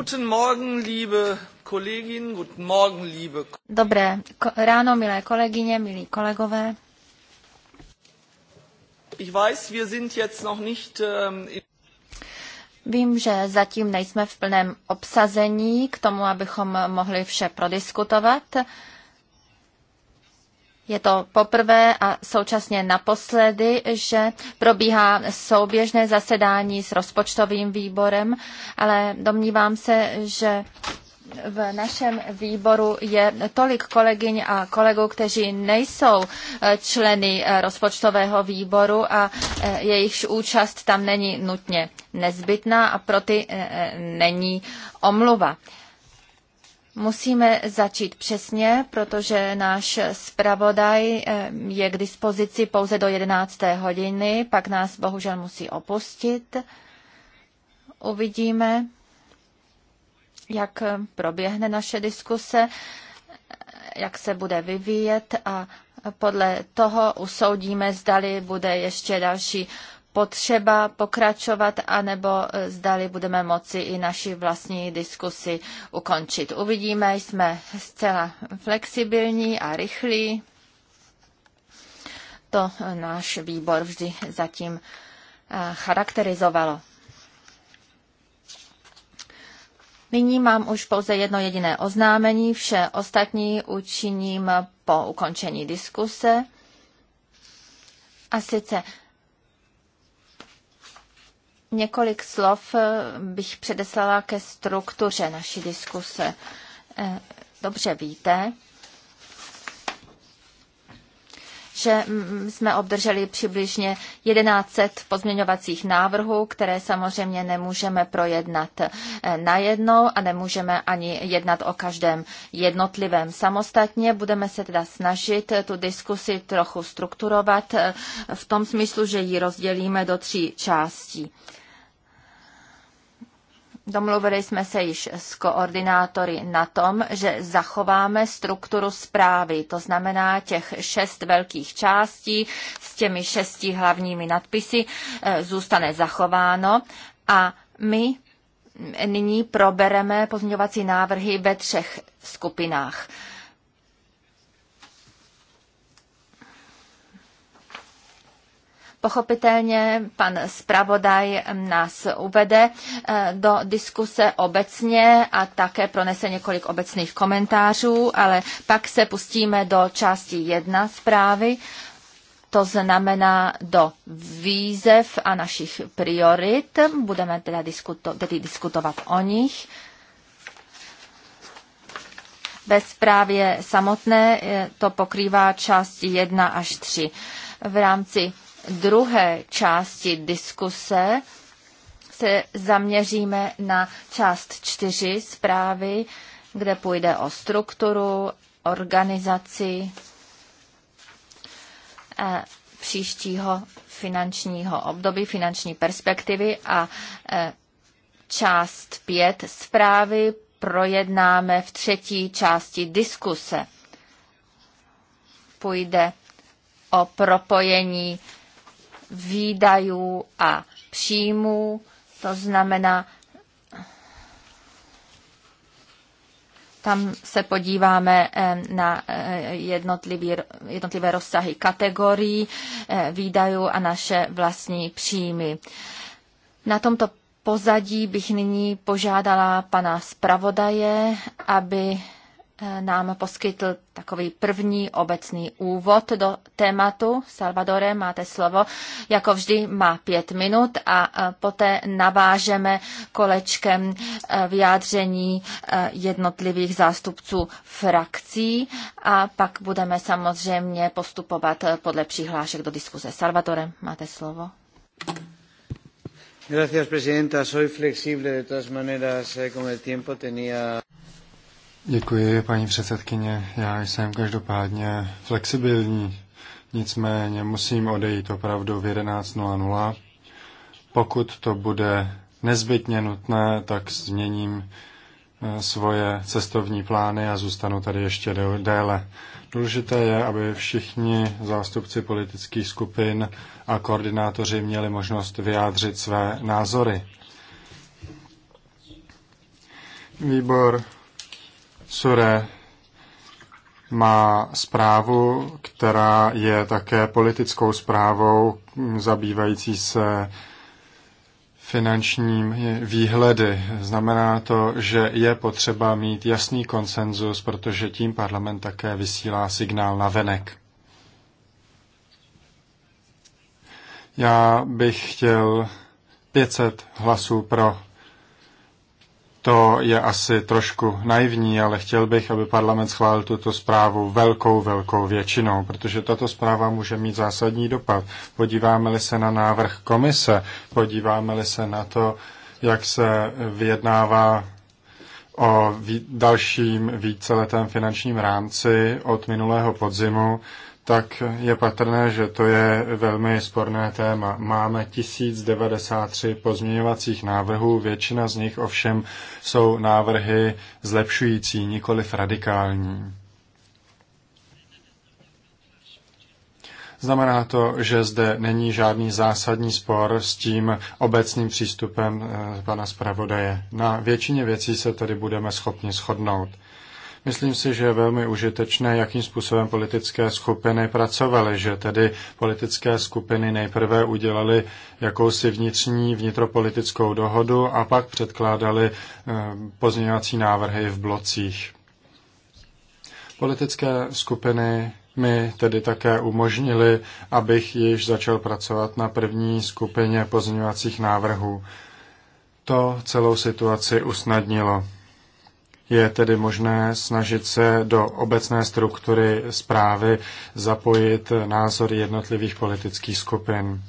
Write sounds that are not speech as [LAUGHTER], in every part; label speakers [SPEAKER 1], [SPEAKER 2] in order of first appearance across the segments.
[SPEAKER 1] Guten Morgen, liebe Kolleginnen, guten Morgen, liebe Dobré ráno, milé kolegyně, milí kolegové. Ich weiß, wir sind jetzt noch nicht ähm, Vím, že zatím nejsme v plném obsazení k tomu, abychom mohli vše prodiskutovat. Je to poprvé a současně naposledy, že probíhá souběžné zasedání s rozpočtovým výborem, ale domnívám se, že v našem výboru je tolik kolegyň a kolegů, kteří nejsou eh, členy eh, rozpočtového výboru a eh, jejich účast tam není nutně nezbytná a pro ty není omluva. Musíme začít přesně, protože náš zpravodaj eh, je k dispozici pouze do 11. hodiny, pak nás bohužel musí opustit. Uvidíme, jak proběhne naše diskuse, jak se bude vyvíjet a podle toho usoudíme, zdali bude ještě další potřeba pokračovat, anebo e, zdali budeme moci i naši vlastní diskusy ukončit. Uvidíme, jsme zcela flexibilní a rychlí. To e, náš výbor vždy zatím e, charakterizovalo. Nyní mám už pouze jedno jediné oznámení, vše ostatní učiním po ukončení diskuse. A sice Několik slov eh, bych předeslala ke struktuře naší diskuse. Eh, dobře víte, že jsme obdrželi přibližně 1100 pozměňovacích návrhů, které samozřejmě nemůžeme projednat eh, najednou a nemůžeme ani jednat o každém jednotlivém samostatně. Budeme se teda snažit tu diskusi trochu strukturovat v tom smyslu, že ji rozdělíme do tří částí. Domluvili jsme se již s koordinátory na tom, že zachováme strukturu zprávy, to znamená těch šest velkých částí s těmi šesti hlavními nadpisy e, zůstane zachováno a my nyní probereme pozměňovací návrhy ve třech skupinách. Pochopitelně pan zpravodaj nás uvede eh, do diskuse obecně a také pronese několik obecných komentářů, ale pak se pustíme do části jedna zprávy, to znamená do výzev a našich priorit. Budeme teda, diskuto- tedy diskutovat o nich. Ve zprávě samotné eh, to pokrývá části 1 až 3. V rámci druhé části diskuse se zaměříme na část čtyři zprávy, kde půjde o strukturu, organizaci eh, příštího finančního období, finanční perspektivy a eh, část pět zprávy projednáme v třetí části diskuse. Půjde o propojení výdajů a příjmů, to znamená, tam se podíváme eh, na eh, jednotlivé rozsahy kategorií eh, výdajů a naše vlastní příjmy. Na tomto pozadí bych nyní požádala pana zpravodaje, aby nám poskytl takový první obecný úvod do tématu. Salvadore, máte slovo. Jako vždy má pět minut a poté navážeme kolečkem e, vyjádření e, jednotlivých zástupců frakcí a pak budeme samozřejmě postupovat podle přihlášek do diskuze. Salvadore, máte slovo. Gracias, presidenta. Soy flexible de todas maneras, eh, con el tiempo tenía.
[SPEAKER 2] Děkuji, paní předsedkyně. Já jsem každopádně flexibilní, nicméně musím odejít opravdu v 11.00. Pokud to bude nezbytně nutné, tak změním eh, svoje cestovní plány a zůstanu tady ještě déle. Důležité je, aby všichni zástupci politických skupin a koordinátoři měli možnost vyjádřit své názory. Výbor Sure má zprávu, která je také politickou zprávou zabývající se finančním výhledy. Znamená to, že je potřeba mít jasný konsenzus, protože tím parlament také vysílá signál na venek. Já bych chtěl 500 hlasů pro to je asi trošku naivní, ale chtěl bych, aby parlament schválil tuto zprávu velkou, velkou většinou, protože tato zpráva může mít zásadní dopad. Podíváme-li se na návrh komise, podíváme-li se na to, jak se vyjednává o dalším víceletém finančním rámci od minulého podzimu, tak je patrné, že to je velmi sporné téma. Máme 1093 pozměňovacích návrhů, většina z nich ovšem jsou návrhy zlepšující, nikoli radikální. Znamená to, že zde není žádný zásadní spor s tím obecným přístupem eh, pana zpravodaje. Na většině věcí se tedy budeme schopni shodnout. Myslím si, že je velmi užitečné, jakým způsobem politické skupiny pracovaly, že tedy politické skupiny nejprve udělali jakousi vnitřní vnitropolitickou dohodu a pak předkládali eh, pozměňovací návrhy v blocích. Politické skupiny mi tedy také umožnili, abych již začal pracovat na první skupině pozměňovacích návrhů. To celou situaci usnadnilo. Je tedy možné snažit se do obecné struktury zprávy zapojit názory jednotlivých politických skupin.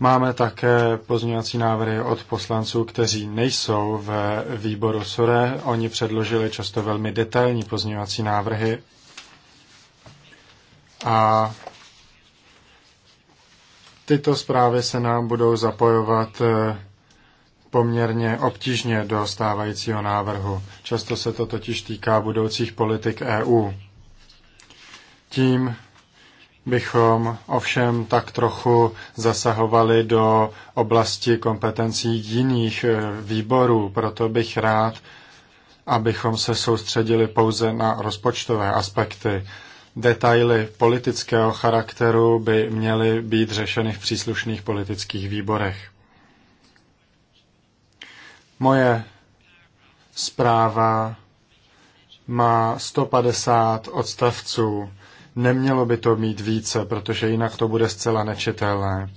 [SPEAKER 2] Máme také pozměňovací návrhy od poslanců, kteří nejsou ve výboru SURE. Oni předložili často velmi detailní pozměňovací návrhy. A tyto zprávy se nám budou zapojovat eh, poměrně obtížně do stávajícího návrhu. Často se to totiž týká budoucích politik EU. Tím bychom ovšem tak trochu zasahovali do oblasti kompetencí jiných e, výborů, proto bych rád, abychom se soustředili pouze na rozpočtové aspekty. Detaily politického charakteru by měly být řešeny v příslušných politických výborech. Moje zpráva má 150 odstavců. Nemělo by to mít více, protože jinak to bude zcela nečitelné.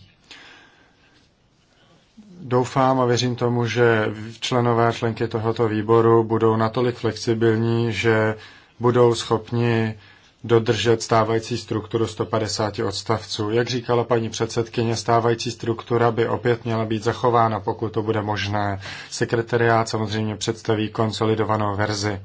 [SPEAKER 2] Doufám a věřím tomu, že členové členky tohoto výboru budou natolik flexibilní, že budou schopni dodržet stávající strukturu 150 odstavců. Jak říkala paní předsedkyně, stávající struktura by opět měla být zachována, pokud to bude možné. Sekretariát samozřejmě představí konsolidovanou verzi.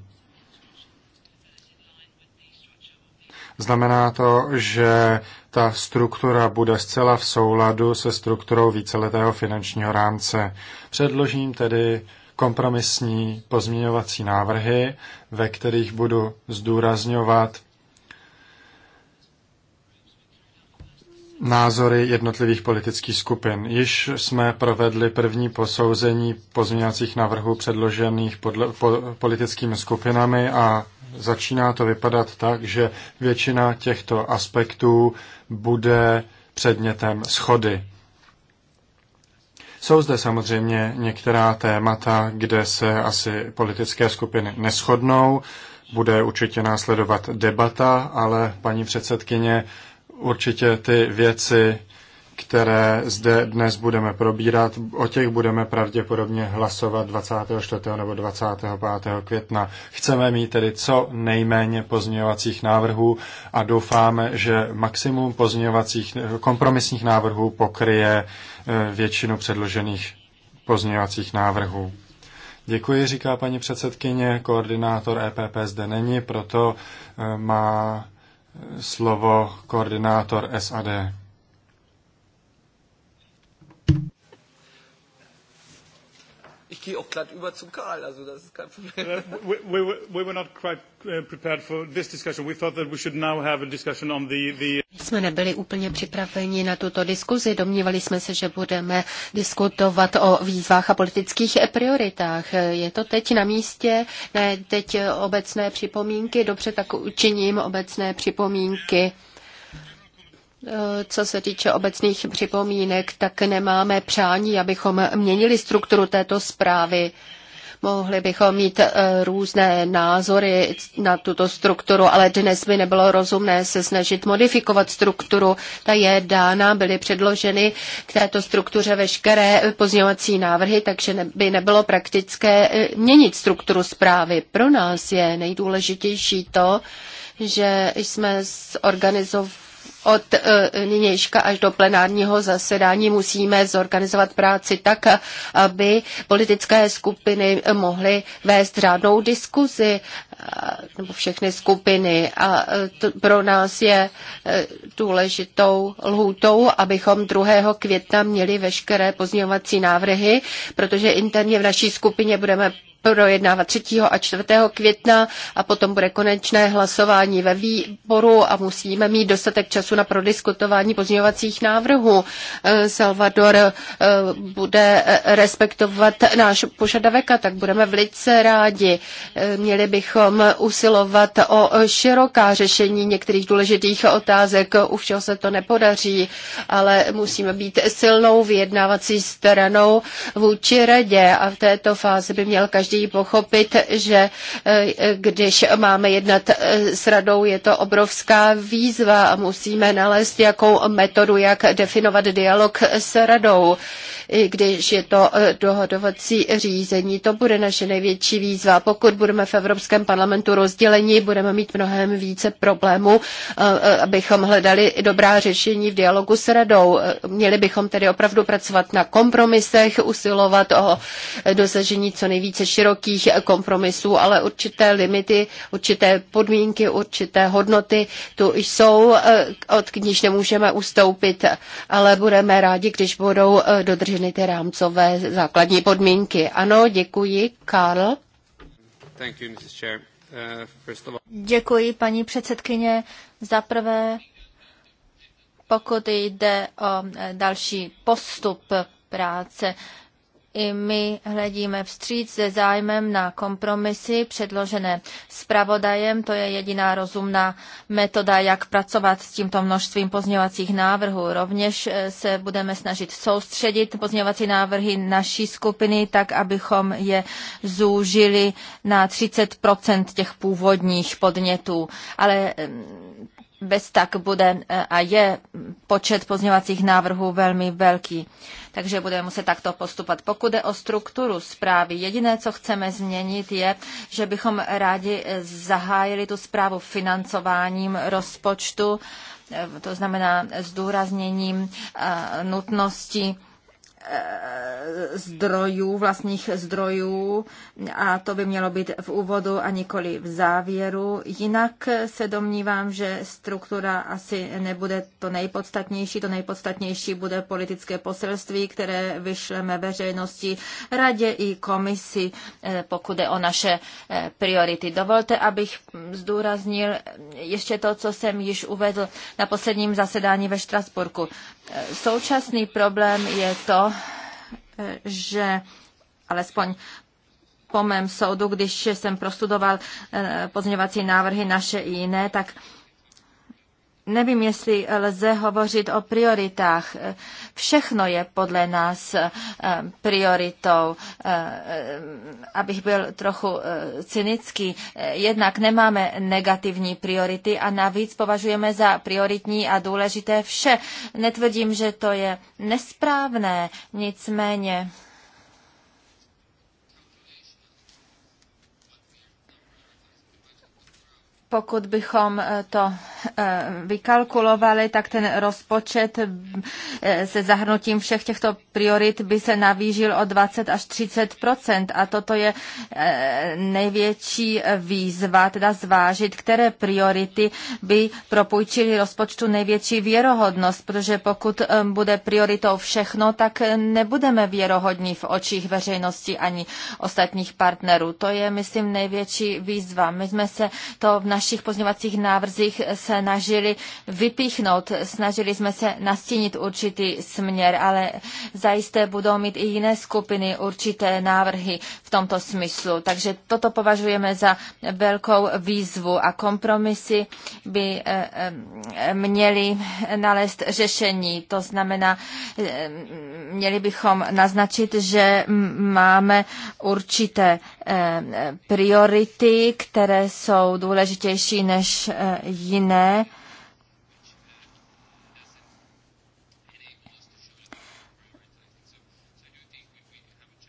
[SPEAKER 2] Znamená to, že ta struktura bude zcela v souladu se strukturou víceletého finančního rámce. Předložím tedy kompromisní pozměňovací návrhy, ve kterých budu zdůrazňovat názory jednotlivých politických skupin. Již jsme provedli první posouzení pozměňovacích návrhů předložených podle, po, politickými skupinami a začíná to vypadat tak, že většina těchto aspektů bude předmětem schody. Jsou zde samozřejmě některá témata, kde se asi politické skupiny neschodnou. Bude určitě následovat debata, ale paní předsedkyně, určitě ty věci, které zde dnes budeme probírat, o těch budeme pravděpodobně hlasovat 24. nebo 25. května. Chceme mít tedy co nejméně pozměňovacích návrhů a doufáme, že maximum pozměňovacích kompromisních návrhů pokryje eh, většinu předložených pozměňovacích návrhů. Děkuji, říká paní předsedkyně. Koordinátor EPP zde není, proto eh, má slovo koordinátor SAD.
[SPEAKER 1] gehe auch glatt über Karl, also das ist kein Problem. Uh, we, we, we were not quite uh, prepared for this discussion. We thought that we should now have a discussion on the, the...
[SPEAKER 3] jsme nebyli úplně připraveni na tuto diskuzi. Domnívali jsme se, že budeme diskutovat o výzvách a politických prioritách. Je to teď na místě? Ne, teď obecné připomínky. Dobře, tak učiním obecné připomínky. Co se týče obecných připomínek, tak nemáme přání, abychom měnili strukturu této zprávy. Mohli bychom mít eh, různé názory na tuto strukturu, ale dnes by nebylo rozumné se snažit modifikovat strukturu. Ta je dána, byly předloženy k této struktuře veškeré pozměňovací návrhy, takže by nebylo praktické eh, měnit strukturu zprávy. Pro nás je nejdůležitější to, že jsme zorganizovali od eh, nynějška až do plenárního zasedání musíme zorganizovat práci tak, aby politické skupiny mohly vést řádnou diskuzi eh, nebo všechny skupiny a eh, to pro nás je důležitou lhůtou, abychom 2. května měli veškeré pozměňovací návrhy, protože interně v naší skupině budeme projednávat 3. a 4. května a potom bude konečné hlasování ve výboru a musíme mít dostatek času na prodiskutování pozměňovacích návrhů. Eh, Salvador eh, bude eh, respektovat náš požadavek a tak budeme velice rádi. Měli bychom usilovat o široká řešení některých důležitých otázek. U všeho se to nepodaří, ale musíme být silnou vyjednávací stranou vůči radě a v této fázi by měl každý každý pochopit, že eh, když máme jednat eh, s radou, je to obrovská výzva a musíme nalézt jakou metodu, jak definovat dialog s radou. I když je to eh, dohodovací řízení, to bude naše největší výzva. Pokud budeme v Evropském parlamentu rozděleni, budeme mít mnohem více problémů, abychom hledali dobrá řešení v dialogu s radou. Měli bychom tedy opravdu pracovat na kompromisech, usilovat o dosažení co nejvíce širokých kompromisů, ale určité limity, určité podmínky, určité hodnoty tu jsou, eh, od níž nemůžeme ustoupit, ale budeme rádi, když budou eh, dodrženy ty rámcové základní podmínky. Ano, děkuji. Karl?
[SPEAKER 1] Uh, děkuji, paní předsedkyně. Za prvé, pokud jde o eh, další postup práce, i my hledíme vstříc se zájmem na kompromisy předložené zpravodajem. To je jediná rozumná metoda, jak pracovat s tímto množstvím pozměňovacích návrhů. Rovněž eh, se budeme snažit soustředit pozměňovací návrhy naší skupiny tak, abychom je zúžili na 30 těch původních podnětů. Ale bez tak bude eh, a je počet pozměňovacích návrhů velmi velký, takže budeme muset takto postupovat. Pokud je o strukturu zprávy, jediné, co chceme změnit, je, že bychom rádi eh, zahájili tu zprávu financováním rozpočtu, eh, to znamená zdůrazněním nutnosti Eh, zdrojů, vlastních zdrojů a to by mělo být v úvodu a nikoli v závěru. Jinak se domnívám, že struktura asi nebude to nejpodstatnější. To nejpodstatnější bude politické poselství, které vyšleme veřejnosti, radě i komisi, eh, pokud je o naše eh, priority. Dovolte, abych zdůraznil ještě to, co jsem již uvedl na posledním zasedání ve Štrasburku. Současný problém je to, že alespoň po mém soudu, když jsem prostudoval eh, pozměňovací návrhy naše i jiné, tak Nevím, jestli lze hovořit o prioritách. Všechno je podle nás eh, prioritou. Eh, abych byl trochu eh, cynický, jednak nemáme negativní priority a navíc považujeme za prioritní a důležité vše. Netvrdím, že to je nesprávné, nicméně pokud bychom eh, to eh, vykalkulovali, tak ten rozpočet eh, se zahrnutím všech těchto priorit by se navýžil o 20 až 30 A toto je největší výzva, teda zvážit, které priority by propůjčily rozpočtu největší věrohodnost, protože pokud bude prioritou všechno, tak nebudeme věrohodní v očích veřejnosti ani ostatních partnerů. To je, myslím, největší výzva. My jsme se to v naší našich pozňovacích návrzích se snažili vypíchnout. Snažili jsme se nastínit určitý směr, ale zajisté budou mít i jiné skupiny určité návrhy v tomto smyslu. Takže toto považujeme za velkou výzvu a kompromisy by eh, eh, měly nalézt řešení. To znamená, eh, měli bychom naznačit, že máme určité priority, které jsou důležité složitější než eh, jiné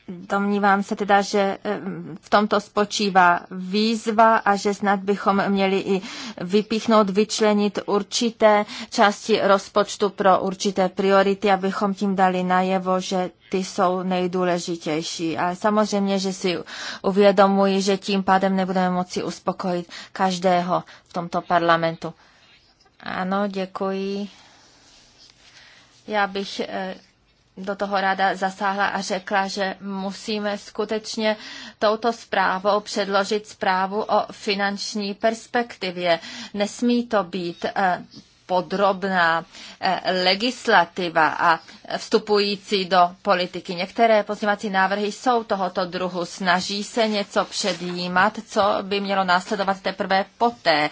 [SPEAKER 1] Domnívám se teda, že eh, v tomto spočívá výzva a že snad bychom měli i vypíchnout, vyčlenit určité části rozpočtu pro určité priority, abychom tím dali najevo, že ty jsou nejdůležitější. A samozřejmě, že si uvědomuji, že tím pádem nebudeme moci uspokojit každého v tomto parlamentu. Ano, děkuji. Já bych eh, do toho ráda zasáhla a řekla, že musíme skutečně touto zprávou předložit zprávu o finanční perspektivě. Nesmí to být eh, podrobná eh, legislativa a vstupující do politiky. Některé pozměňovací návrhy jsou tohoto druhu. Snaží se něco předjímat, co by mělo následovat teprve poté.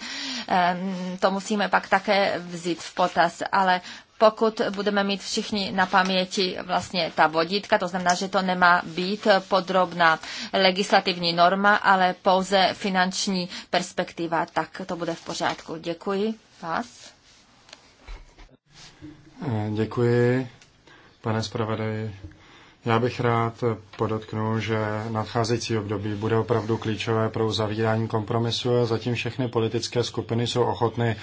[SPEAKER 1] Ehm, to musíme pak také vzít v potaz, ale pokud budeme mít všichni na paměti vlastně ta vodítka, to znamená, že to nemá být podrobná legislativní norma, ale pouze finanční perspektiva, tak to bude v pořádku. Děkuji vás.
[SPEAKER 2] Děkuji, pane zpravodaji. Já bych rád podotknul, že nadcházející období bude opravdu klíčové pro uzavírání kompromisu a zatím všechny politické skupiny jsou ochotny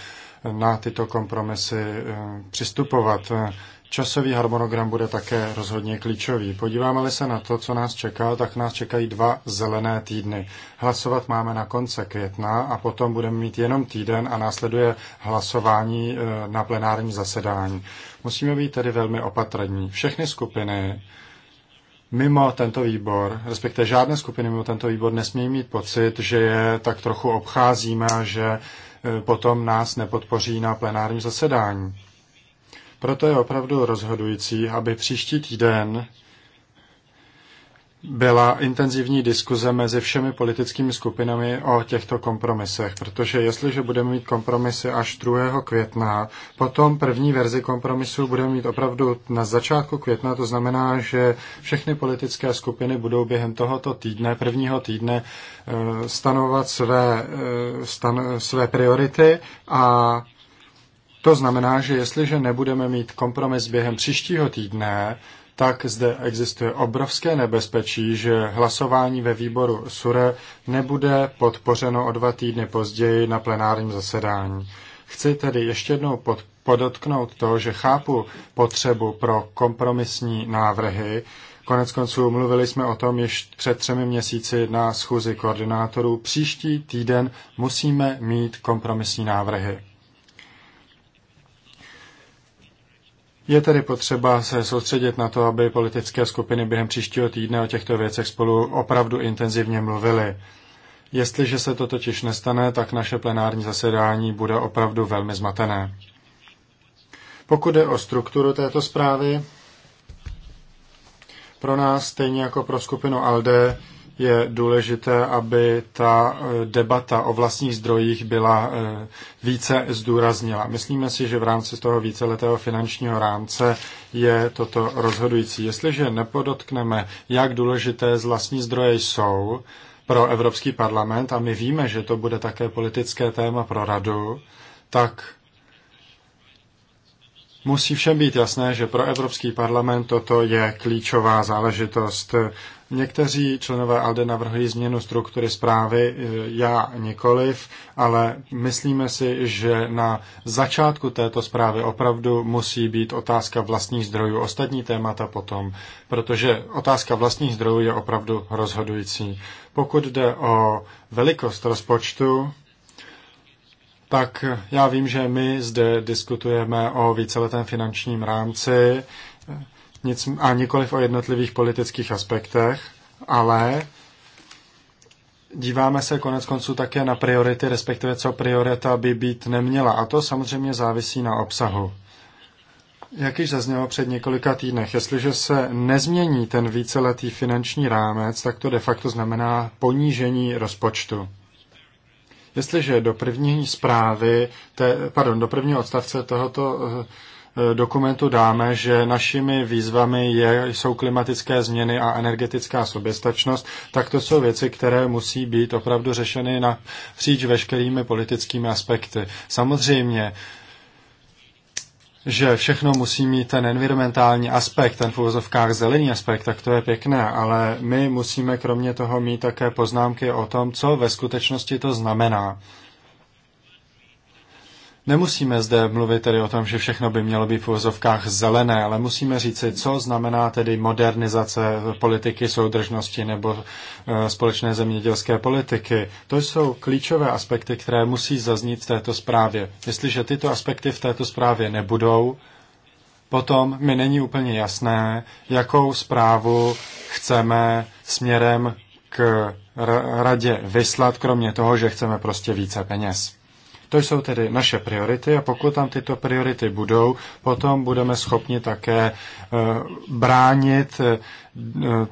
[SPEAKER 2] na tyto kompromisy eh, přistupovat. Časový harmonogram bude také rozhodně klíčový. Podíváme-li se na to, co nás čeká, tak nás čekají dva zelené týdny. Hlasovat máme na konce května a potom budeme mít jenom týden a následuje hlasování eh, na plenárním zasedání. Musíme být tedy velmi opatrní. Všechny skupiny mimo tento výbor, respektive žádné skupiny mimo tento výbor nesmí mít pocit, že je tak trochu obcházíme, že potom nás nepodpoří na plenárním zasedání. Proto je opravdu rozhodující, aby příští týden byla intenzivní diskuze mezi všemi politickými skupinami o těchto kompromisech, protože jestliže budeme mít kompromisy až 2. května, potom první verzi kompromisu budeme mít opravdu na začátku května, to znamená, že všechny politické skupiny budou během tohoto týdne, prvního týdne, eh, stanovat své, eh, stan, své priority a to znamená, že jestliže nebudeme mít kompromis během příštího týdne, tak zde existuje obrovské nebezpečí, že hlasování ve výboru SURE nebude podpořeno o dva týdny později na plenárním zasedání. Chci tedy ještě jednou pod, podotknout to, že chápu potřebu pro kompromisní návrhy. Konec konců mluvili jsme o tom již před třemi měsíci na schůzi koordinátorů. Příští týden musíme mít kompromisní návrhy. Je tedy potřeba se soustředit na to, aby politické skupiny během příštího týdne o těchto věcech spolu opravdu intenzivně mluvily. Jestliže se to totiž nestane, tak naše plenární zasedání bude opravdu velmi zmatené. Pokud je o strukturu této zprávy, pro nás, stejně jako pro skupinu ALDE, je důležité, aby ta eh, debata o vlastních zdrojích byla eh, více zdůraznila. Myslíme si, že v rámci toho víceletého finančního rámce je toto rozhodující. Jestliže nepodotkneme, jak důležité z vlastní zdroje jsou pro Evropský parlament, a my víme, že to bude také politické téma pro radu, tak Musí všem být jasné, že pro Evropský parlament toto je klíčová záležitost. Někteří členové ALDE navrhují změnu struktury zprávy, e, já nikoliv, ale myslíme si, že na začátku této zprávy opravdu musí být otázka vlastních zdrojů, ostatní témata potom, protože otázka vlastních zdrojů je opravdu rozhodující. Pokud jde o velikost rozpočtu, tak já vím, že my zde diskutujeme o víceletém finančním rámci, nic, a nikoliv o jednotlivých politických aspektech, ale díváme se konec konců také na priority, respektive co priorita by být neměla. A to samozřejmě závisí na obsahu. Jak již zaznělo před několika týdnech, jestliže se nezmění ten víceletý finanční rámec, tak to de facto znamená ponížení rozpočtu. Jestliže do první zprávy, te, pardon, do prvního odstavce tohoto eh, Eh, dokumentu dáme, že našimi výzvami je, jsou klimatické změny a energetická soběstačnost, tak to jsou věci, které musí být opravdu řešeny příč veškerými politickými aspekty. Samozřejmě, že všechno musí mít ten environmentální aspekt, ten v zelený aspekt, tak to je pěkné, ale my musíme kromě toho mít také poznámky o tom, co ve skutečnosti to znamená. Nemusíme zde mluvit tedy o tom, že všechno by mělo být v uvozovkách zelené, ale musíme říci, co znamená tedy modernizace politiky soudržnosti nebo eh, společné zemědělské politiky. To jsou klíčové aspekty, které musí zaznít v této zprávě. Jestliže tyto aspekty v této zprávě nebudou, potom mi není úplně jasné, jakou zprávu chceme směrem k radě vyslat, kromě toho, že chceme prostě více peněz. To jsou tedy naše priority a pokud tam tyto priority budou, potom budeme schopni také eh, bránit eh,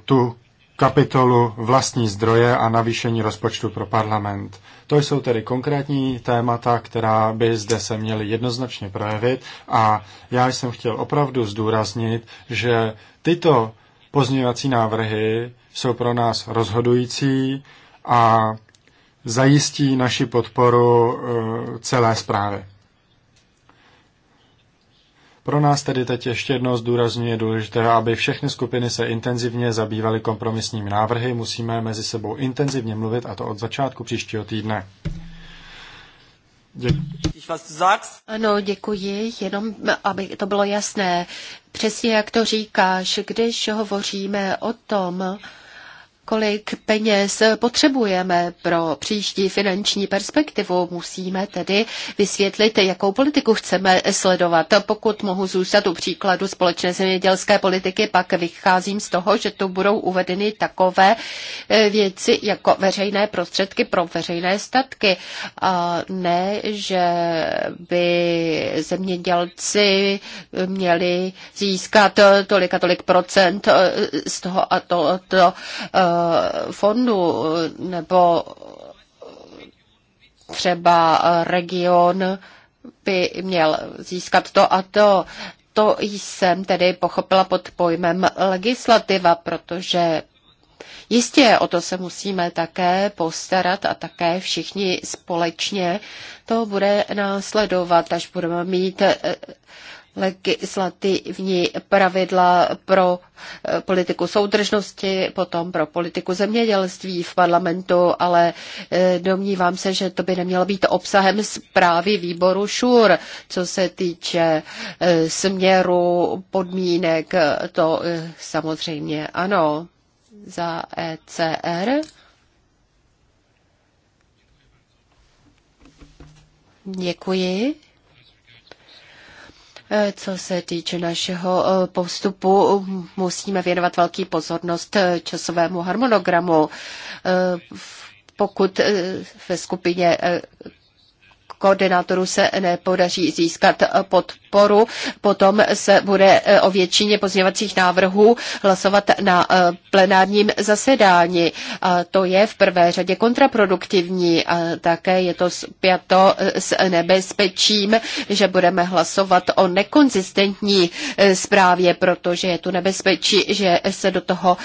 [SPEAKER 2] tu kapitolu vlastní zdroje a navýšení rozpočtu pro parlament. To jsou tedy konkrétní témata, která by zde se měly jednoznačně projevit a já jsem chtěl opravdu zdůraznit, že tyto pozměňovací návrhy jsou pro nás rozhodující a zajistí naši podporu eh, celé zprávy. Pro nás tedy teď ještě jedno zdůrazňuje důležité, aby všechny skupiny se intenzivně zabývaly kompromisními návrhy. Musíme mezi sebou intenzivně mluvit, a to od začátku příštího týdne. Děkuji.
[SPEAKER 3] Ano, děkuji, jenom aby to bylo jasné. Přesně jak to říkáš, když hovoříme o tom, kolik peněz potřebujeme pro příští finanční perspektivu. Musíme tedy vysvětlit, jakou politiku chceme sledovat. Pokud mohu zůstat u příkladu společné zemědělské politiky, pak vycházím z toho, že tu budou uvedeny takové e, věci jako veřejné prostředky pro veřejné statky. A ne, že by zemědělci měli získat tolik a tolik procent e, z toho a to, to e, Eh, fondu eh, nebo třeba eh, region by měl získat to a to. To jsem tedy pochopila pod pojmem legislativa, protože jistě o to se musíme také postarat a také všichni společně to bude následovat, až budeme mít legislativní pravidla pro eh, politiku soudržnosti, potom pro politiku zemědělství v parlamentu, ale eh, domnívám se, že to by nemělo být obsahem zprávy výboru ŠUR, co se týče eh, směru podmínek, to samozřejmě ano, za ECR. Děkuji. Co se týče našeho eh, postupu, musíme věnovat velký pozornost eh, časovému harmonogramu. Eh, pokud ve skupině koordinátorů se nepodaří získat podporu, podporu. Potom se bude e, o většině pozměňovacích návrhů hlasovat na e, plenárním zasedání. A to je v prvé řadě kontraproduktivní a také je to zpěto e, s nebezpečím, že budeme hlasovat o nekonzistentní zprávě, protože je tu nebezpečí, že se do toho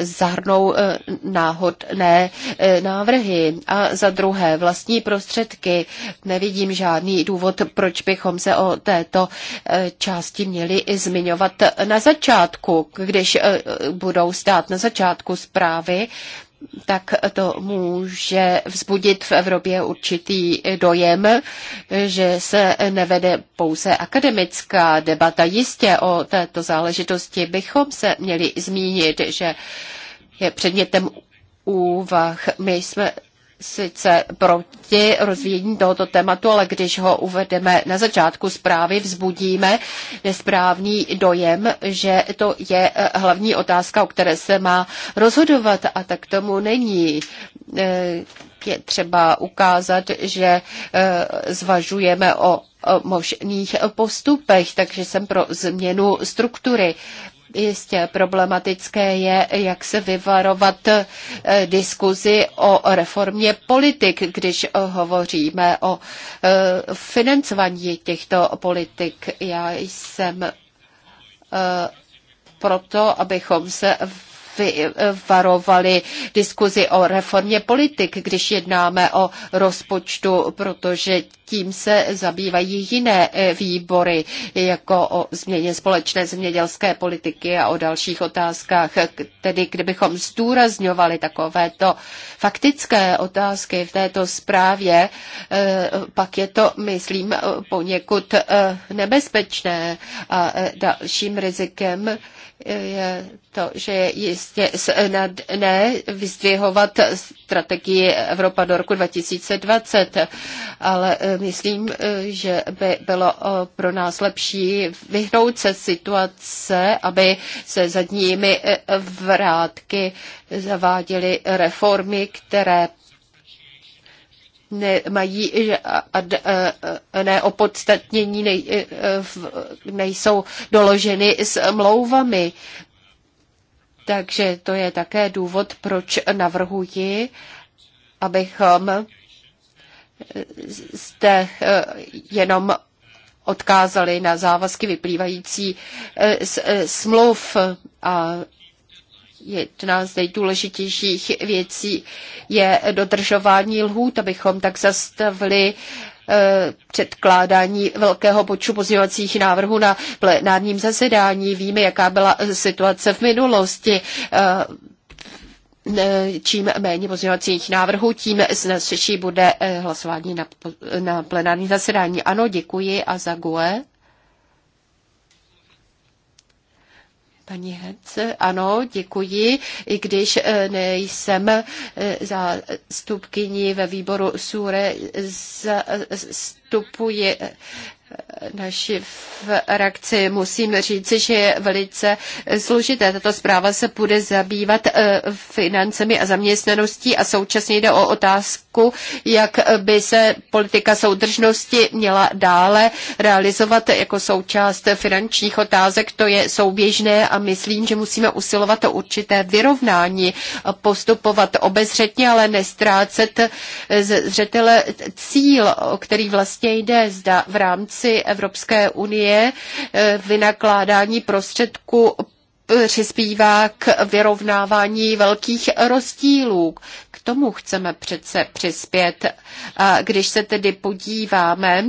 [SPEAKER 3] zahrnou náhodné návrhy. A za druhé, vlastní prostředky. Nevidím žádný důvod, proč bychom se o této této eh, části měli i zmiňovat na začátku, když eh, budou stát na začátku zprávy, tak to může vzbudit v Evropě určitý dojem, že se nevede pouze akademická debata. Jistě o této záležitosti bychom se měli zmínit, že je předmětem úvah. My jsme sice proti rozvíjení tohoto tématu, ale když ho uvedeme na začátku zprávy, vzbudíme nesprávný dojem, že to je eh, hlavní otázka, o které se má rozhodovat a tak tomu není eh, je třeba ukázat, že eh, zvažujeme o možných postupech, takže jsem pro změnu struktury. Jistě problematické je, jak se vyvarovat eh, diskuzi o reformě politik, když hovoříme o eh, financování těchto politik. Já jsem eh, proto, abychom se Eh, varovali diskuzi o reformě politik, když jednáme o rozpočtu, protože tím se zabývají jiné eh, výbory, jako o změně společné zemědělské politiky a o dalších otázkách. Tedy kdybychom zdůrazňovali takovéto faktické otázky v této zprávě, eh, pak je to, myslím, poněkud nebezpečné a dalším rizikem je to, že je jistě snadné vyzdvihovat strategii Evropa do roku 2020, ale eh, myslím, eh, že by bylo eh, pro nás lepší vyhnout se situace, aby se zadními vrátky zaváděly reformy, které nemají žádné opodstatnění, e, nejsou doloženy smlouvami. Takže to je také důvod, proč navrhuji, abychom zde e, jenom odkázali na závazky vyplývající e, z smluv a Jedna z nejdůležitějších věcí je dodržování lhůt, abychom tak zastavili eh, předkládání velkého počtu pozměňovacích návrhů na plenárním zasedání. Víme, jaká byla situace v minulosti. Eh, čím méně pozměňovacích návrhů, tím snazší bude eh, hlasování na, na plenární zasedání. Ano, děkuji a za GUE. Paní Hec, ano, děkuji, i když nejsem zástupkyní ve výboru SURE, zastupuji naši v reakci musím říci, že je velice složité. Tato zpráva se bude zabývat eh, financemi a zaměstnaností a současně jde o otázku, jak by se politika soudržnosti měla dále realizovat jako součást finančních otázek. To je souběžné a myslím, že musíme usilovat o určité vyrovnání, postupovat obezřetně, ale nestrácet zřetele cíl, o který vlastně jde zda v rámci rámci Evropské unie eh, vynakládání prostředků eh, přispívá k vyrovnávání velkých rozdílů. K tomu chceme přece přispět. A když se tedy podíváme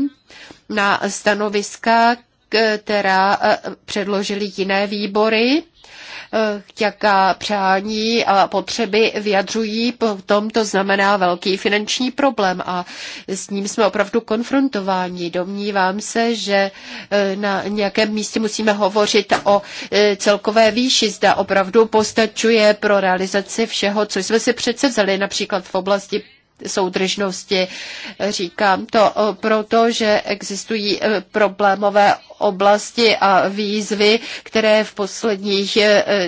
[SPEAKER 3] na stanoviska, eh, která předložili jiné výbory, Eh, jaká přání a potřeby vyjadřují, potom to znamená velký finanční problém a s ním jsme opravdu konfrontováni. Domnívám se, že eh, na nějakém místě musíme hovořit o eh, celkové výši, zda opravdu postačuje pro realizaci všeho, co jsme si přece vzali, například v oblasti soudržnosti. Říkám to proto, že existují eh, problémové oblasti a výzvy, které v posledních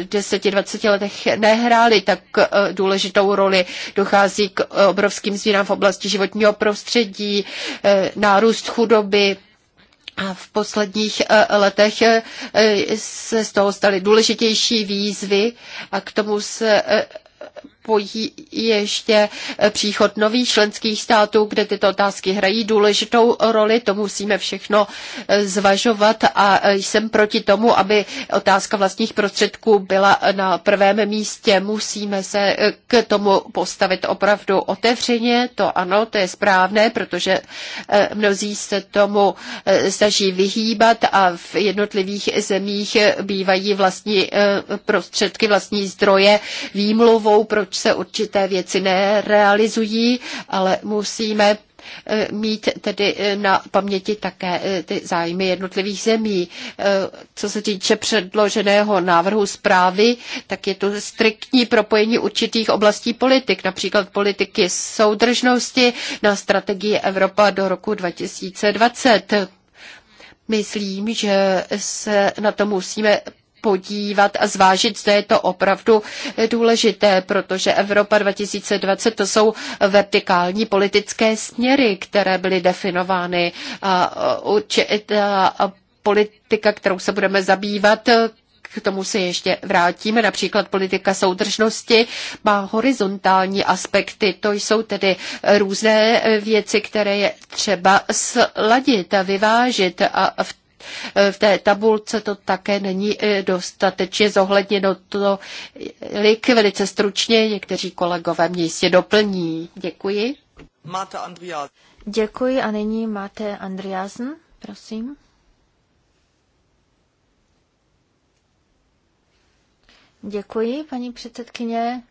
[SPEAKER 3] 10-20 eh, letech nehrály tak eh, důležitou roli. Dochází k obrovským změnám v oblasti životního prostředí, nárůst chudoby, a v posledních letech se z toho staly důležitější výzvy a k tomu se pojí ještě příchod nových členských států, kde tyto otázky hrají důležitou roli. To musíme všechno eh, zvažovat a eh, jsem proti tomu, aby otázka vlastních prostředků byla na prvém místě. Musíme se eh, k tomu postavit opravdu otevřeně. To ano, to je správné, protože mnozí se tomu snaží vyhýbat a v jednotlivých zemích bývají vlastní prostředky, vlastní zdroje výmluvou, proč se určité věci nerealizují, ale musíme eh, mít tedy eh, na paměti také eh, ty zájmy jednotlivých zemí. Co se týče předloženého návrhu zprávy, tak je to striktní propojení určitých oblastí politik, například politiky soudržnosti na strategii Evropa do roku 2020. Myslím, že se na to musíme podívat a zvážit, zda je to opravdu důležité, protože Evropa 2020 to jsou vertikální politické směry, které byly definovány a určitá politika, kterou se budeme zabývat, k tomu se ještě vrátíme. Například politika soudržnosti má horizontální aspekty. To jsou tedy různé věci, které je třeba sladit a vyvážit. A v v té tabulce to také není eh, dostatečně zohledněno. To lik velice stručně někteří kolegové mě jistě doplní. Děkuji.
[SPEAKER 1] Máte Andriás.
[SPEAKER 3] Děkuji a nyní máte
[SPEAKER 1] Andriásen, prosím. Děkuji, paní předsedkyně.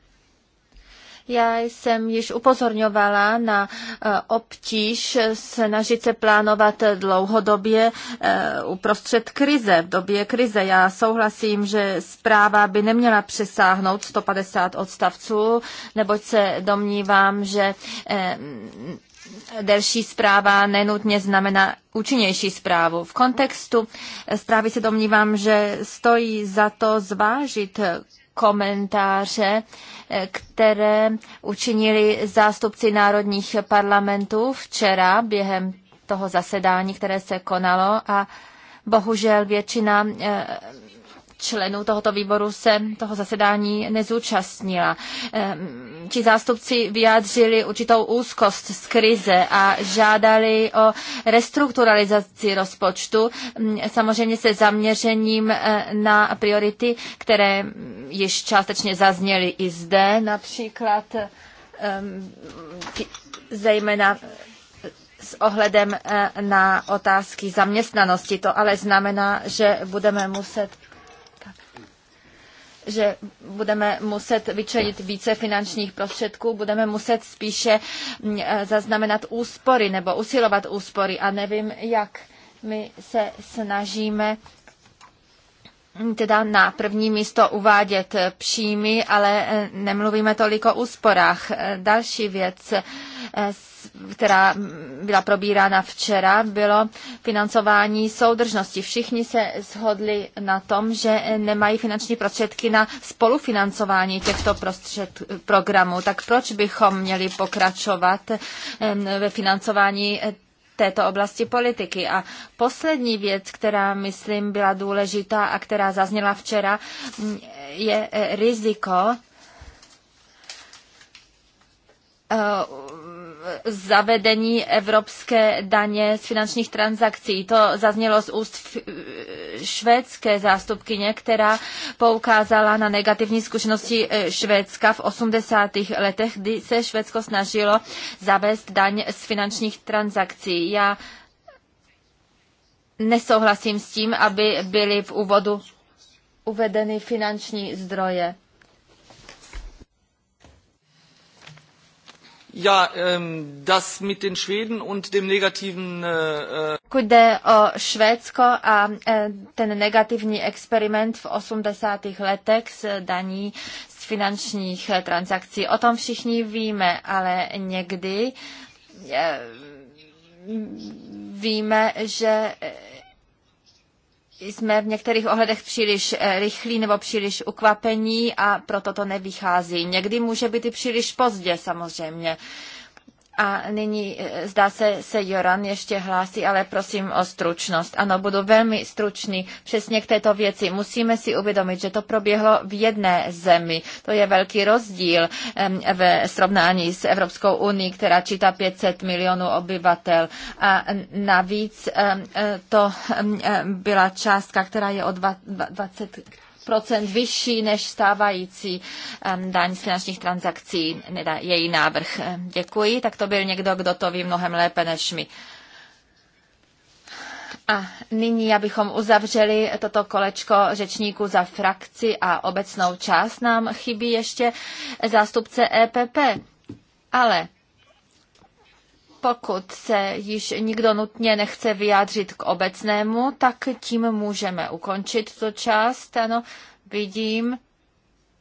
[SPEAKER 1] Já jsem již upozorňovala na e, obtíž snažit se plánovat dlouhodobě e, uprostřed krize, v době krize. Já souhlasím, že zpráva by neměla přesáhnout 150 odstavců, neboť se domnívám, že e, delší zpráva nenutně znamená účinnější zprávu. V kontextu zprávy se domnívám, že stojí za to zvážit komentáře, které učinili zástupci národních parlamentů včera během toho zasedání, které se konalo a bohužel většina eh, členů tohoto výboru se toho zasedání nezúčastnila. Ti ehm, zástupci vyjádřili určitou úzkost z krize a žádali o restrukturalizaci rozpočtu, ehm, samozřejmě se zaměřením eh, na priority, které již částečně zazněly i zde, například ehm, zejména eh, s ohledem eh, na otázky zaměstnanosti. To ale znamená, že budeme muset že budeme muset vyčlenit více finančních prostředků, budeme muset spíše mm, eh, zaznamenat úspory nebo usilovat úspory a nevím jak. My se snažíme mm, teda na první místo uvádět eh, příjmy, ale eh, nemluvíme tolik o úsporách. Další věc která byla probírána včera, bylo financování soudržnosti. Všichni se shodli na tom, že nemají finanční prostředky na spolufinancování těchto prostřed, programů. Tak proč bychom měli pokračovat ve financování této oblasti politiky. A poslední věc, která, myslím, byla důležitá a která zazněla včera, je e, riziko e, zavedení evropské daně z finančních transakcí. To zaznělo z úst švédské zástupkyně, která poukázala na negativní zkušenosti eh, Švédska v 80. letech, kdy se Švédsko snažilo zavést daň z finančních transakcí. Já nesouhlasím s tím, aby byly v úvodu uvedeny finanční zdroje. Ja, um, das mit den Schweden und dem negativen... Uh, Pokud jde o Švédsko a e, ten negativní experiment v 80. letech s daní z finančních e, transakcí, o tom všichni víme, ale někdy e, víme, že jsme v některých ohledech příliš eh, rychlí nebo příliš ukvapení a proto to nevychází. Někdy může být i příliš pozdě samozřejmě. A nyní eh, zdá se, se Joran ještě hlásí, ale prosím o stručnost. Ano, budu velmi stručný. Přesně k této věci musíme si uvědomit, že to proběhlo v jedné zemi. To je velký rozdíl ve srovnání s Evropskou unii, která čítá 500 milionů obyvatel. A navíc eh, to eh, byla částka, která je o 20 procent vyšší než stávající daň z finančních transakcí, její návrh. Děkuji, tak to byl někdo, kdo to ví mnohem lépe než my. A nyní, abychom uzavřeli toto kolečko řečníků za frakci a obecnou část, nám chybí ještě zástupce EPP. Ale pokud se již nikdo nutně nechce vyjádřit k obecnému, tak tím můžeme ukončit tu část. Ano, vidím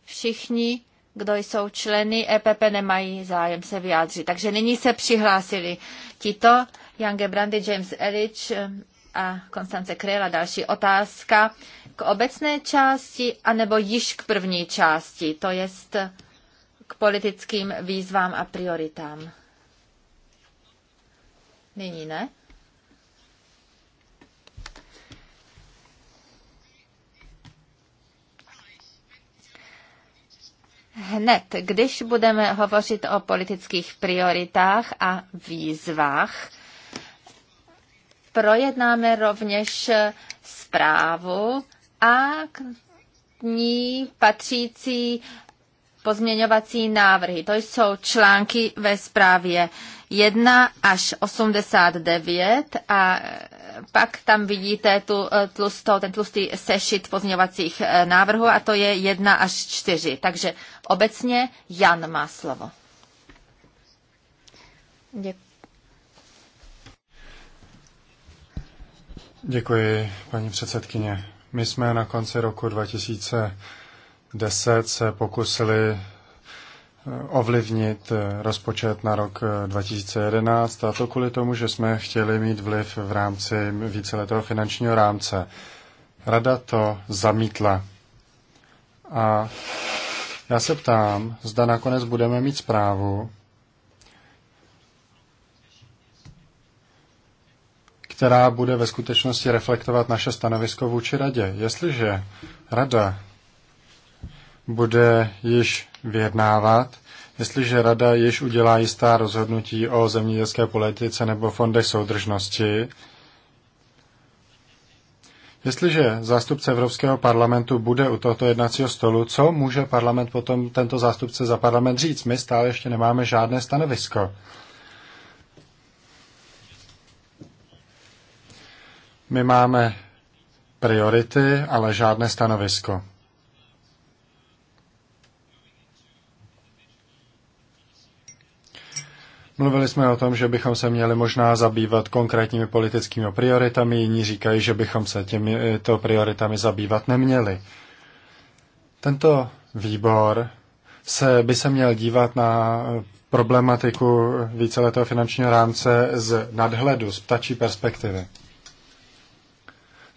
[SPEAKER 1] všichni, kdo jsou členy EPP, nemají zájem se vyjádřit. Takže nyní se přihlásili tito, Jan Gebrandy, James Ellich eh, a Konstance Krela. Další otázka k obecné části, anebo již k první části, to jest k politickým výzvám a prioritám. Nyní ne. Hned, když budeme hovořit o politických prioritách a výzvách, projednáme rovněž zprávu a k ní patřící pozměňovací návrhy. To jsou články ve zprávě 1 až 89 a pak tam vidíte tu eh, tlusto, ten tlustý sešit pozměňovacích eh, návrhů a to je 1 až 4. Takže obecně Jan má slovo.
[SPEAKER 3] Děkuji.
[SPEAKER 2] Děkuji, paní předsedkyně. My jsme na konci roku 2010 se pokusili ovlivnit eh, rozpočet na rok 2011, eh, a to kvůli tomu, že jsme chtěli mít vliv v rámci víceletého finančního rámce. Rada to zamítla. A já se ptám, zda nakonec budeme mít zprávu, která bude ve skutečnosti reflektovat naše stanovisko vůči radě. Jestliže rada bude již vyjednávat, jestliže Rada již udělá jistá rozhodnutí o zemědělské politice nebo fondech soudržnosti, Jestliže zástupce Evropského parlamentu bude u tohoto jednacího stolu, co může parlament potom tento zástupce za parlament říct? My stále ještě nemáme žádné stanovisko. My máme priority, ale žádné stanovisko. Mluvili jsme o tom, že bychom se měli možná zabývat konkrétními politickými prioritami, jiní říkají, že bychom se těmito prioritami zabývat neměli. Tento výbor se by se měl dívat na problematiku víceletého finančního rámce z nadhledu, z ptačí perspektivy.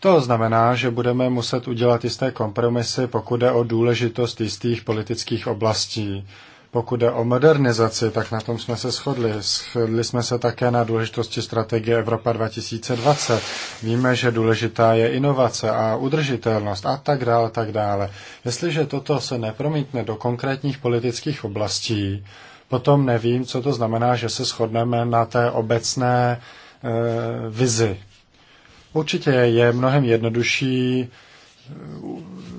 [SPEAKER 2] To znamená, že budeme muset udělat jisté kompromisy, pokud jde o důležitost jistých politických oblastí pokud jde o modernizaci, tak na tom jsme se shodli. Shodli jsme se také na důležitosti strategie Evropa 2020. Víme, že důležitá je inovace a udržitelnost a tak dále, tak dále. Jestliže toto se nepromítne do konkrétních politických oblastí, potom nevím, co to znamená, že se shodneme na té obecné e, vizi. Určitě je mnohem jednodušší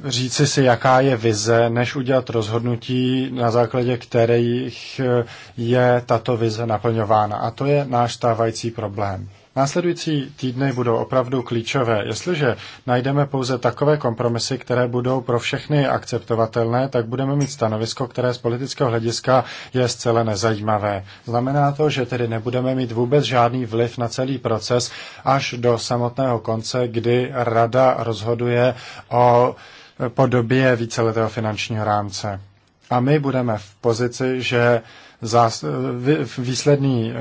[SPEAKER 2] říci si, jaká je vize, než udělat rozhodnutí, na základě kterých eh, je tato vize naplňována. A to je náš stávající problém. Následující týdny budou opravdu klíčové. Jestliže najdeme pouze takové kompromisy, které budou pro všechny akceptovatelné, tak budeme mít stanovisko, které z politického hlediska je zcela nezajímavé. Znamená to, že tedy nebudeme mít vůbec žádný vliv na celý proces až do samotného konce, kdy Rada rozhoduje o po době víceletého finančního rámce. A my budeme v pozici, že zás, výsledný eh,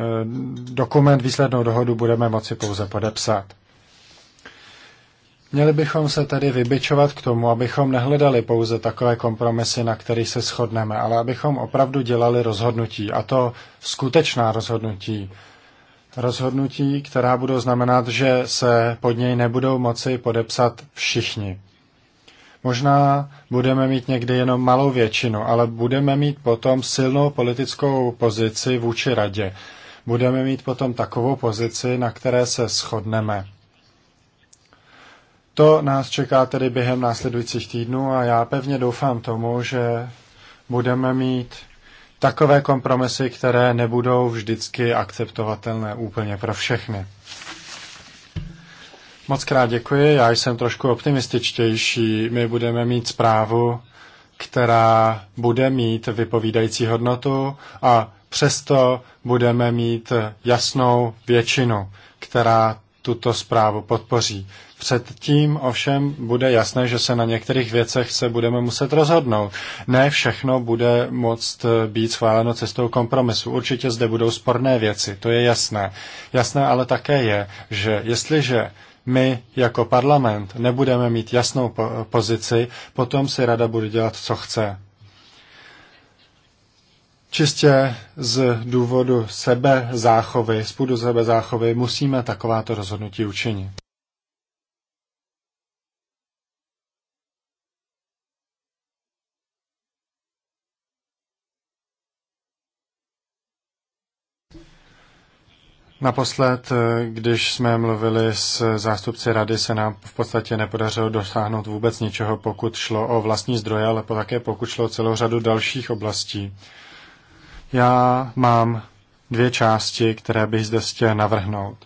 [SPEAKER 2] dokument, výslednou dohodu budeme moci pouze podepsat. Měli bychom se tedy vybičovat k tomu, abychom nehledali pouze takové kompromisy, na kterých se shodneme, ale abychom opravdu dělali rozhodnutí, a to skutečná rozhodnutí. Rozhodnutí, která budou znamenat, že se pod něj nebudou moci podepsat všichni. Možná budeme mít někdy jenom malou většinu, ale budeme mít potom silnou politickou pozici vůči radě. Budeme mít potom takovou pozici, na které se shodneme. To nás čeká tedy během následujících týdnů a já pevně doufám tomu, že budeme mít takové kompromisy, které nebudou vždycky akceptovatelné úplně pro všechny. Moc krát děkuji, já jsem trošku optimističtější. My budeme mít zprávu, která bude mít vypovídající hodnotu a přesto budeme mít jasnou většinu, která tuto zprávu podpoří. Předtím ovšem bude jasné, že se na některých věcech se budeme muset rozhodnout. Ne všechno bude moct být schváleno cestou kompromisu. Určitě zde budou sporné věci, to je jasné. Jasné ale také je, že jestliže my jako parlament nebudeme mít jasnou pozici, potom si rada bude dělat, co chce. Čistě z důvodu sebe záchovy, z půdu sebe záchovy, musíme takováto rozhodnutí učinit. Naposled, eh, když jsme mluvili s zástupci rady, se nám v podstatě nepodařilo dosáhnout vůbec ničeho, pokud šlo o vlastní zdroje, ale také pokud šlo o celou řadu dalších oblastí. Já mám dvě části, které bych zde chtěl navrhnout.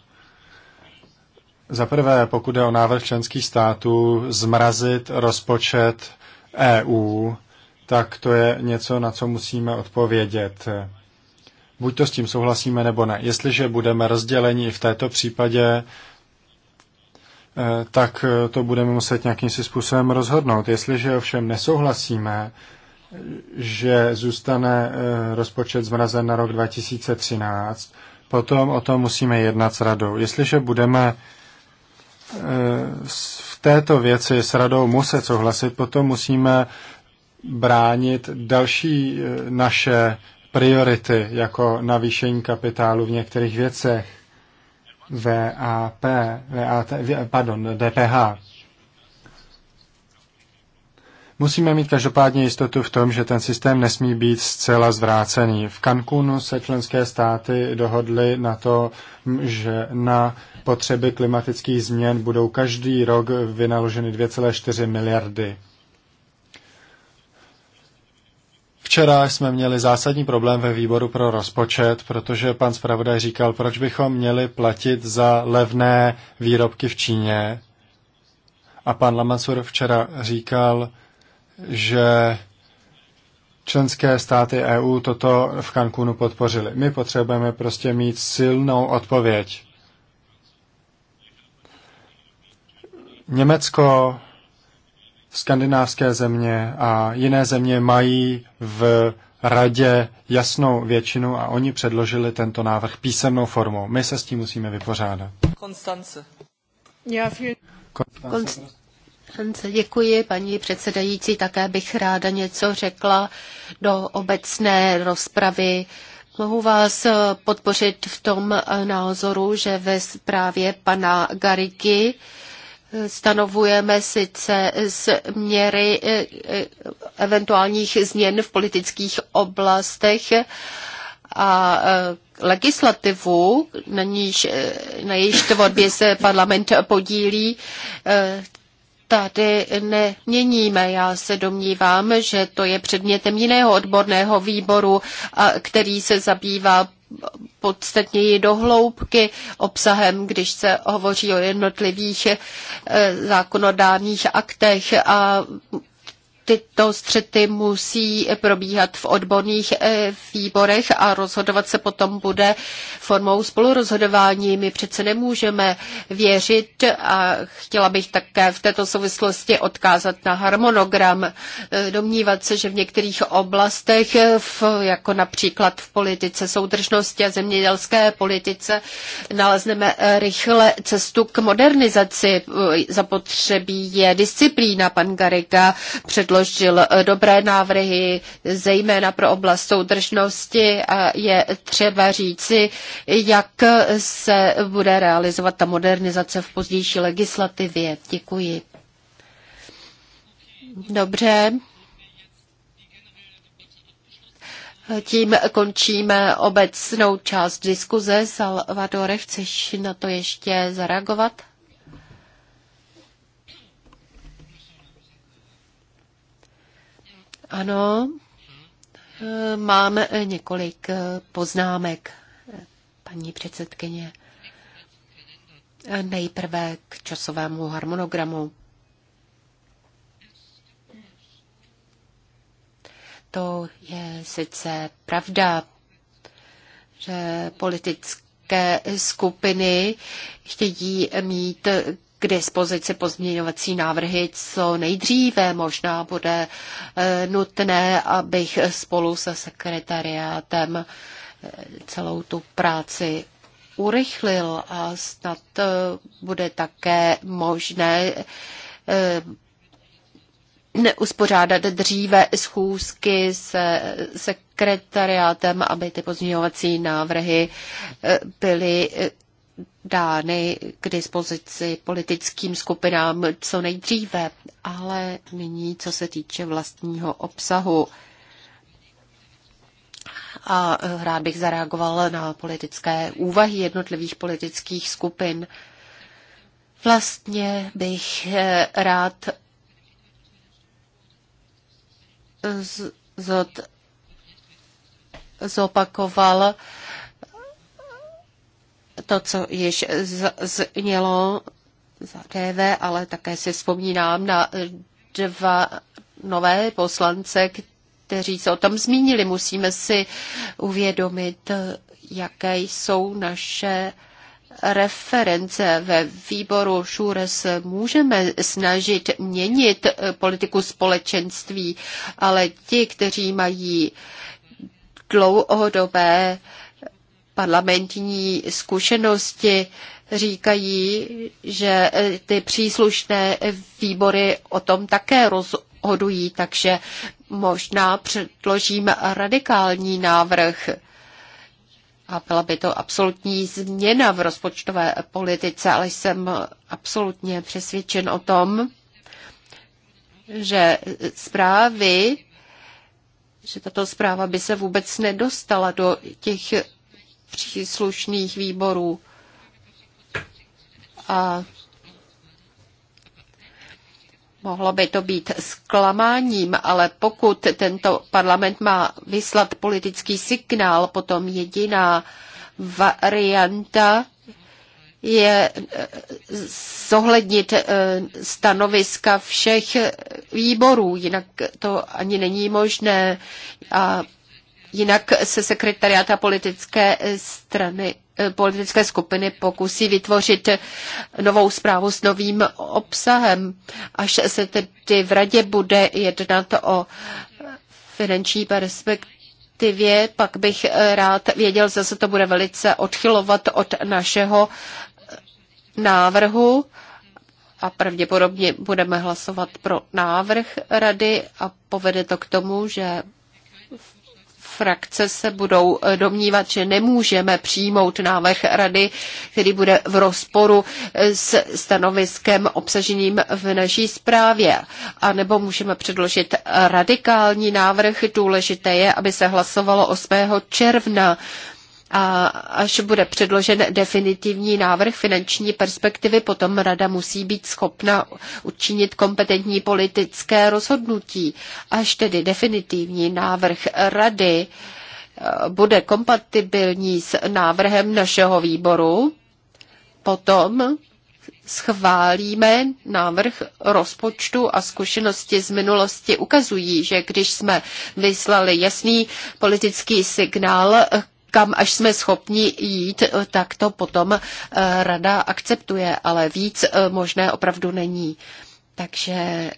[SPEAKER 2] Za prvé, pokud je o návrh členských států zmrazit rozpočet EU, tak to je něco, na co musíme odpovědět. Buď to s tím souhlasíme nebo ne. Jestliže budeme rozděleni v této případě, eh, tak eh, to budeme muset nějakým si způsobem rozhodnout. Jestliže ovšem nesouhlasíme, že zůstane eh, rozpočet zmrazen na rok 2013, potom o tom musíme jednat s radou. Jestliže budeme v této věci s radou muset souhlasit, potom musíme bránit další naše priority, jako navýšení kapitálu v některých věcech, VAP, VAT, pardon, DPH. Musíme mít každopádně jistotu v tom, že ten systém nesmí být zcela zvrácený. V Cancúnu se členské státy dohodly na to, že na potřeby klimatických změn budou každý rok vynaloženy 2,4 miliardy Včera jsme měli zásadní problém ve výboru pro rozpočet, protože pan zpravodaj říkal, proč bychom měli platit za levné výrobky v Číně. A pan Lamansur včera říkal, že členské státy EU toto v Cancúnu podpořili. My potřebujeme prostě mít silnou odpověď. Německo skandinávské země a jiné země mají v radě jasnou většinu a oni předložili tento návrh písemnou formou. My se s tím musíme vypořádat.
[SPEAKER 3] Konstance. Já, Konstance. Děkuji, paní předsedající. Také bych ráda něco řekla do obecné rozpravy. Mohu vás podpořit v tom názoru, že ve zprávě pana Gariky Stanovujeme sice měry eh, eh, eventuálních změn v politických oblastech a eh, legislativu, na, níž, na jejíž tvorbě se parlament podílí, tady neměníme. Já se domnívám, že to je předmětem jiného odborného výboru, který se zabývá podstatněji hloubky obsahem, když se hovoří o jednotlivých eh, zákonodárných aktech a tyto střety musí probíhat v odborných eh, výborech a rozhodovat se potom bude formou spolurozhodování. My přece nemůžeme věřit a chtěla bych také v této souvislosti odkázat na harmonogram. Eh, domnívat se, že v některých oblastech, jako například v politice soudržnosti a zemědělské politice, nalezneme rychle cestu k modernizaci. Eh, zapotřebí je disciplína. Pan Garika před předložil eh, dobré návrhy, zejména pro oblast soudržnosti a je třeba říci, jak se bude realizovat ta modernizace v pozdější legislativě. Děkuji. Dobře. Tím končíme obecnou část diskuze. Salvadore, chceš na to ještě zareagovat? Ano, eh, mám eh, několik eh, poznámek, paní předsedkyně. Nejprve k časovému harmonogramu. To je sice pravda, že politické skupiny chtějí mít k dispozici pozměňovací návrhy co nejdříve. Možná bude eh, nutné, abych spolu se sekretariátem eh, celou tu práci urychlil a snad eh, bude také možné uspořádat dříve schůzky se sekretariátem, aby ty pozměňovací návrhy byly dány k dispozici politickým skupinám co nejdříve, ale nyní, co se týče vlastního obsahu. A rád bych zareagoval na politické úvahy jednotlivých politických skupin. Vlastně bych eh, rád z, zopakoval to, co již znělo za TV, ale také si vzpomínám na dva nové poslance, kteří se o tom zmínili. Musíme si uvědomit, jaké jsou naše reference ve výboru Šures. můžeme snažit měnit politiku společenství, ale ti, kteří mají dlouhodobé parlamentní zkušenosti říkají, že e, ty příslušné výbory o tom také rozhodují, takže možná předložím radikální návrh. A byla by to absolutní změna v rozpočtové politice, ale jsem absolutně přesvědčen o tom, že zprávy, že tato zpráva by se vůbec nedostala do těch příslušných výborů. A Mohlo by to být zklamáním, ale pokud tento parlament má vyslat politický signál, potom jediná varianta je eh, zohlednit eh, stanoviska všech výborů, jinak to ani není možné. A Jinak se sekretariáta politické strany eh, politické skupiny pokusí vytvořit novou zprávu s novým obsahem, až se tedy v radě bude jednat o finanční perspektivě, pak bych eh, rád věděl, že se to bude velice odchylovat od našeho eh, návrhu a pravděpodobně budeme hlasovat pro návrh rady a povede to k tomu, že frakce se budou eh, domnívat, že nemůžeme přijmout návrh rady, který bude v rozporu eh, s stanoviskem obsaženým v naší zprávě. A nebo můžeme předložit radikální návrh. Důležité je, aby se hlasovalo 8. června až bude předložen definitivní návrh finanční perspektivy, potom rada musí být schopna učinit kompetentní politické rozhodnutí. Až tedy definitivní návrh rady eh, bude kompatibilní s návrhem našeho výboru, potom schválíme návrh rozpočtu a zkušenosti z minulosti ukazují, že když jsme vyslali jasný politický signál kam až jsme schopni jít, tak to potom eh, rada akceptuje, ale víc eh, možné opravdu není. Takže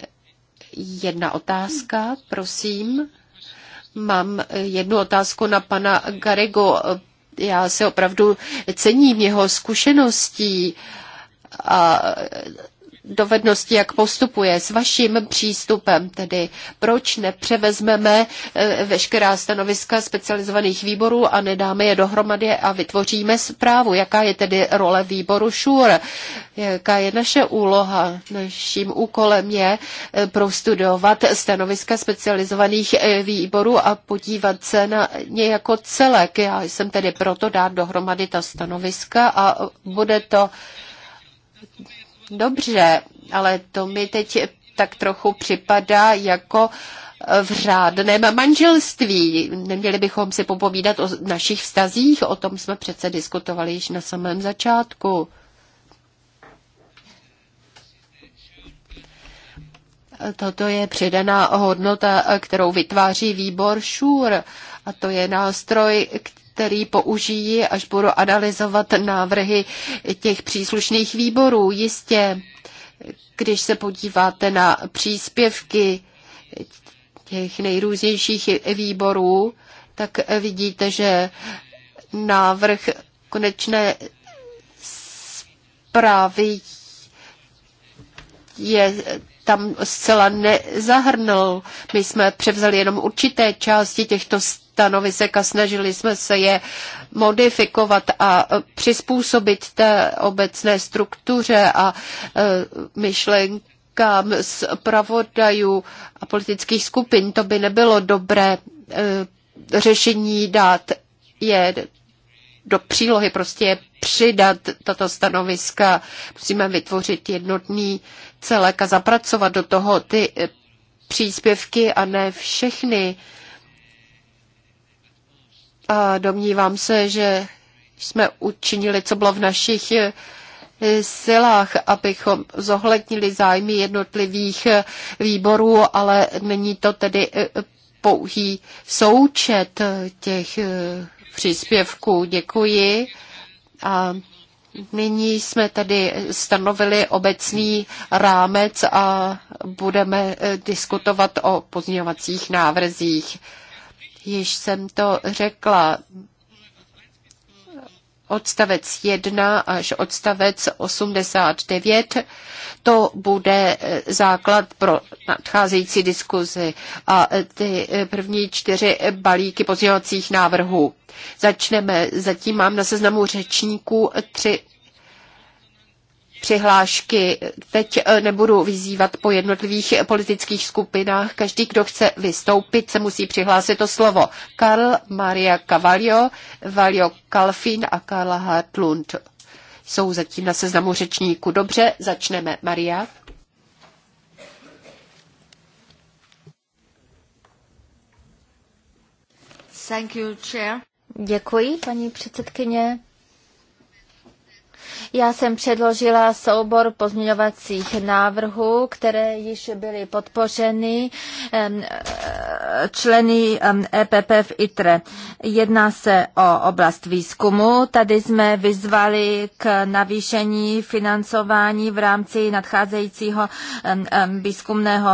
[SPEAKER 3] jedna otázka, prosím. Mám eh, jednu otázku na pana Garego. Já se opravdu cením jeho zkušeností a dovednosti, jak postupuje s vaším přístupem, tedy proč nepřevezmeme eh, veškerá stanoviska specializovaných výborů a nedáme je dohromady a vytvoříme zprávu. Jaká je tedy role výboru ŠUR? Jaká je naše úloha? Naším úkolem je eh, prostudovat stanoviska specializovaných eh, výborů a podívat se na ně jako celek. Já jsem tedy proto dát dohromady ta stanoviska a bude to dobře, ale to mi teď tak trochu připadá jako v řádném manželství. Neměli bychom si popovídat o našich vztazích, o tom jsme přece diskutovali již na samém začátku. Toto je přidaná hodnota, kterou vytváří výbor ŠUR a to je nástroj, který který použijí, až budu analyzovat návrhy těch příslušných výborů. Jistě, když se podíváte na příspěvky těch nejrůznějších výborů, tak vidíte, že návrh konečné zprávy je tam zcela nezahrnul. My jsme převzali jenom určité části těchto stanovisek a snažili jsme se je modifikovat a přizpůsobit té obecné struktuře a e, myšlenkám z pravodajů a politických skupin. To by nebylo dobré e, řešení dát je do přílohy, prostě přidat tato stanoviska. Musíme vytvořit jednotný celek a zapracovat do toho ty eh, příspěvky a ne všechny. A domnívám se, že jsme učinili, co bylo v našich eh, silách, abychom zohlednili zájmy jednotlivých eh, výborů, ale není to tedy pouhý součet těch příspěvku Děkuji. A nyní jsme tady stanovili obecný rámec a budeme eh, diskutovat o pozměňovacích návrzích. Již jsem to řekla, odstavec 1 až odstavec 89. To bude eh, základ pro nadcházející diskuzi a eh, ty eh, první čtyři balíky pozdělacích návrhů. Začneme, zatím mám na seznamu řečníků tři přihlášky. Teď eh, nebudu vyzývat po jednotlivých politických skupinách. Každý, kdo chce vystoupit, se musí přihlásit to slovo. Karl Maria Cavallio, Valio Kalfin a Karla Hartlund jsou zatím na seznamu řečníku. Dobře, začneme. Maria. Thank you, chair. Děkuji,
[SPEAKER 1] paní předsedkyně. Já jsem předložila soubor pozměňovacích návrhů, které již byly podpořeny eh, členy EPP e v ITRE. Jedná se o oblast výzkumu. Tady jsme vyzvali k navýšení financování v rámci nadcházejícího výzkumného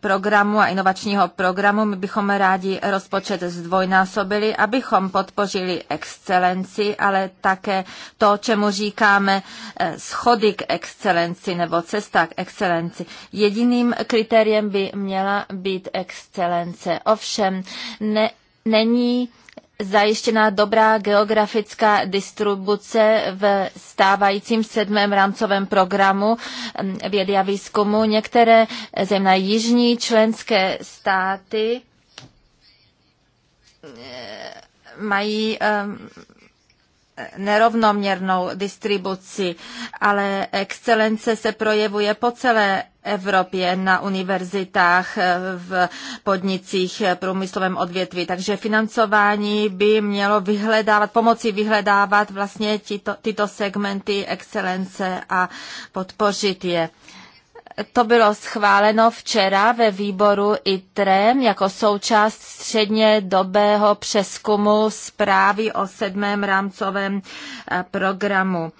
[SPEAKER 1] programu a inovačního programu. My bychom rádi rozpočet zdvojnásobili, abychom podpořili excelenci, ale také to, čemu říká říkáme eh, schody k excelenci nebo cesta k excelenci. Jediným kritériem by měla být excelence. Ovšem ne, není zajištěná dobrá geografická distribuce v stávajícím sedmém rámcovém programu mm, vědy a výzkumu. Některé eh, zejména jižní členské státy eh, mají ehm, nerovnoměrnou distribuci, ale excelence se projevuje po celé Evropě na univerzitách, eh, v podnicích, eh, průmyslovém odvětví. Takže financování by mělo vyhledávat, pomoci vyhledávat vlastně tyto, tyto segmenty excelence a podpořit je. To bylo schváleno včera ve výboru ITRE jako součást středně dobého přeskumu zprávy o sedmém rámcovém eh, programu.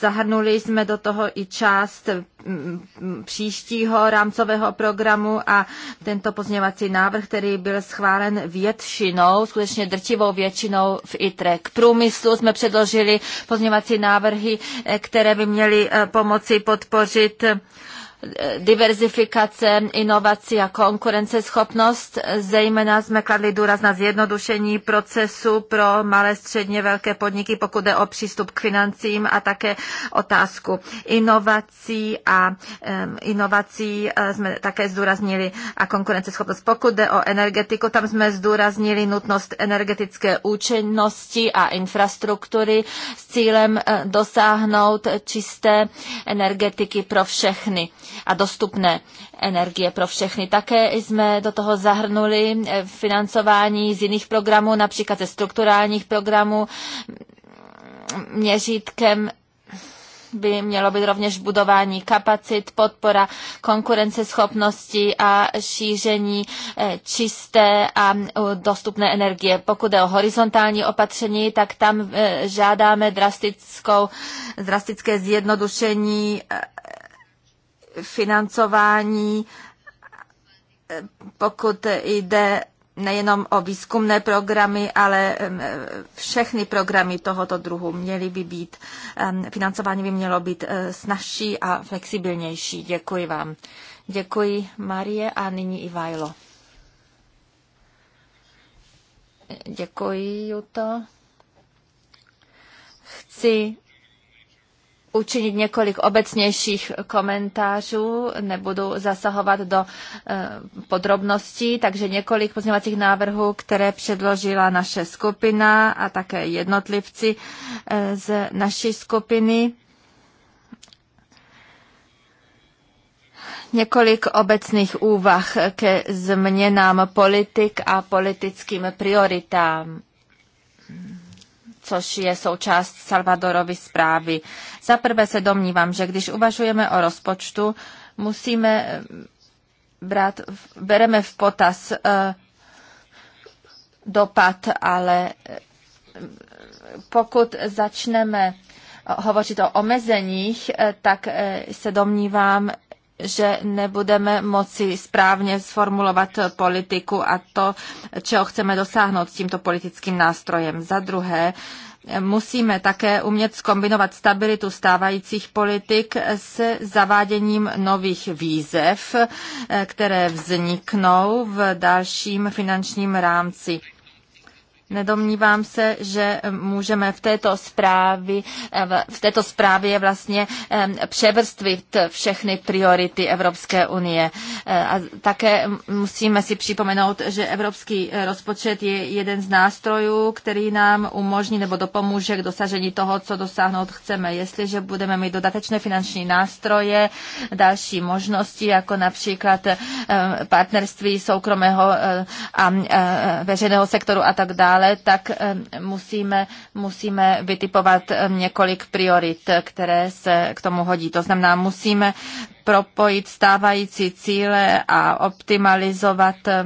[SPEAKER 1] Zahrnuli jsme do toho i část mm, mm, příštího rámcového programu a tento pozměvací návrh, který byl schválen většinou, skutečně drtivou většinou v ITRE. K průmyslu jsme předložili pozměvací návrhy, eh, které by měly eh, pomoci podpořit diverzifikace, inovací a konkurenceschopnost. Zejména jsme kladli důraz na zjednodušení procesu pro malé, středně velké podniky, pokud jde o přístup k financím a také otázku inovací a inovací e, jsme také zdůraznili a konkurenceschopnost. Pokud jde o energetiku, tam jsme zdůraznili nutnost energetické účinnosti a infrastruktury s cílem e, dosáhnout čisté energetiky pro všechny a dostupné energie pro všechny. Také jsme do toho zahrnuli eh, financování z jiných programů, například ze strukturálních programů. Měřítkem by mělo být rovněž budování kapacit, podpora konkurenceschopnosti a šíření eh, čisté a eh, dostupné energie. Pokud je o horizontální opatření, tak tam žádáme drastickou, drastické zjednodušení financování, pokud jde nejenom o výzkumné programy, ale všechny programy tohoto druhu měly by být, financování by mělo být e, snažší a flexibilnější. Děkuji vám. Děkuji Marie a nyní Vajlo. Děkuji, Juto. Chci učinit několik obecnějších komentářů, nebudu zasahovat do eh, podrobností, takže několik pozměňovacích návrhů, které předložila naše skupina a také jednotlivci eh, z naší skupiny. Několik obecných úvah ke změnám politik a politickým prioritám což je součást Salvadorovy zprávy. Za prvé se domnívám, že když uvažujeme o rozpočtu, musíme eh, brát, bereme v potaz eh, dopad, ale eh, pokud začneme hovořit o omezeních, tak se domnívám, že nebudeme moci správně sformulovat politiku a to, čeho chceme dosáhnout tímto politickým nástrojem. Za druhé, musíme také umět skombinovat stabilitu stávajících politik s zaváděním nových výzev, eh, které vzniknou v dalším finančním rámci. Nedomnívám se, že můžeme v této zprávě, eh, v této zprávě vlastně eh, převrstvit všechny priority Evropské unie. Eh, a také musíme si připomenout, že evropský rozpočet je jeden z nástrojů, který nám umožní nebo dopomůže k dosažení toho, co dosáhnout chceme. Jestliže budeme mít dodatečné finanční nástroje, další možnosti, jako například partnerství soukromého a veřejného sektoru a tak dále, dále, tak eh, musíme, musíme vytipovat eh, několik priorit, které se k tomu hodí. To znamená, musíme propojit stávající cíle a optimalizovat eh,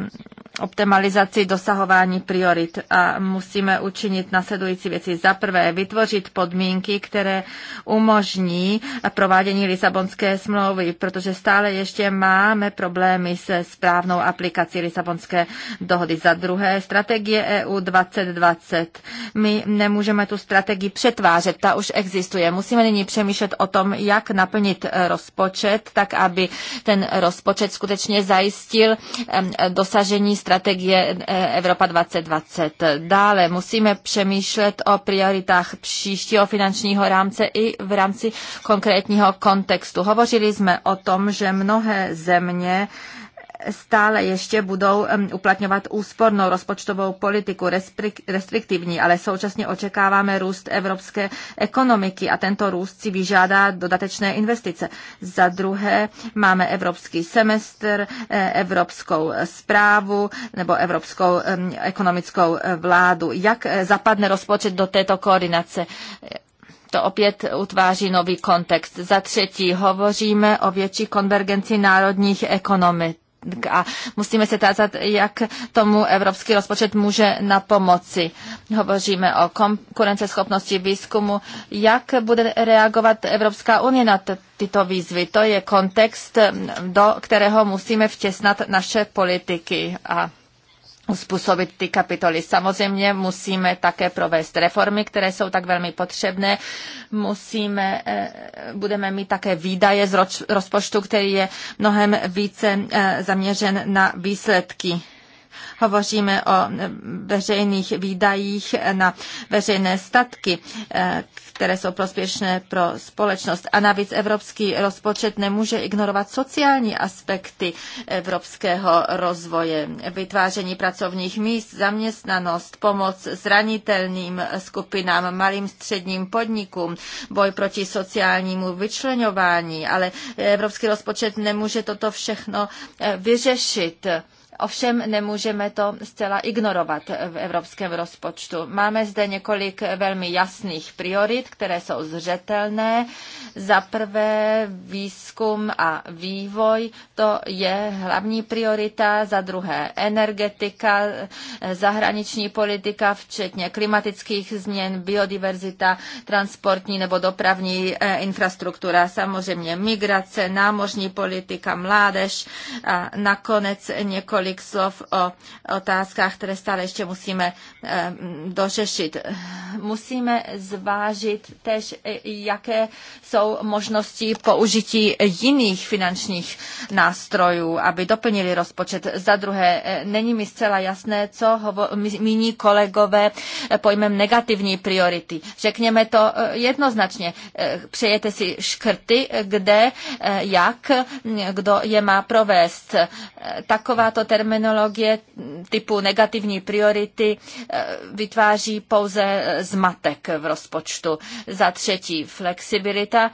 [SPEAKER 1] optimalizaci dosahování priorit a musíme učinit nasledující věci. Za prvé vytvořit podmínky, které umožní provádění Lisabonské smlouvy, protože stále ještě máme problémy se správnou aplikací Lisabonské dohody. Za druhé strategie EU 2020. My nemůžeme tu strategii přetvářet, ta už existuje. Musíme nyní přemýšlet o tom, jak naplnit rozpočet, tak aby ten rozpočet skutečně zajistil dosažení strategie eh, Evropa 2020. Dále musíme přemýšlet o prioritách příštího finančního rámce i v rámci konkrétního kontextu. Hovořili jsme o tom, že mnohé země stále ještě budou uplatňovat úspornou rozpočtovou politiku, restriktivní, ale současně očekáváme růst evropské ekonomiky a tento růst si vyžádá dodatečné investice. Za druhé máme evropský semestr, e, evropskou zprávu nebo evropskou ekonomickou e, vládu. Jak e, zapadne rozpočet do této koordinace? To opět utváří nový kontext. Za třetí, hovoříme o větší konvergenci národních ekonomik a musíme se tázat, jak tomu evropský rozpočet může na pomoci. Hovoříme o konkurenceschopnosti výzkumu. Jak bude reagovat Evropská unie na tyto výzvy? To je kontext, do kterého musíme vtěsnat naše politiky a uspůsobit ty kapitoly. Samozřejmě musíme také provést reformy, které jsou tak velmi potřebné. Musíme, eh, budeme mít také výdaje z rozpočtu, který je mnohem více eh, zaměřen na výsledky hovoříme o veřejných výdajích na veřejné statky, eh, které jsou prospěšné pro společnost. A navíc evropský rozpočet nemůže ignorovat sociální aspekty evropského rozvoje, vytváření pracovních míst, zaměstnanost, pomoc zranitelným skupinám, malým středním podnikům, boj proti sociálnímu vyčlenování, ale evropský rozpočet nemůže toto všechno eh, vyřešit. Ovšem nemůžeme to zcela ignorovat v evropském rozpočtu. Máme zde několik velmi jasných priorit, které jsou zřetelné. Za prvé výzkum a vývoj, to je hlavní priorita. Za druhé energetika, zahraniční politika, včetně klimatických změn, biodiverzita, transportní nebo dopravní eh, infrastruktura, samozřejmě migrace, námořní politika, mládež a nakonec několik několik slov o otázkách, které stále ještě musíme eh, dořešit. Musíme zvážit tež, eh, jaké jsou možnosti použití jiných finančních nástrojů, aby doplnili rozpočet. Za druhé, eh, není mi zcela jasné, co míní kolegové pojmem negativní priority. Řekněme to jednoznačně. Přejete si škrty, kde, jak, kdo je má provést. Takováto terminologie typu negativní priority eh, vytváří pouze eh, zmatek v rozpočtu. Za třetí, flexibilita.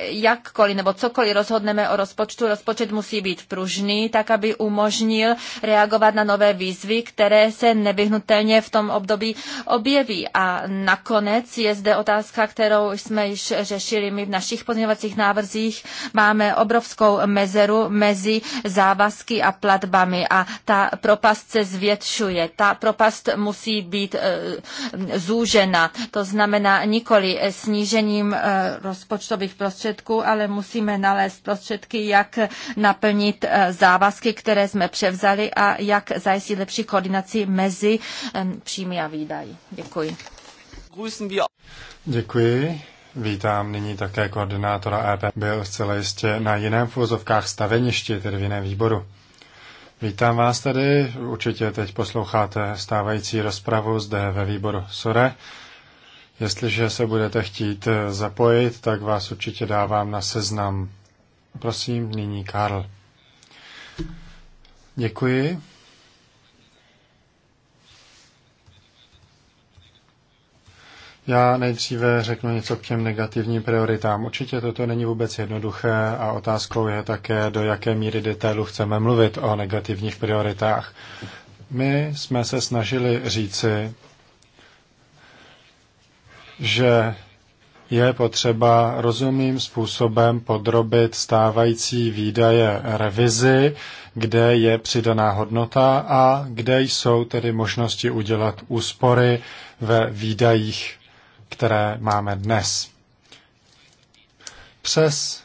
[SPEAKER 1] Jakkoliv nebo cokoliv rozhodneme o rozpočtu, rozpočet musí být pružný, tak aby umožnil reagovat na nové výzvy, které se nevyhnutelně v tom období objeví. A nakonec je zde otázka, kterou jsme již řešili my v našich pozměňovacích návrzích. Máme obrovskou mezeru mezi závazky a platbami a ta propast se zvětšuje. Ta propast musí být eh, zúžena. To znamená nikoli snížením eh, rozpočtových prostředků, ale musíme nalézt prostředky, jak naplnit eh, závazky, které jsme převzali a jak zajistit lepší koordinaci mezi příjmy a výdaji. Děkuji.
[SPEAKER 2] Děkuji. Vítám nyní také koordinátora EP. Byl zcela jistě na jiném v staveništi, tedy v jiném výboru. Vítám vás tady, určitě teď posloucháte stávající rozpravu zde ve výboru SORE. Jestliže se budete chtít zapojit, tak vás určitě dávám na seznam. Prosím, nyní Karl. Děkuji. Já nejdříve řeknu něco k těm negativním prioritám. Určitě toto není vůbec jednoduché a otázkou je také, do jaké míry detailu chceme mluvit o negativních prioritách. My jsme se snažili říci, že je potřeba rozumným způsobem podrobit stávající výdaje revizi, kde je přidaná hodnota a kde jsou tedy možnosti udělat úspory ve výdajích které máme dnes. Přes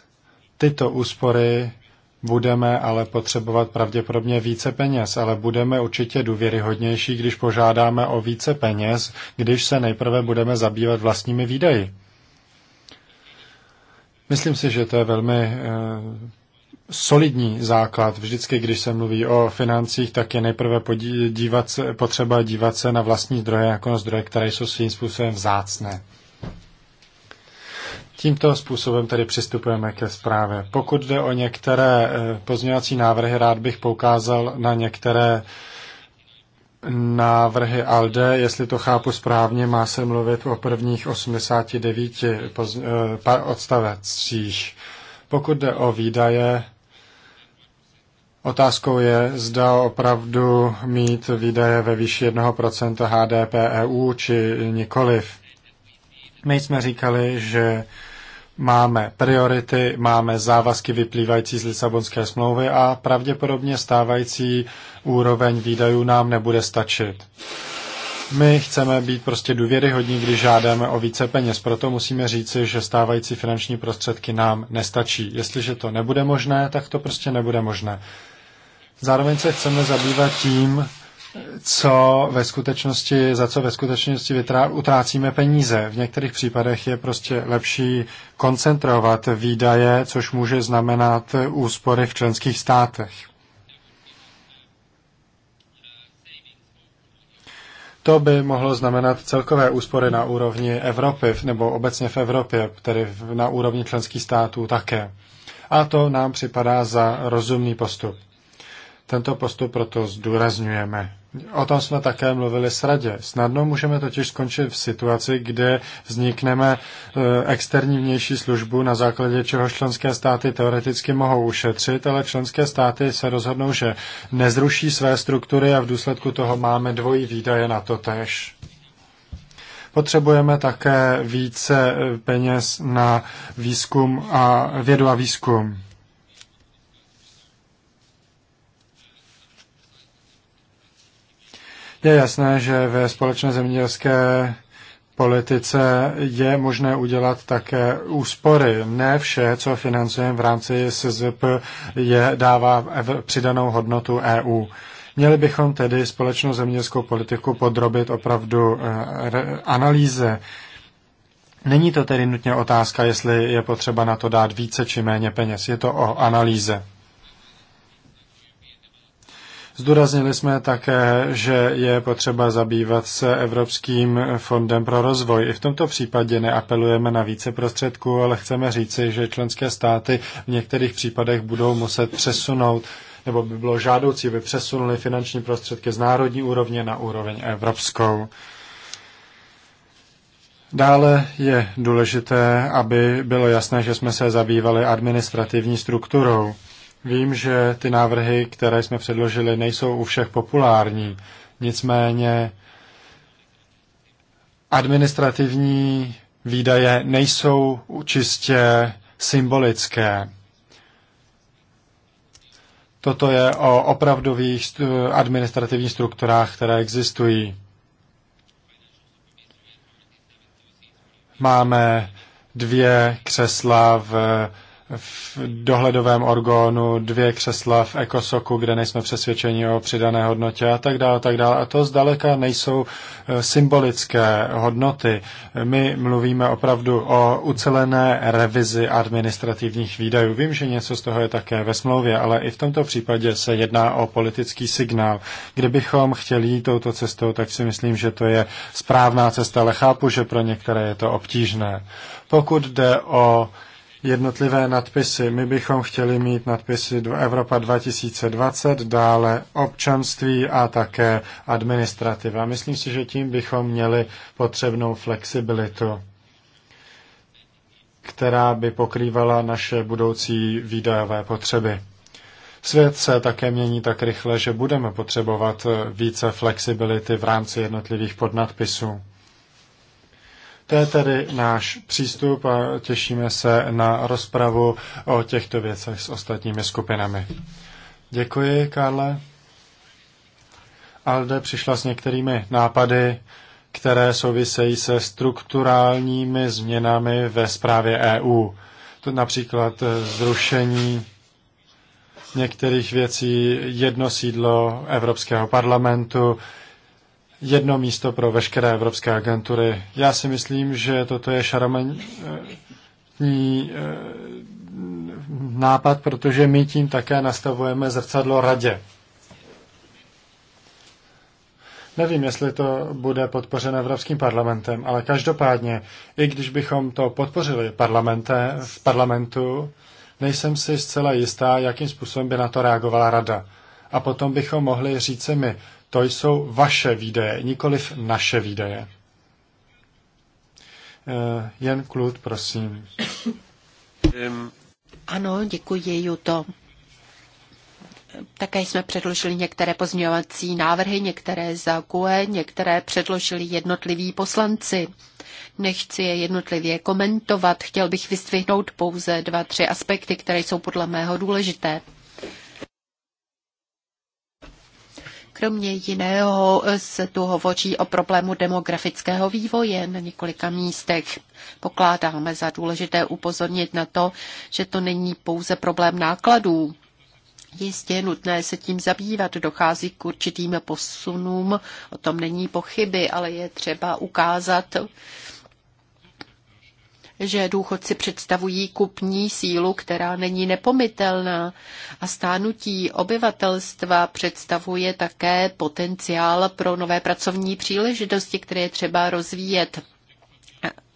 [SPEAKER 2] tyto úspory budeme ale potřebovat pravděpodobně více peněz, ale budeme určitě důvěryhodnější, když požádáme o více peněz, když se nejprve budeme zabývat vlastními výdaji. Myslím si, že to je velmi eh, solidní základ. Vždycky, když se mluví o financích, tak je nejprve dívat se, potřeba dívat se na vlastní zdroje jako na zdroje, které jsou svým způsobem vzácné. Tímto způsobem tedy přistupujeme ke zprávě. Pokud jde o některé eh, pozměňovací návrhy, rád bych poukázal na některé návrhy ALDE. Jestli to chápu správně, má se mluvit o prvních 89 eh, odstavecích. Pokud jde o výdaje, Otázkou je, zda opravdu mít výdaje ve výši 1% HDP EU či nikoliv. My jsme říkali, že máme priority, máme závazky vyplývající z Lisabonské smlouvy a pravděpodobně stávající úroveň výdajů nám nebude stačit. My chceme být prostě důvěryhodní, když žádáme o více peněz, proto musíme říci, že stávající finanční prostředky nám nestačí. Jestliže to nebude možné, tak to prostě nebude možné. Zároveň se chceme zabývat tím, co ve skutečnosti, za co ve skutečnosti vytrá, utrácíme peníze. V některých případech je prostě lepší koncentrovat výdaje, což může znamenat úspory v členských státech. To by mohlo znamenat celkové úspory na úrovni Evropy, nebo obecně v Evropě, tedy na úrovni členských států také. A to nám připadá za rozumný postup. Tento postup proto zdůrazňujeme. O tom jsme také mluvili s radě. Snadno můžeme totiž skončit v situaci, kde vznikneme eh, externí vnější službu, na základě čeho členské státy teoreticky mohou ušetřit, ale členské státy se rozhodnou, že nezruší své struktury a v důsledku toho máme dvojí výdaje na to tež. Potřebujeme také více eh, peněz na výzkum a vědu a výzkum. Je jasné, že ve společné zemědělské politice je možné udělat také úspory. Ne vše, co financujeme v rámci SZP, je, dává přidanou hodnotu EU. Měli bychom tedy společnou zemědělskou politiku podrobit opravdu eh, analýze. Není to tedy nutně otázka, jestli je potřeba na to dát více či méně peněz. Je to o analýze. Zdůraznili jsme také, že je potřeba zabývat se Evropským fondem pro rozvoj. I v tomto případě neapelujeme na více prostředků, ale chceme říci, že členské státy v některých případech budou muset přesunout nebo by bylo žádoucí, aby přesunuli finanční prostředky z národní úrovně na úroveň evropskou. Dále je důležité, aby bylo jasné, že jsme se zabývali administrativní strukturou. Vím, že ty návrhy, které jsme předložili, nejsou u všech populární. Nicméně administrativní výdaje nejsou čistě symbolické. Toto je o opravdových administrativních strukturách, které existují. Máme dvě křesla v v dohledovém orgánu, dvě křesla v ekosoku, kde nejsme přesvědčeni o přidané hodnotě a tak dále, a tak dále. A to zdaleka nejsou e, symbolické hodnoty. My mluvíme opravdu o ucelené revizi administrativních výdajů. Vím, že něco z toho je také ve smlouvě, ale i v tomto případě se jedná o politický signál. Kdybychom chtěli jít touto cestou, tak si myslím, že to je správná cesta, ale chápu, že pro některé je to obtížné. Pokud jde o jednotlivé nadpisy. My bychom chtěli mít nadpisy do Evropa 2020, dále občanství a také administrativa. Myslím si, že tím bychom měli potřebnou flexibilitu, která by pokrývala naše budoucí výdajové potřeby. Svět se také mění tak rychle, že budeme potřebovat více flexibility v rámci jednotlivých podnadpisů. To je tedy náš přístup a těšíme se na rozpravu o těchto věcech s ostatními skupinami. Děkuji, Karle. Alde přišla s některými nápady, které souvisejí se strukturálními změnami ve zprávě EU. To například eh, zrušení některých věcí, jedno sídlo Evropského parlamentu, jedno místo pro veškeré evropské agentury. Já si myslím, že toto je šarmantní e, e, nápad, protože my tím také nastavujeme zrcadlo radě. Nevím, jestli to bude podpořeno Evropským parlamentem, ale každopádně, i když bychom to podpořili parlamente, v parlamentu, nejsem si zcela jistá, jakým způsobem by na to reagovala rada. A potom bychom mohli říct si my, to jsou vaše výdaje, nikoliv naše výdaje. Eh, Jen klud, prosím.
[SPEAKER 3] Ano, děkuji, Juto. Také jsme předložili některé pozměňovací návrhy, některé za QE, některé předložili jednotliví poslanci. Nechci je jednotlivě komentovat, chtěl bych vystvihnout pouze dva, tři aspekty, které jsou podle mého důležité. Kromě jiného se tu hovoří o problému demografického vývoje na několika místech. Pokládáme za důležité upozornit na to, že to není pouze problém nákladů. Jistě je nutné se tím zabývat, dochází k určitým posunům, o tom není pochyby, ale je třeba ukázat, že důchodci představují kupní sílu, která není nepomitelná a stánutí obyvatelstva představuje také potenciál pro nové pracovní příležitosti, které je třeba rozvíjet.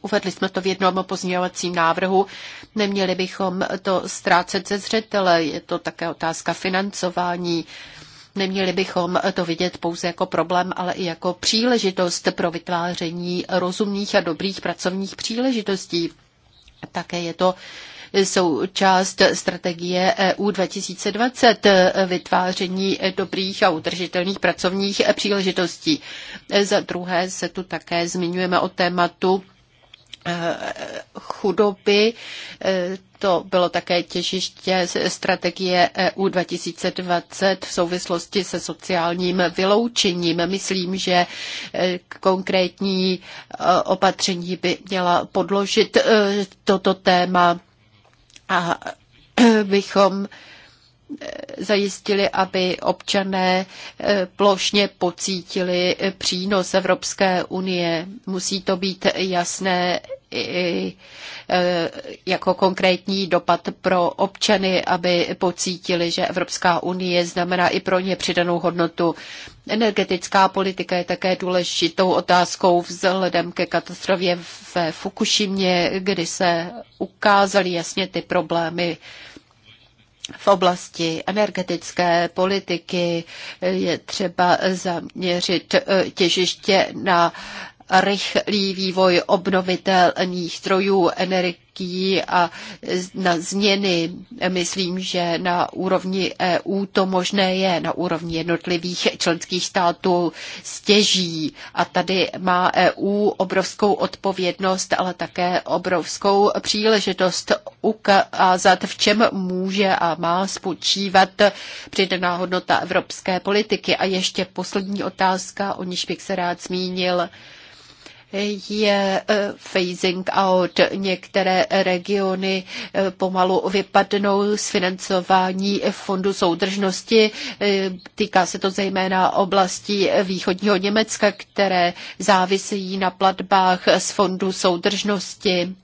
[SPEAKER 3] Uvedli jsme to v jednom pozměňovacím návrhu. Neměli bychom to ztrácet ze zřetele. Je to také otázka financování. Neměli bychom to vidět pouze jako problém, ale i jako příležitost pro vytváření rozumných a dobrých pracovních příležitostí. Také je to součást strategie EU 2020 vytváření dobrých a udržitelných pracovních příležitostí. Za druhé se tu také zmiňujeme o tématu Eh, chudoby. Eh, to bylo také těžiště strategie EU 2020 v souvislosti se sociálním vyloučením. Myslím, že eh, konkrétní opatření by měla podložit toto téma a bychom zajistili, aby občané eh, plošně pocítili eh, přínos Evropské unie. Musí to být jasné i eh, jako konkrétní dopad pro občany, aby pocítili, že Evropská unie znamená i pro ně přidanou hodnotu. Energetická politika je také důležitou otázkou vzhledem ke katastrofě v Fukušimě, kdy se ukázaly jasně ty problémy v oblasti energetické politiky je třeba zaměřit eh, těžiště na rychlý vývoj obnovitelných zdrojů energií a na změny. Myslím, že na úrovni EU to možné je, na úrovni jednotlivých členských států stěží. A tady má EU obrovskou odpovědnost, ale také obrovskou příležitost ukázat, v čem může a má spočívat přidaná hodnota evropské politiky. A ještě poslední otázka, o níž bych se rád zmínil je eh, phasing out. Některé regiony eh, pomalu vypadnou z financování fondu soudržnosti. Eh, týká se to zejména oblastí východního Německa, které závisejí na platbách z fondu soudržnosti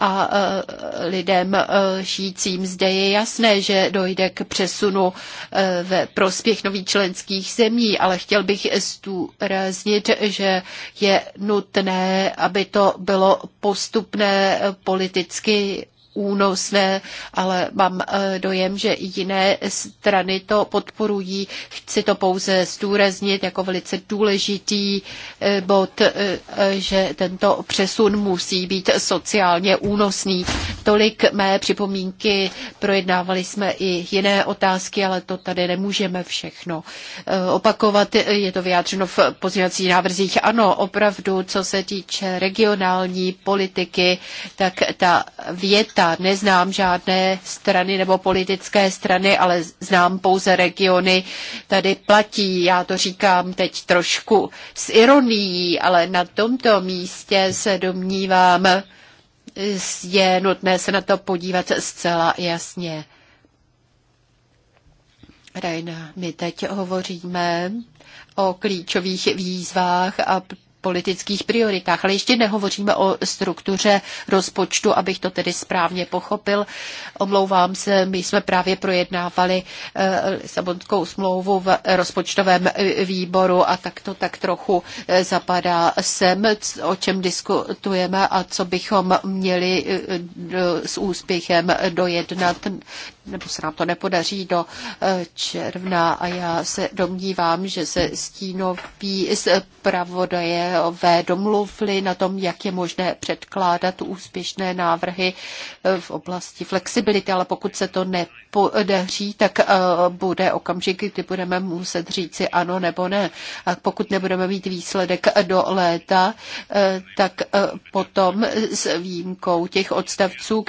[SPEAKER 3] a e, lidem e, žijícím zde je jasné, že dojde k přesunu e, ve prospěch nových členských zemí, ale chtěl bych zdůraznit, že je nutné, aby to bylo postupné politicky únosné, ale mám eh, dojem, že jiné strany to podporují. Chci to pouze zdůraznit jako velice důležitý eh, bod, eh, že tento přesun musí být sociálně únosný. Tolik mé připomínky, projednávali jsme i jiné otázky, ale to tady nemůžeme všechno opakovat. Je to vyjádřeno v pozměňovacích návrzích. Ano, opravdu, co se týče regionální politiky, tak ta věta, stát. Neznám žádné strany nebo politické strany, ale znám pouze regiony. Tady platí, já to říkám teď trošku s ironií, ale na tomto místě se domnívám, je nutné se na to podívat zcela jasně. Rajna, my teď hovoříme o klíčových výzvách a politických prioritách. Ale ještě nehovoříme o struktuře rozpočtu, abych to tedy správně pochopil. Omlouvám se, my jsme právě projednávali eh, sabonskou smlouvu v rozpočtovém eh, výboru a tak to tak trochu eh, zapadá sem, o čem diskutujeme a co bychom měli s úspěchem dojednat nebo se nám to nepodaří do eh, června a já se domnívám, že se stínoví zpravodajové domluvili na tom, jak je možné předkládat úspěšné návrhy eh, v oblasti flexibility, ale pokud se to nepodaří, tak eh, bude okamžik, kdy budeme muset říci ano nebo ne. A pokud nebudeme mít výsledek do léta, tak potom s výjimkou těch odstavců,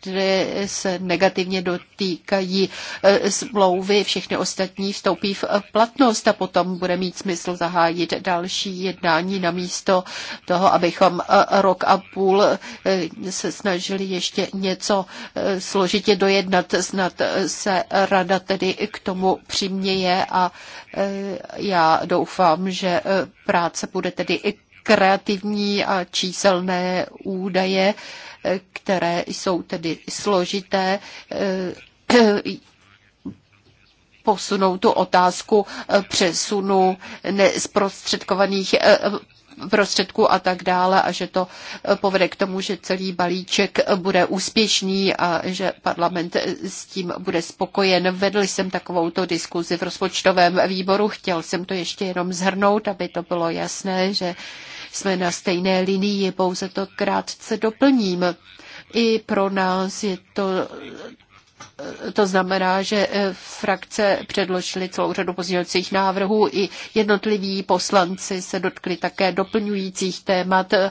[SPEAKER 3] které se negativně do týkají eh, smlouvy, všechny ostatní vstoupí v eh, platnost a potom bude mít smysl zahájit další jednání na místo toho, abychom eh, rok a půl se snažili ještě něco složitě dojednat. Snad se rada tedy k tomu přiměje a já doufám, že práce bude tedy i kreativní a číselné údaje, eh, které jsou tedy složité, eh, [CLEARS THROAT] posunou tu otázku eh, přesunu nezprostředkovaných prostředků a tak dále a že to povede k tomu, že celý balíček bude úspěšný a že parlament s tím bude spokojen. Vedl jsem takovouto diskuzi v rozpočtovém výboru, chtěl jsem to ještě jenom zhrnout, aby to bylo jasné, že jsme na stejné linii, pouze to krátce doplním. I pro nás je to to znamená, že eh, frakce předložily celou řadu pozdějovacích návrhů i jednotliví poslanci se dotkli také doplňujících témat eh,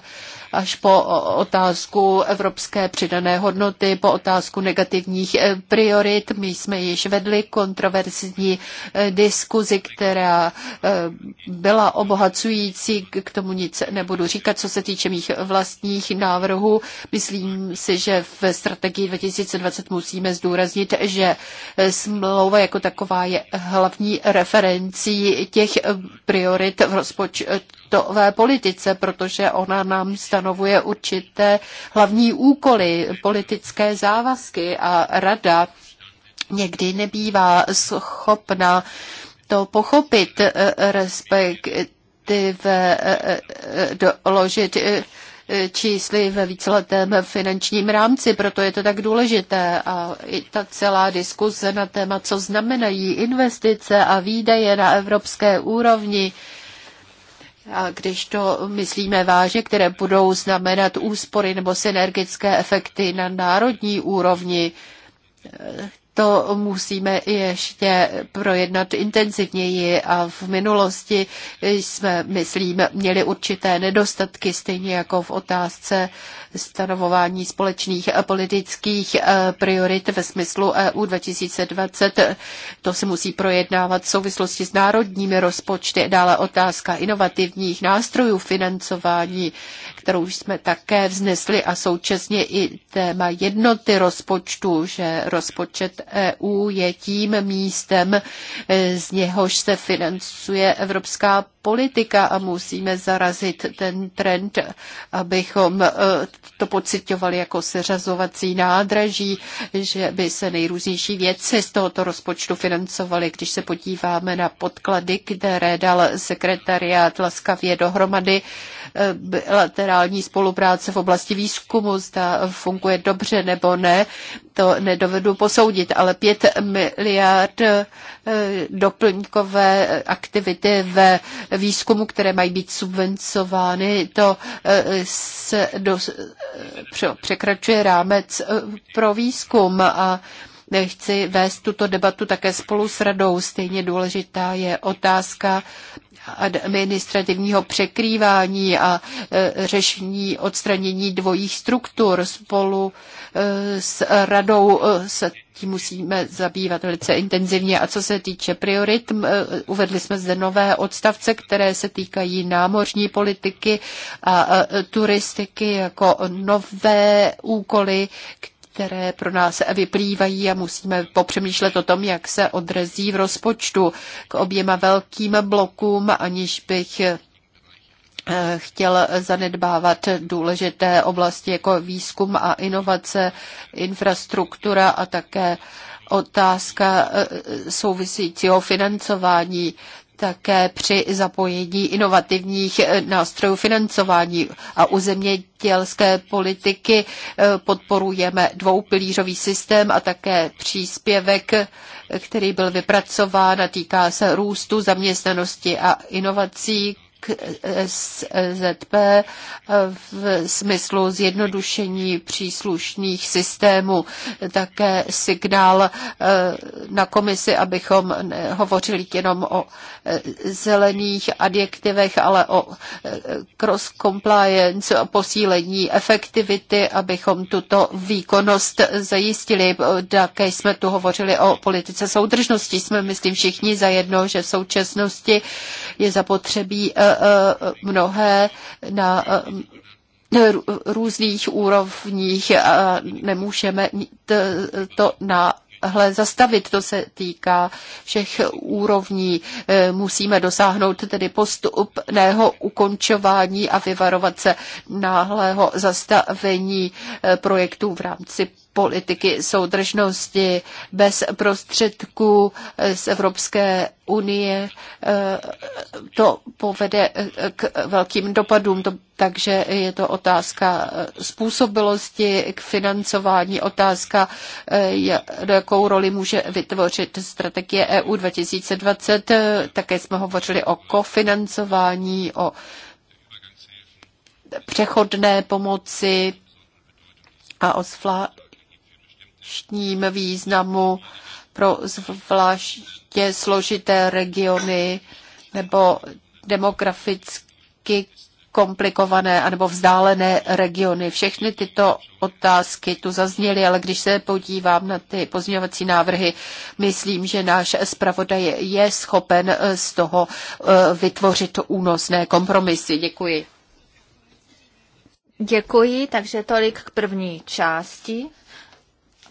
[SPEAKER 3] až po otázku evropské přidané hodnoty, po otázku negativních eh, priorit. My jsme již vedli kontroverzní diskuzi, která byla obohacující, k tomu nic nebudu říkat, co se týče mých vlastních návrhů. Myslím si, že v strategii 2020 musíme zdůraznit, zdůraznit, že smlouva jako taková je hlavní referencí těch priorit v rozpočtové politice, protože ona nám stanovuje určité hlavní úkoly, politické závazky a rada někdy nebývá schopna to pochopit, respektive doložit čísly ve víceletém finančním rámci, proto je to tak důležité. A i ta celá diskuze na téma, co znamenají investice a výdaje na evropské úrovni, a když to myslíme vážně, které budou znamenat úspory nebo synergické efekty na národní úrovni, to musíme ještě projednat intenzivněji a v minulosti jsme, myslím, měli určité nedostatky, stejně jako v otázce stanovování společných politických eh, priorit ve smyslu EU 2020. To se musí projednávat v souvislosti s národními rozpočty. Dále otázka inovativních nástrojů financování kterou jsme také vznesli a současně i téma jednoty rozpočtu, že rozpočet EU je tím místem, eh, z něhož se financuje evropská politika a musíme zarazit ten trend, abychom eh, to pocitovali jako seřazovací nádraží, že by se nejrůznější věci z tohoto rozpočtu financovaly. Když se podíváme na podklady, které dal sekretariát laskavě dohromady, eh, bilaterální spolupráce v oblasti výzkumu, zda funguje dobře nebo ne, to nedovedu posoudit, ale 5 miliard eh, doplňkové aktivity ve výzkumu, které mají být subvencovány, to eh, se do, eh, překračuje rámec eh, pro výzkum a Chci vést tuto debatu také spolu s radou. Stejně důležitá je otázka administrativního překrývání a e, řešení odstranění dvojích struktur spolu e, s radou e, se tím musíme zabývat velice intenzivně. A co se týče priorit, uvedli jsme zde nové odstavce, které se týkají námořní politiky a turistiky jako nové úkoly, které které pro nás vyplývají a musíme popřemýšlet o tom, jak se odrazí v rozpočtu k oběma velkým blokům, aniž bych eh, chtěl zanedbávat důležité oblasti jako výzkum a inovace, infrastruktura a také otázka eh, souvisejícího financování také při zapojení inovativních eh, nástrojů financování a u zemědělské politiky eh, podporujeme dvoupilířový systém a také příspěvek, eh, který byl vypracován a týká se růstu, zaměstnanosti a inovací, ZP v smyslu zjednodušení příslušných systémů. Také signál eh, na komisi, abychom hovořili jenom o eh, zelených adjektivech, ale o eh, cross-compliance, o posílení efektivity, abychom tuto výkonnost zajistili. Také jsme tu hovořili o politice soudržnosti. Jsme, myslím, všichni zajedno, že v současnosti je zapotřebí Eh, mnohé na eh, různých úrovních a nemůžeme eh, to na Hle, zastavit, to se týká všech úrovní. Musíme dosáhnout tedy postupného ukončování a vyvarovat se náhlého zastavení projektů v rámci politiky soudržnosti bez prostředků z Evropské unie. Eh, to povede eh, k velkým dopadům, takže je to otázka eh, způsobilosti k financování, otázka, jakou roli může vytvořit strategie EU 2020. Také jsme hovořili o kofinancování, o přechodné pomoci a o zvládání zvláštním významu pro zvláště složité regiony nebo demograficky komplikované anebo vzdálené regiony. Všechny tyto otázky tu zazněly, ale když se podívám na ty pozměňovací návrhy, myslím, že náš zpravodaj je schopen z toho eh, vytvořit únosné kompromisy. Děkuji. Děkuji, takže tolik k první části.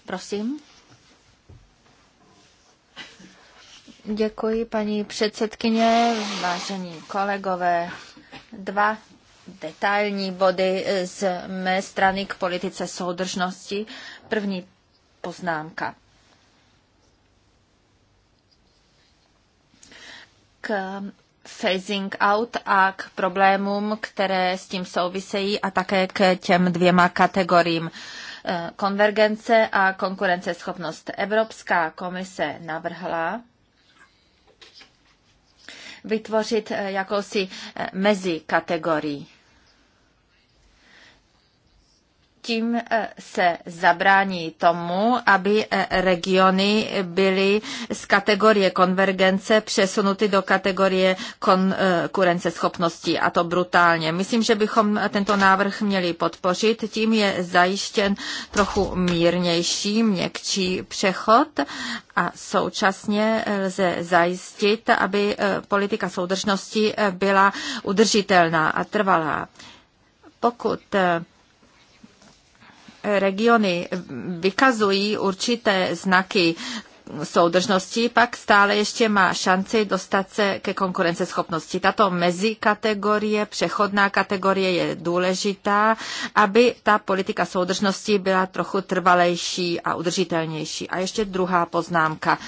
[SPEAKER 3] Prosím.
[SPEAKER 1] Děkuji, paní předsedkyně, vážení kolegové. Dva detailní body z mé strany k politice soudržnosti. První poznámka. K phasing out a k problémům, které s tím souvisejí a také k těm dvěma kategoriím Eh, konvergence a konkurenceschopnost. Evropská komise navrhla vytvořit eh, jakousi eh, mezi kategorii tím eh, se zabrání tomu, aby eh, regiony byly z kategorie konvergence přesunuty do kategorie konkurenceschopnosti eh, a to brutálně. Myslím, že bychom tento návrh měli podpořit. Tím je zajištěn trochu mírnější, měkčí přechod a současně lze zajistit, aby politika soudržnosti byla udržitelná a trvalá. Pokud regiony vykazují určité znaky soudržnosti, pak stále ještě má šanci dostat se ke konkurenceschopnosti. Tato mezikategorie, přechodná kategorie je důležitá, aby ta politika soudržnosti byla trochu trvalejší a udržitelnější. A ještě druhá poznámka.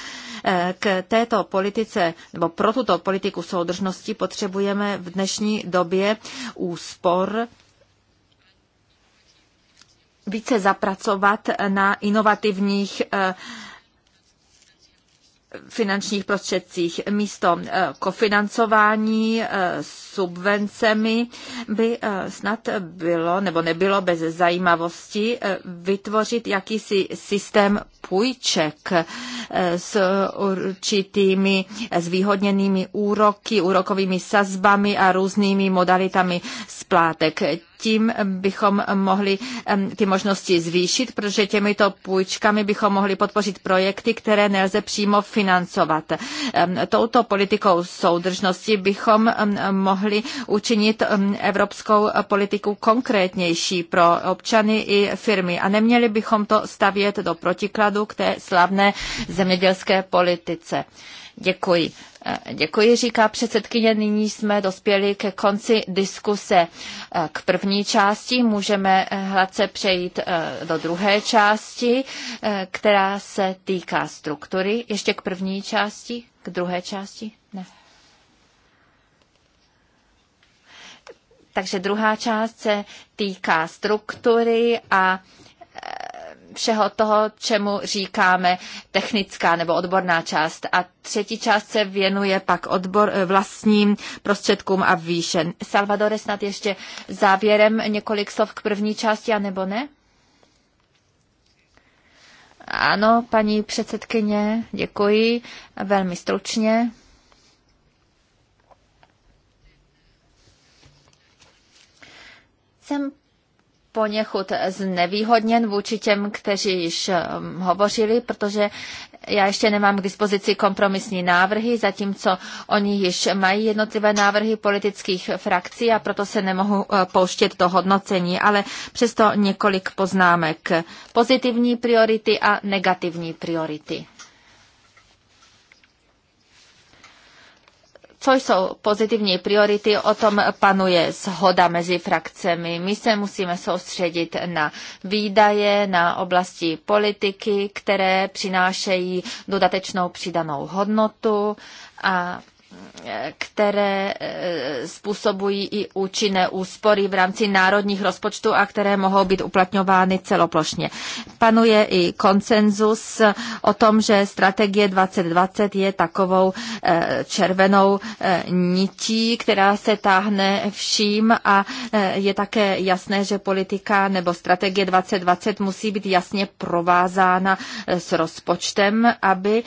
[SPEAKER 1] Eh, k této politice, nebo pro tuto politiku soudržnosti potřebujeme v dnešní době úspor více zapracovat na inovativních eh, finančních prostředcích. Místo eh, kofinancování eh, subvencemi by snad bylo nebo nebylo bez zajímavosti vytvořit jakýsi systém půjček s určitými zvýhodněnými úroky, úrokovými sazbami a různými modalitami splátek tím bychom mohli ty možnosti zvýšit, protože těmito půjčkami bychom mohli podpořit projekty, které nelze přímo financovat. Touto politikou soudržnosti bychom mohli učinit evropskou politiku konkrétnější pro občany i firmy a neměli bychom to stavět do protikladu k té slavné zemědělské politice. Děkuji. Eh, děkuji, říká předsedkyně. Nyní jsme dospěli ke konci diskuse. Eh, k první části můžeme eh, hladce přejít do druhé části, která se týká struktury. Ještě k první části? K druhé části? Ne. Takže druhá část se týká struktury a všeho toho, čemu říkáme technická nebo odborná část. A třetí část se věnuje pak odbor, eh, vlastním prostředkům a výše. Salvador, snad ještě závěrem několik slov k první části, anebo ne? Ano, paní předsedkyně, děkuji. Velmi stručně. Jsem poněchud znevýhodněn vůči těm, kteří již um, hovořili, protože já ještě nemám k dispozici kompromisní návrhy, zatímco oni již mají jednotlivé návrhy politických frakcí a proto se nemohu uh, pouštět do hodnocení, ale přesto několik poznámek. Pozitivní priority a negativní priority. co jsou pozitivní priority, o tom panuje shoda mezi frakcemi. My se musíme soustředit na výdaje, na oblasti politiky, které přinášejí dodatečnou přidanou hodnotu a které e, způsobují i účinné úspory v rámci národních rozpočtů a které mohou být uplatňovány celoplošně. Panuje i konsenzus o tom, že strategie 2020 je takovou e, červenou e, nití, která se táhne vším a je také jasné, že politika nebo strategie 2020 musí být jasně provázána s rozpočtem, aby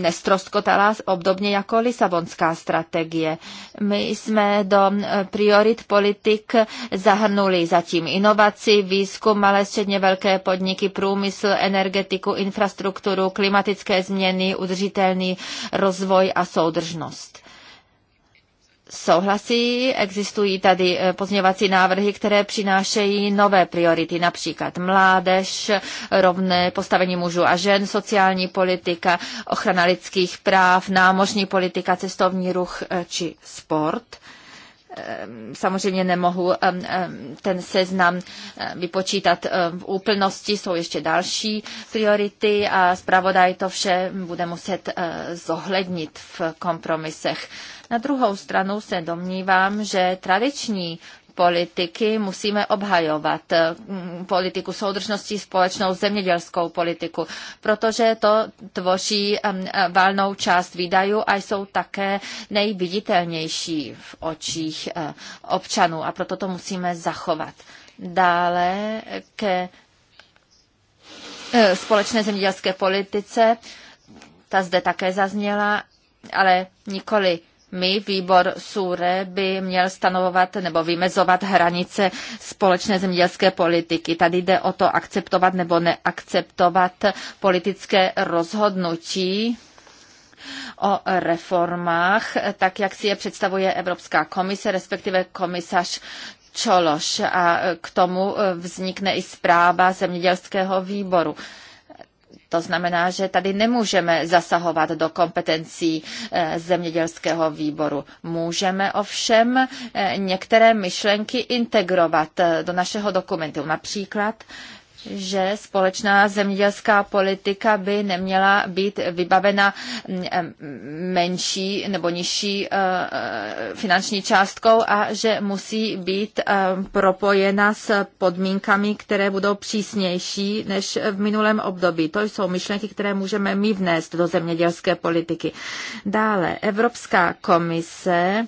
[SPEAKER 1] nestrostkotala obdobně jako jako Lisabonská strategie. My jsme do eh, priorit politik zahrnuli zatím inovaci, výzkum, malé středně velké podniky, průmysl, energetiku, infrastrukturu, klimatické změny, udržitelný rozvoj a soudržnost souhlasí. Existují tady eh, pozměňovací návrhy, které přinášejí nové priority, například mládež, rovné postavení mužů a žen, sociální politika, ochrana lidských práv, námořní politika, cestovní ruch eh, či sport. Ehm, samozřejmě nemohu ehm, ehm, ten seznam vypočítat v úplnosti, jsou ještě další priority a zpravodaj to vše bude muset zohlednit v kompromisech. Na druhou stranu se domnívám, že tradiční politiky musíme obhajovat. Politiku soudržnosti, společnou zemědělskou politiku, protože to tvoří valnou část výdajů a jsou také nejviditelnější v očích eh, občanů a proto to musíme zachovat. Dále ke eh, společné zemědělské politice, ta zde také zazněla, ale nikoli my, výbor SURE, by měl stanovovat nebo vymezovat hranice společné zemědělské politiky. Tady jde o to akceptovat nebo neakceptovat politické rozhodnutí o reformách, tak jak si je představuje Evropská komise, respektive komisař Čološ. A k tomu vznikne i zpráva zemědělského výboru. To znamená, že tady nemůžeme zasahovat do kompetencí eh, zemědělského výboru. Můžeme ovšem eh, některé myšlenky integrovat eh, do našeho dokumentu. Například že společná zemědělská politika by neměla být vybavena mm, menší nebo nižší eh, eh, finanční částkou a že musí být eh, propojena s podmínkami, které budou přísnější než v minulém období. To jsou myšlenky, které můžeme my vnést do zemědělské politiky. Dále, Evropská komise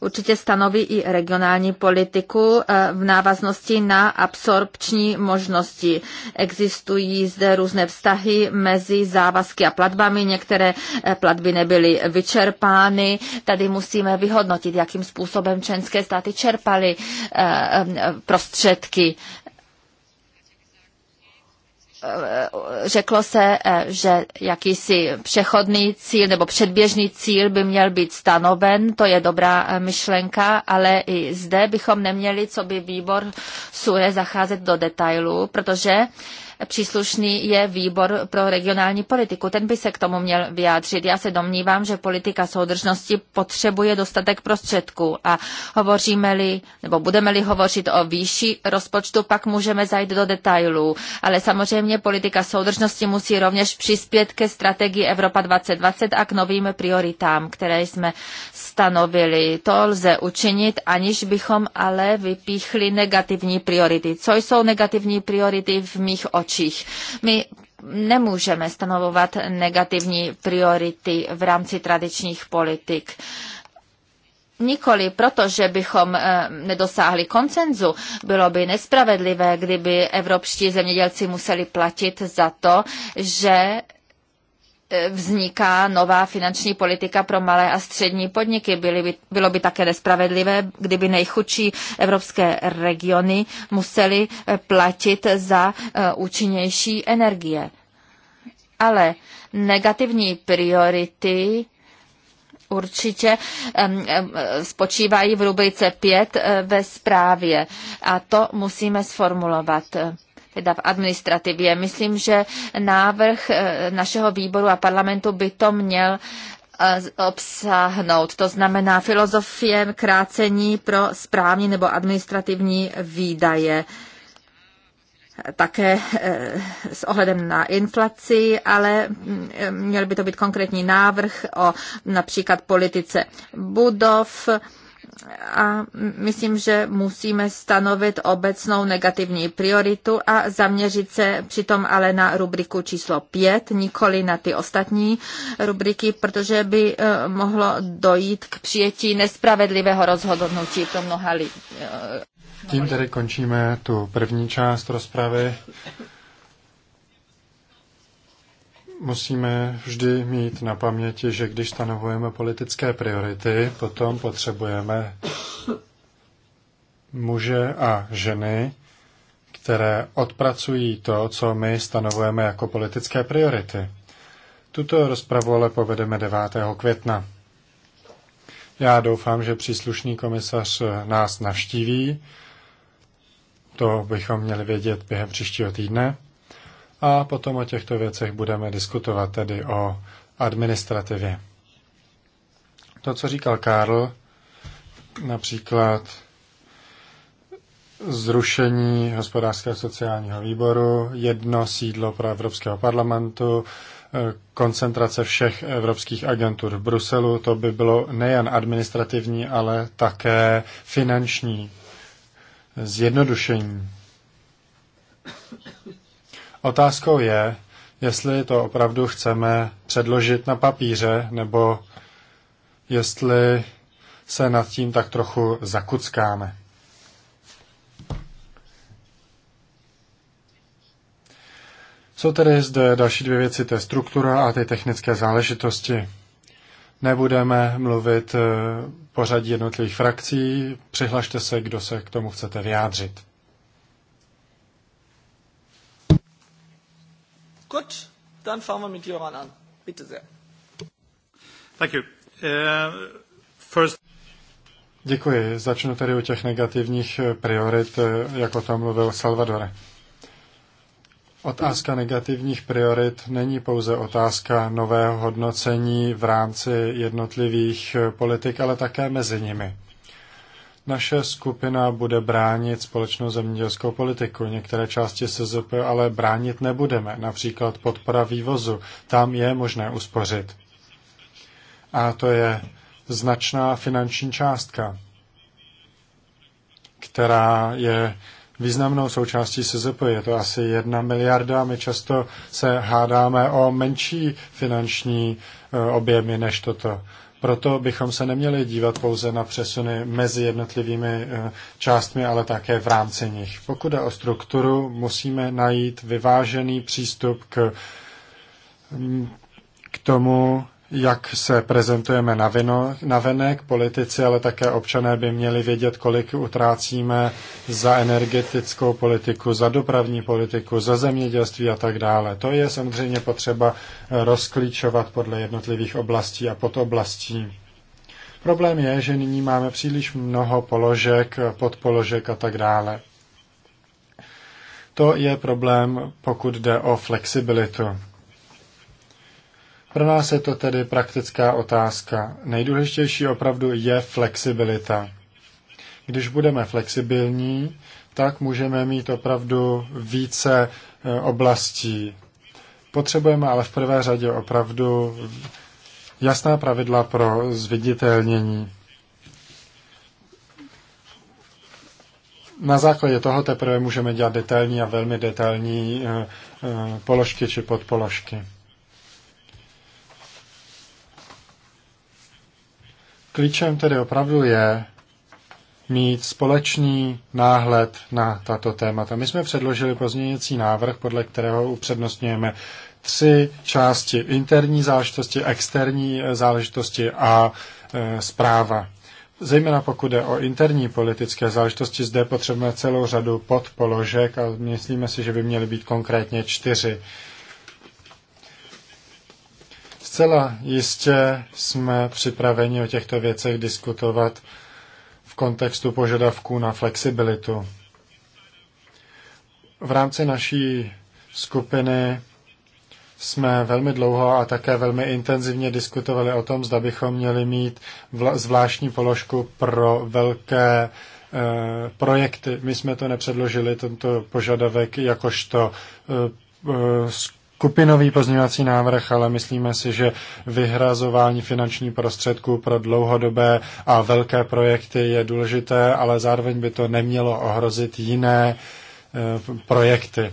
[SPEAKER 1] určitě stanoví i regionální politiku eh, v návaznosti na absorpční možnosti. Existují zde různé vztahy mezi závazky a platbami, některé eh, platby nebyly vyčerpány. Tady musíme vyhodnotit, jakým způsobem členské státy čerpaly eh, prostředky řeklo se, eh, že jakýsi přechodný cíl nebo předběžný cíl by měl být stanoven, to je dobrá eh, myšlenka, ale i zde bychom neměli, co by výbor SURE, zacházet do detailů, protože příslušný je výbor pro regionální politiku. Ten by se k tomu měl vyjádřit. Já se domnívám, že politika soudržnosti potřebuje dostatek prostředků a hovoříme-li, nebo budeme-li hovořit o výši rozpočtu, pak můžeme zajít do detailů. Ale samozřejmě politika soudržnosti musí rovněž přispět ke strategii Evropa 2020 a k novým prioritám, které jsme stanovili. To lze učinit, aniž bychom ale vypíchli negativní priority. Co jsou negativní priority v mých očích? očích. My nemůžeme stanovovat negativní priority v rámci tradičních politik. Nikoli proto, že bychom eh, nedosáhli koncenzu, bylo by nespravedlivé, kdyby evropští zemědělci museli platit za to, že vzniká nová finanční politika pro malé a střední podniky. Byly by, bylo by také nespravedlivé, kdyby nejchudší evropské regiony museli eh, platit za eh, účinnější energie. Ale negativní priority určitě spočívají v rubrice 5 eh, ve zprávě a to musíme sformulovat teda v administrativě. Myslím, že návrh eh, našeho výboru a parlamentu by to měl eh, obsáhnout. To znamená filozofie krácení pro správní nebo administrativní výdaje také eh, s ohledem na inflaci, ale mm, měl by to být konkrétní návrh o například politice budov, a myslím, že musíme stanovit obecnou negativní prioritu a zaměřit se přitom ale na rubriku číslo 5, nikoli na ty ostatní rubriky, protože by eh, mohlo dojít k přijetí nespravedlivého rozhodnutí pro mnoha lidí.
[SPEAKER 2] Tím tedy končíme tu první část rozpravy musíme vždy mít na paměti, že když stanovujeme politické priority, potom potřebujeme muže a ženy, které odpracují to, co my stanovujeme jako politické priority. Tuto rozpravu ale povedeme 9. května. Já doufám, že příslušný komisař nás navštíví. To bychom měli vědět během příštího týdne a potom o těchto věcech budeme diskutovat, tedy o administrativě. To, co říkal Karl, například zrušení hospodářského sociálního výboru, jedno sídlo pro Evropského parlamentu, koncentrace všech evropských agentur v Bruselu, to by bylo nejen administrativní, ale také finanční zjednodušení. Otázkou je, jestli to opravdu chceme předložit na papíře, nebo jestli se nad tím tak trochu zakuckáme. Jsou tedy zde další dvě věci, to je struktura a ty technické záležitosti. Nebudeme mluvit eh, pořadí jednotlivých frakcí, přihlašte se, kdo se k tomu chcete vyjádřit.
[SPEAKER 1] Gut, dann fangen wir mit Joran an. Bitte sehr.
[SPEAKER 2] Thank you. Uh, first... Děkuji. Začnu tedy u těch negativních eh, priorit, eh, jak o tom mluvil Salvador. Otázka negativních priorit není pouze otázka nového hodnocení v rámci jednotlivých eh, politik, ale také mezi nimi. Naše skupina bude bránit společnou zemědělskou politiku. Některé části SZP ale bránit nebudeme, například podpora vývozu. Tam je možné uspořit. A to je značná finanční částka, která je významnou součástí SZP. Je to asi jedna miliarda. My často se hádáme o menší finanční eh, objemy než toto. Proto bychom se neměli dívat pouze na přesuny mezi jednotlivými eh, částmi, ale také v rámci nich. Pokud jde o strukturu, musíme najít vyvážený přístup k, mm, k tomu, jak se prezentujeme na, vino, na venek. Politici, ale také občané by měli vědět, kolik utrácíme za energetickou politiku, za dopravní politiku, za zemědělství a tak dále. To je samozřejmě potřeba rozklíčovat podle jednotlivých oblastí a podoblastí. Problém je, že nyní máme příliš mnoho položek, podpoložek a tak dále. To je problém, pokud jde o flexibilitu. Pro nás je to tedy praktická otázka. Nejdůležitější opravdu je flexibilita. Když budeme flexibilní, tak můžeme mít opravdu více e, oblastí. Potřebujeme ale v prvé řadě opravdu jasná pravidla pro zviditelnění. Na základě toho teprve můžeme dělat detailní a velmi detailní e, e, položky či podpoložky. Klíčem tedy opravdu je mít společný náhled na tato témata. My jsme předložili pozměňující návrh, podle kterého upřednostňujeme tři části. Interní záležitosti, externí záležitosti a e, zpráva. Zejména pokud jde o interní politické záležitosti, zde potřebujeme celou řadu podpoložek a myslíme si, že by měly být konkrétně čtyři. E, Zcela jistě jsme připraveni o těchto věcech diskutovat v kontextu požadavků na flexibilitu. V rámci naší skupiny jsme velmi dlouho a také velmi intenzivně diskutovali o tom, zda bychom měli mít zvláštní položku pro velké eh, projekty. My jsme to nepředložili, tento požadavek, jakožto eh, eh, skupinový pozměňovací návrh, ale myslíme si, že vyhrazování finanční prostředků pro dlouhodobé a velké projekty je důležité, ale zároveň by to nemělo ohrozit jiné eh, projekty.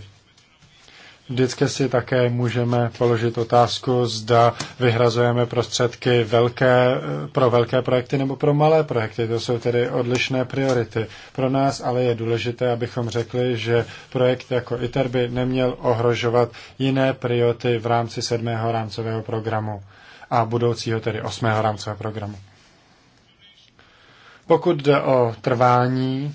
[SPEAKER 2] Vždycky si také můžeme položit otázku, zda vyhrazujeme prostředky velké, pro velké projekty nebo pro malé projekty. To jsou tedy odlišné priority. Pro nás ale je důležité, abychom řekli, že projekt jako ITER by neměl ohrožovat jiné priority v rámci sedmého rámcového programu a budoucího tedy osmého rámcového programu. Pokud jde o trvání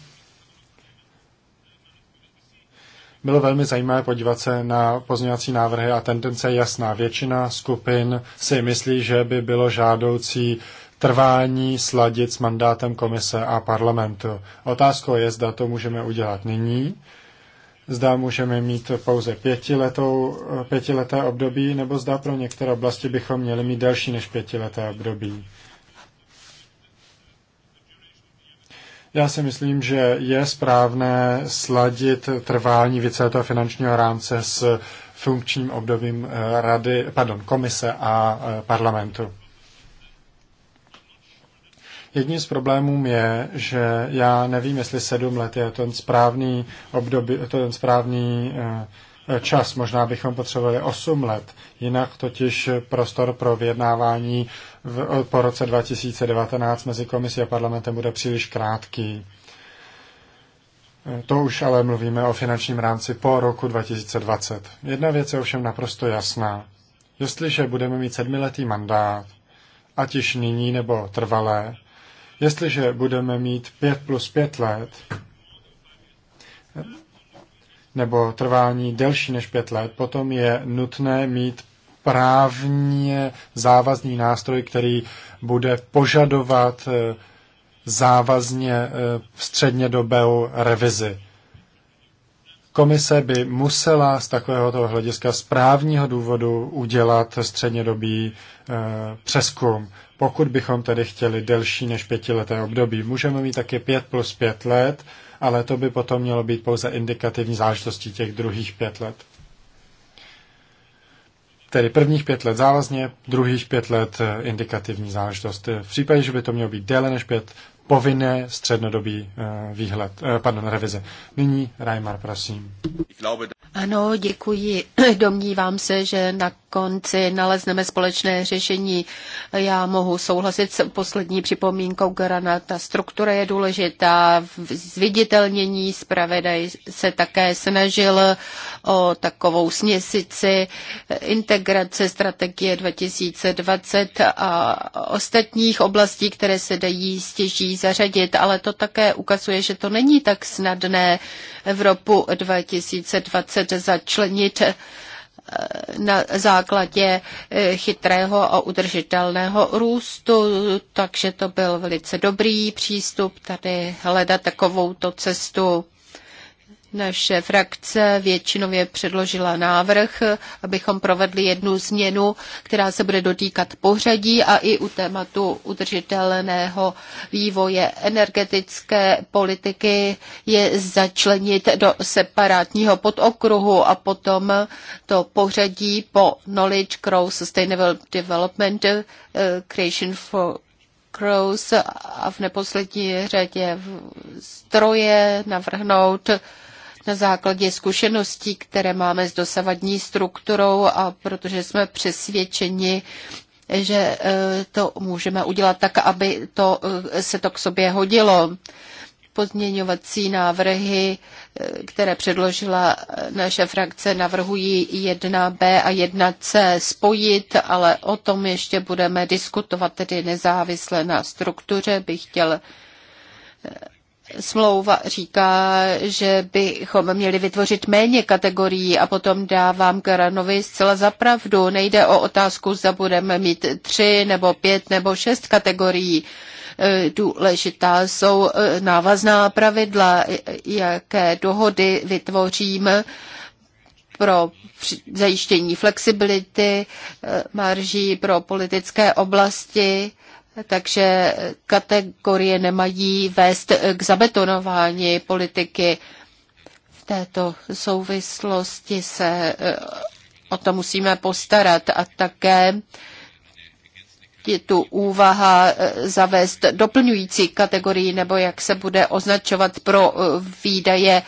[SPEAKER 2] Bylo velmi zajímavé podívat se na pozměňovací návrhy a tendence je jasná. Většina skupin si myslí, že by bylo žádoucí trvání sladit s mandátem komise a parlamentu. Otázkou je, zda to můžeme udělat nyní, zda můžeme mít pouze pětiletou, pětileté období, nebo zda pro některé oblasti bychom měli mít delší než pětileté období. Já si myslím, že je správné sladit trvání víceletého finančního rámce s funkčním obdobím eh, rady, pardon, komise a eh, parlamentu. Jedním z problémů je, že já nevím, jestli sedm let je ten správný období, ten správný eh, čas. Možná bychom potřebovali 8 let. Jinak totiž prostor pro vyjednávání v, po roce 2019 mezi komisí a parlamentem bude příliš krátký. To už ale mluvíme o finančním rámci po roku 2020. Jedna věc je ovšem naprosto jasná. Jestliže budeme mít sedmiletý mandát, ať již nyní nebo trvalé, jestliže budeme mít 5 plus 5 let, nebo trvání delší než pět let, potom je nutné mít právně závazný nástroj, který bude požadovat eh, závazně eh, střednědobou revizi. Komise by musela z takového hlediska z právního důvodu udělat střednědobý eh, přeskum, pokud bychom tedy chtěli delší než pětileté období. Můžeme mít také pět plus pět let, ale to by potom mělo být pouze indikativní záležitostí těch druhých pět let. Tedy prvních pět let závazně, druhých pět let eh, indikativní záležitost. V případě, že by to mělo být déle než pět povinné střednodobý eh, výhled, eh, pardon, revize. Nyní Reimar, prosím.
[SPEAKER 3] Ano, děkuji. [CLEARS THROAT] Domnívám se, že na konci nalezneme společné řešení. Já mohu souhlasit s poslední připomínkou Garana. Ta struktura je důležitá. Zviditelnění zpravedaj se také snažil o takovou směsici integrace strategie 2020 a ostatních oblastí, které se dají stěží zařadit, ale to také ukazuje, že to není tak snadné Evropu 2020 začlenit eh, na základě eh, chytrého a udržitelného růstu, takže to byl velice dobrý přístup tady hledat takovouto cestu. Naše frakce většinově předložila návrh, abychom provedli jednu změnu, která se bude dotýkat pořadí a i u tématu udržitelného vývoje energetické politiky je začlenit do separátního podokruhu a potom to pořadí po Knowledge Crow Sustainable Development eh, Creation for a v neposlední řadě stroje navrhnout na základě zkušeností, které máme s dosavadní strukturou a protože jsme přesvědčeni, že e, to můžeme udělat tak, aby to, e, se to k sobě hodilo. Pozměňovací návrhy, e, které předložila naše frakce, navrhují 1b a 1c spojit, ale o tom ještě budeme diskutovat, tedy nezávisle na struktuře bych chtěl smlouva říká, že bychom měli vytvořit méně kategorií a potom dávám Karanovi zcela zapravdu. Nejde o otázku, zda budeme mít tři nebo pět nebo šest kategorií. E, důležitá jsou e, návazná pravidla, jaké dohody vytvořím pro zajištění flexibility, e, marží pro politické oblasti takže kategorie nemají vést k zabetonování politiky. V této souvislosti se eh, o to musíme postarat a také je tu úvaha eh, zavést doplňující kategorii nebo jak se bude označovat pro eh, výdaje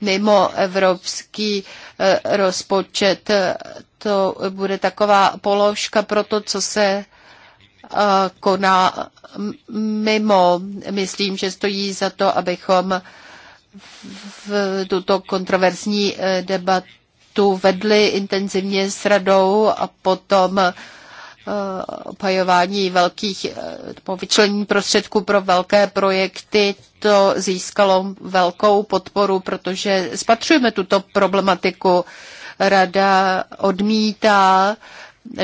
[SPEAKER 3] mimo evropský rozpočet. To bude taková položka pro to, co se Eh, koná mimo. Myslím, že stojí za to, abychom v tuto kontroverzní eh, debatu vedli intenzivně s radou a potom eh, opajování velkých vyčlení prostředků pro velké projekty. To získalo velkou podporu, protože spatřujeme tuto problematiku. Rada odmítá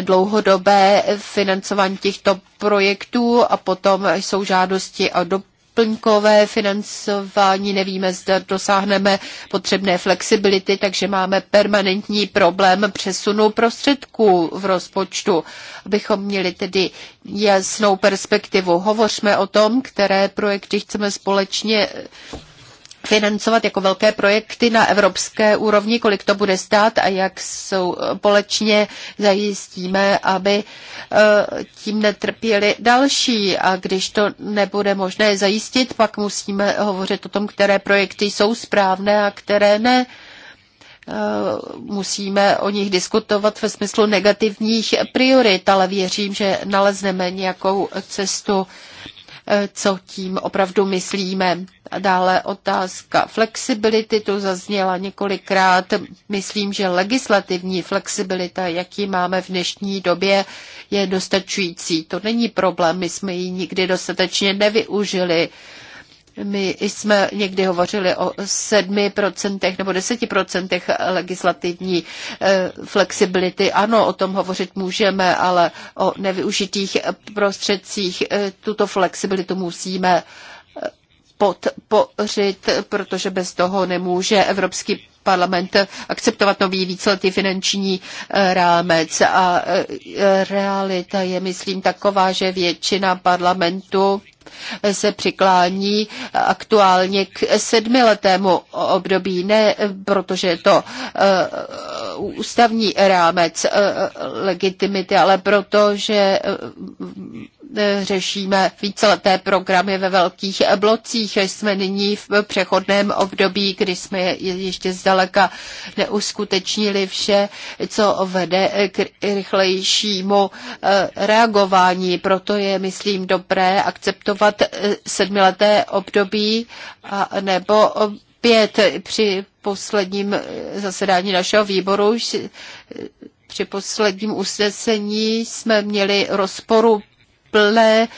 [SPEAKER 3] dlouhodobé financování těchto projektů a potom jsou žádosti o doplňkové financování. Nevíme, zda dosáhneme potřebné flexibility, takže máme permanentní problém přesunu prostředků v rozpočtu, abychom měli tedy jasnou perspektivu. Hovořme o tom, které projekty chceme společně financovat jako velké projekty na evropské úrovni, kolik to bude stát a jak jsou společně zajistíme, aby eh, tím netrpěli další. A když to nebude možné zajistit, pak musíme hovořit o tom, které projekty jsou správné a které ne eh, musíme o nich diskutovat ve smyslu negativních priorit, ale věřím, že nalezneme nějakou cestu. Eh, co tím opravdu myslíme. A dále otázka flexibility, to zazněla několikrát. Myslím, že legislativní flexibilita, jaký máme v dnešní době, je dostačující. To není problém, my jsme ji nikdy dostatečně nevyužili. My jsme někdy hovořili o 7% nebo 10% legislativní eh, flexibility. Ano, o tom hovořit můžeme, ale o nevyužitých prostředcích eh, tuto flexibilitu musíme eh, podpořit, protože bez toho nemůže Evropský parlament akceptovat nový víceletý finanční eh, rámec. A eh, realita je, myslím, taková, že většina parlamentu se přiklání aktuálně k sedmiletému období, ne protože je to eh, ústavní rámec legitimity, ale protože E, řešíme víceleté programy ve velkých blocích. Jsme nyní v přechodném období, kdy jsme ještě zdaleka neuskutečnili vše, co vede k rychlejšímu e, reagování. Proto je, myslím, dobré akceptovat e, sedmileté období a nebo pět při posledním zasedání našeho výboru při posledním usnesení jsme měli rozporu plné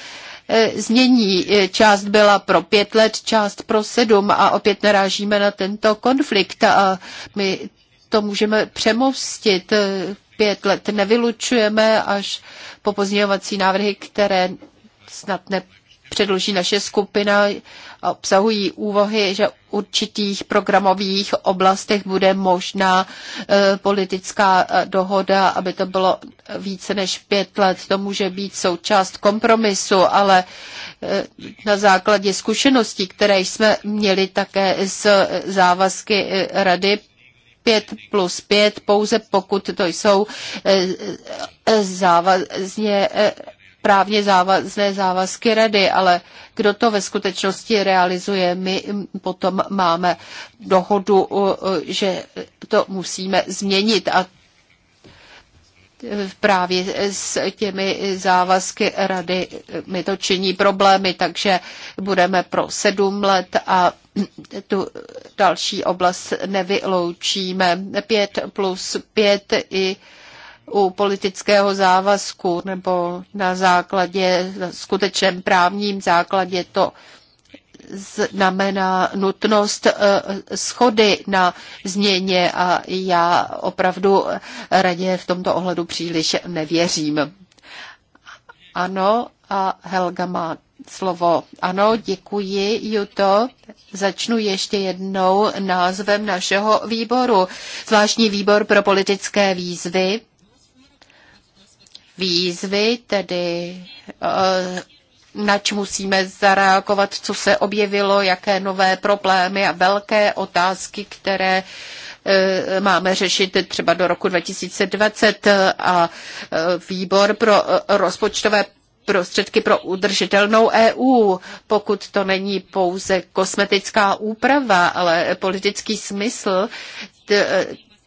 [SPEAKER 3] e, změní. E, část byla pro pět let, část pro sedm a opět narážíme na tento konflikt a my to můžeme přemostit. E, pět let nevylučujeme až po pozměňovací návrhy, které snad ne předloží naše skupina, obsahují úvahy, že v určitých programových oblastech bude možná e, politická e, dohoda, aby to bylo více než pět let. To může být součást kompromisu, ale e, na základě zkušeností, které jsme měli také z závazky Rady 5 plus 5, pouze pokud to jsou závazně právně závazné závazky rady, ale kdo to ve skutečnosti realizuje, my potom máme dohodu, že to musíme změnit a právě s těmi závazky rady mi to činí problémy, takže budeme pro sedm let a tu další oblast nevyloučíme. Pět plus pět i u politického závazku nebo na základě, na skutečném právním základě to znamená nutnost e, schody na změně a já opravdu radě v tomto ohledu příliš nevěřím. Ano, a Helga má slovo. Ano, děkuji, Juto. Začnu ještě jednou názvem našeho výboru. Zvláštní výbor pro politické výzvy výzvy, tedy eh, nač musíme zareagovat, co se objevilo, jaké nové problémy a velké otázky, které eh, máme řešit třeba do roku 2020 a eh, výbor pro rozpočtové prostředky pro udržitelnou EU, pokud to není pouze kosmetická úprava, ale politický smysl,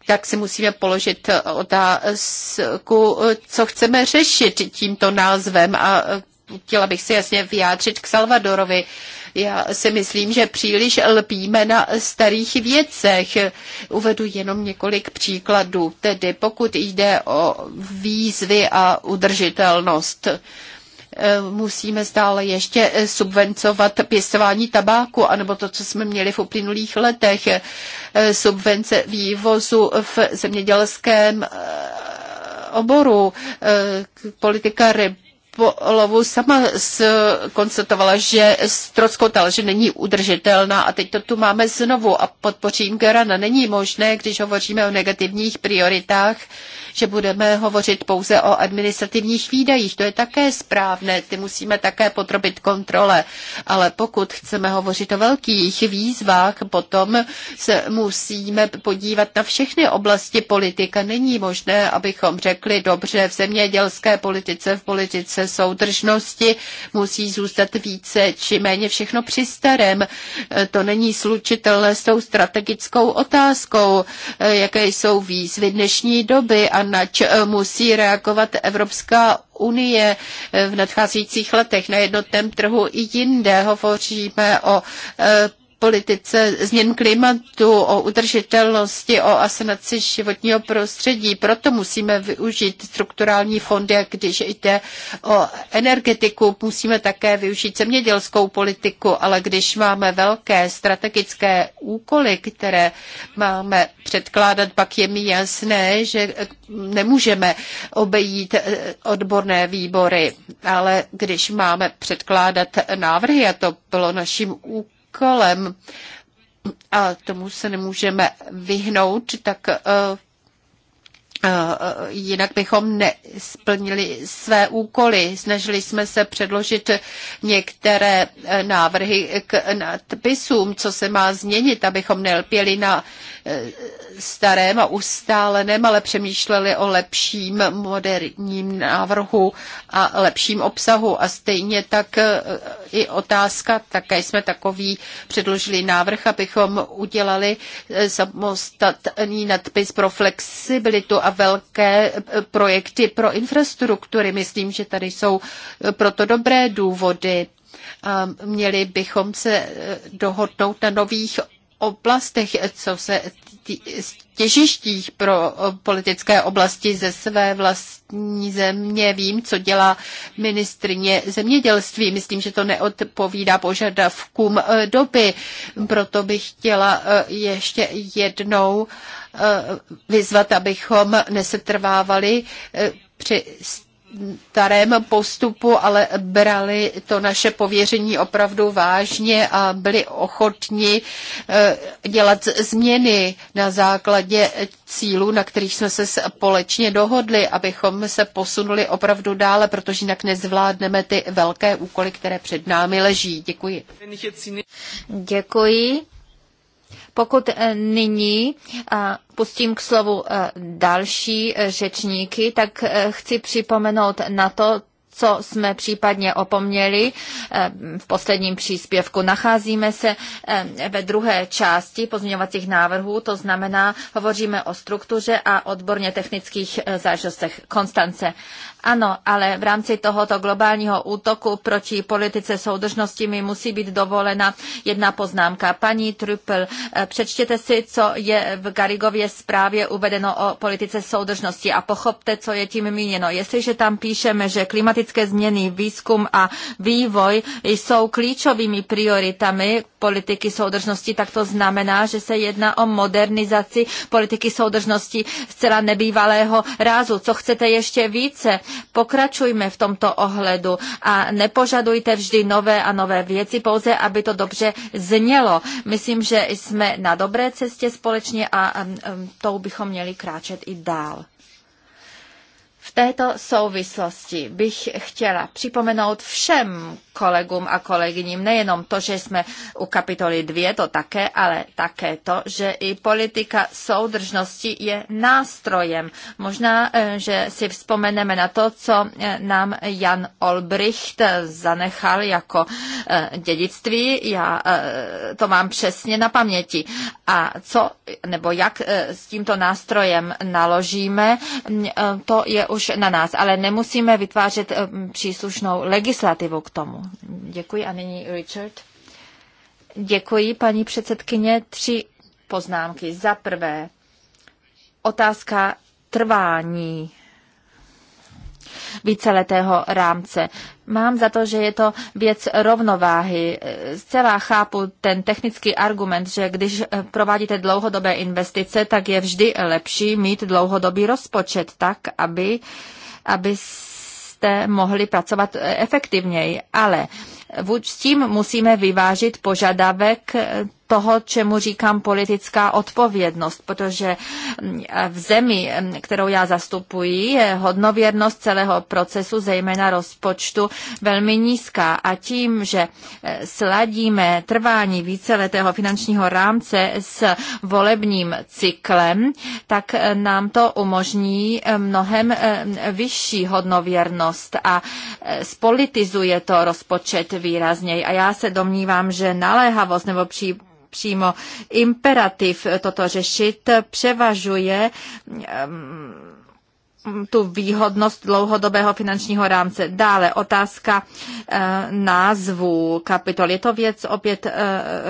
[SPEAKER 3] tak si musíme položit otázku, co chceme řešit tímto názvem a chtěla bych se jasně vyjádřit k Salvadorovi. Já si myslím, že příliš lpíme na starých věcech. Uvedu jenom několik příkladů. Tedy pokud jde o výzvy a udržitelnost, Eh, musíme stále ještě eh, subvencovat pěstování tabáku, anebo to, co jsme měli v uplynulých letech, eh, subvence vývozu v zemědělském oboru, politika ryb polovu sama konstatovala, že stroskotal, že není udržitelná a teď to tu máme znovu a podpořím Gerana. Není možné, když hovoříme o negativních prioritách, že budeme hovořit pouze o administrativních výdajích. To je také správné, ty musíme také potrobit kontrole, ale pokud chceme hovořit o velkých výzvách, potom se musíme podívat na všechny oblasti politika. Není možné, abychom řekli dobře v zemědělské politice, v politice soudržnosti musí zůstat více či méně všechno při starém. To není slučitelné s tou strategickou otázkou, jaké jsou výzvy dnešní doby a nač musí reagovat Evropská unie v nadcházejících letech na jednotném trhu i jinde. Hovoříme o eh, politice změn klimatu, o udržitelnosti, o asanaci životního prostředí. Proto musíme využít strukturální fondy, a když jde o energetiku, musíme také využít zemědělskou politiku, ale když máme velké strategické úkoly, které máme předkládat, pak je mi jasné, že nemůžeme obejít odborné výbory, ale když máme předkládat návrhy, a to bylo naším úkolem, kolem a tomu se nemůžeme vyhnout, tak eh, eh, jinak bychom nesplnili své úkoly. Snažili jsme se předložit některé eh, návrhy k nadpisům, co se má změnit, abychom nelpěli na starém a ustáleném, ale přemýšleli o lepším moderním návrhu a lepším obsahu. A stejně tak e, i otázka, také jsme takový předložili návrh, abychom udělali e, samostatný nadpis pro flexibilitu a velké e, projekty pro infrastruktury. Myslím, že tady jsou proto dobré důvody. A měli bychom se dohodnout na nových oblastech, co se těžištích pro politické oblasti ze své vlastní země. Vím, co dělá ministrně zemědělství. Myslím, že to neodpovídá požadavkům eh, doby. Proto bych chtěla eh, ještě jednou eh, vyzvat, abychom nesetrvávali při starém postupu, ale brali to naše pověření opravdu vážně a byli ochotni eh, dělat změny na základě cílů, na kterých jsme se společně dohodli, abychom se posunuli opravdu dále, protože jinak nezvládneme ty velké úkoly, které před námi leží. Děkuji. Děkuji. Pokud eh, nyní pustím k slovu eh,
[SPEAKER 1] další eh, řečníky, tak chci připomenout na to, co jsme případně opomněli v posledním příspěvku. Nacházíme se ve druhé části pozměňovacích návrhů, to znamená, hovoříme o struktuře a odborně technických zážitostech Konstance, ano, ale v rámci tohoto globálního útoku proti politice soudržnosti mi musí být dovolena jedna poznámka. Paní Trupel, eh, přečtěte si, co je v Garigově zprávě uvedeno o politice soudržnosti a pochopte, co je tím míněno. Jestliže tam píšeme, že klimatické změny, výzkum a vývoj jsou klíčovými prioritami, politiky soudržnosti, tak to znamená, že se jedná o modernizaci politiky soudržnosti zcela nebývalého rázu. Co chcete ještě více? Pokračujme v tomto ohledu a nepožadujte vždy nové a nové věci, pouze aby to dobře znělo. Myslím, že jsme na dobré cestě společně a um, tou bychom měli kráčet i dál. V této souvislosti bych chtěla připomenout všem, kolegům a kolegyním. Nejenom to, že jsme u kapitoly 2, to také, ale také to, že i politika soudržnosti je nástrojem. Možná, eh, že si vzpomeneme na to, co eh, nám Jan Olbricht eh, zanechal jako dědictví. Já to mám přesně na paměti. A co, nebo jak s tímto nástrojem naložíme, mm, to je už na nás. Ale nemusíme vytvářet příslušnou legislativu k tomu. Děkuji a nyní Richard. Děkuji, paní předsedkyně. Tři poznámky. Za prvé, otázka trvání víceletého rámce. Mám za to, že je to věc rovnováhy. Zcela chápu ten technický argument, že když provádíte dlouhodobé investice, tak je vždy lepší mít dlouhodobý rozpočet tak, aby aby abyste mohli pracovat eh, efektivněji. Ale s tím musíme vyvážit požadavek eh, toho, čemu říkám politická odpovědnost, protože mm, v zemi, mm, kterou já zastupuji, je hodnověrnost celého procesu, zejména rozpočtu, velmi nízká a tím, že eh, sladíme trvání víceletého finančního rámce s volebním cyklem, tak eh, nám to umožní eh, mnohem vyšší hodnověrnost a spolitizuje to rozpočet výrazněji. A já se domnívám, že naléhavost nebo při přímo imperativ toto řešit, převažuje tu výhodnost dlouhodobého finančního rámce. Dále otázka e, názvu kapitol. Je to věc opět e,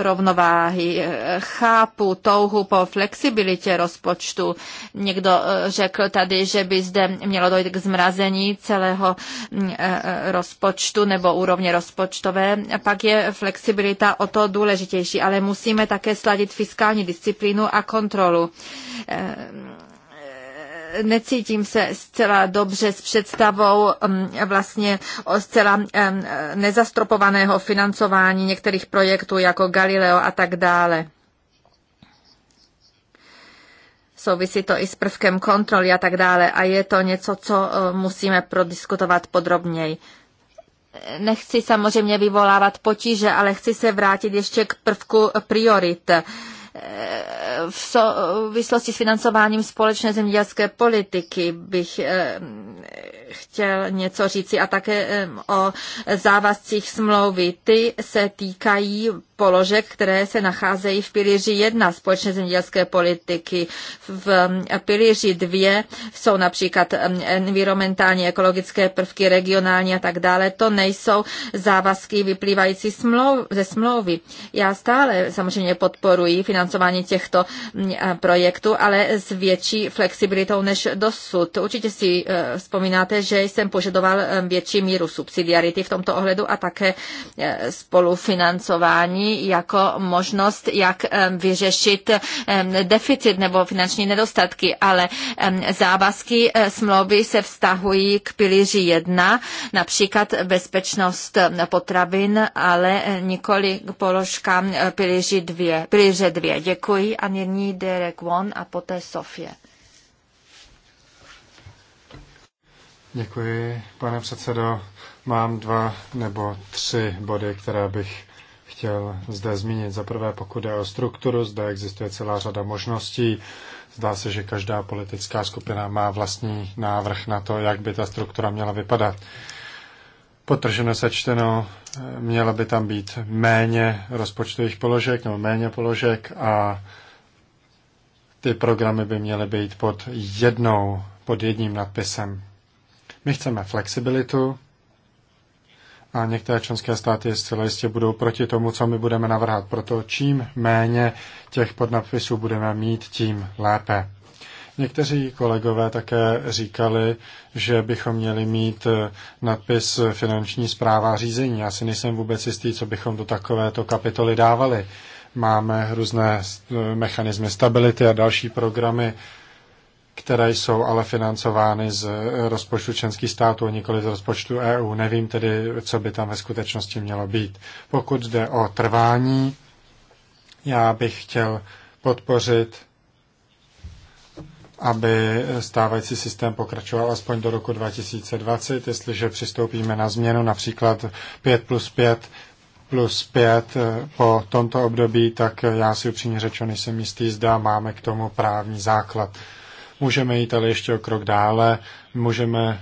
[SPEAKER 1] rovnováhy. Chápu touhu po flexibilitě rozpočtu. Někdo e, řekl tady, že by zde mělo dojít k zmrazení celého e, rozpočtu nebo úrovně rozpočtové. Pak je flexibilita o to důležitější, ale musíme také sladit fiskální disciplínu a kontrolu. E, necítím se zcela dobře s představou mm, vlastně o zcela mm, nezastropovaného financování některých projektů jako Galileo a tak dále. Souvisí to i s prvkem kontroly a tak dále a je to něco, co e, musíme prodiskutovat podrobněji nechci samozřejmě vyvolávat potíže, ale chci se vrátit ještě k prvku priorit v souvislosti s financováním společné zemědělské politiky bych eh, chtěl něco říci a také eh, o závazcích smlouvy. Ty se týkají položek, které se nacházejí v pilíři 1 společné zemědělské politiky. V um, pilíři 2 jsou například um, environmentální, ekologické prvky, regionální a tak dále. To nejsou závazky vyplývající smlou, ze smlouvy. Já stále samozřejmě podporuji financování těchto um, projektů, ale s větší flexibilitou než dosud. Určitě si uh, vzpomínáte, že jsem požadoval větší míru subsidiarity v tomto ohledu a také uh, spolufinancování opatření jako možnost, jak eh, vyřešit eh, deficit nebo finanční nedostatky, ale eh, závazky smlouvy se vztahují k pilíři 1, například bezpečnost potravin, ale nikoli k položkám pilíři 2. Pilíře 2. Děkuji a nyní Derek Won a poté Sofie.
[SPEAKER 2] Děkuji, pane předsedo. Mám dva nebo tři body, které bych chtěl zde zmínit. Za prvé, pokud je o strukturu, zde existuje celá řada možností. Zdá se, že každá politická skupina má vlastní návrh na to, jak by ta struktura měla vypadat. Potrženo sečteno, měla by tam být méně rozpočtových položek nebo méně položek a ty programy by měly být pod jednou, pod jedním nadpisem. My chceme flexibilitu, a některé členské státy zcela jistě budou proti tomu, co my budeme navrhat. Proto čím méně těch podnapisů budeme mít, tím lépe. Někteří kolegové také říkali, že bychom měli mít eh, nadpis finanční zpráva řízení. Já si nejsem vůbec jistý, co bychom do takovéto kapitoly dávali. Máme různé eh, mechanismy stability a další programy, které jsou ale financovány z rozpočtu členských států, nikoli z rozpočtu EU. Nevím tedy, co by tam ve skutečnosti mělo být. Pokud jde o trvání, já bych chtěl podpořit, aby stávající systém pokračoval aspoň do roku 2020, jestliže přistoupíme na změnu například 5 plus 5 plus 5 eh, po tomto období, tak eh, já si upřímně řečeno nejsem jistý, zda máme k tomu právní základ. Můžeme jít ale ještě o krok dále, můžeme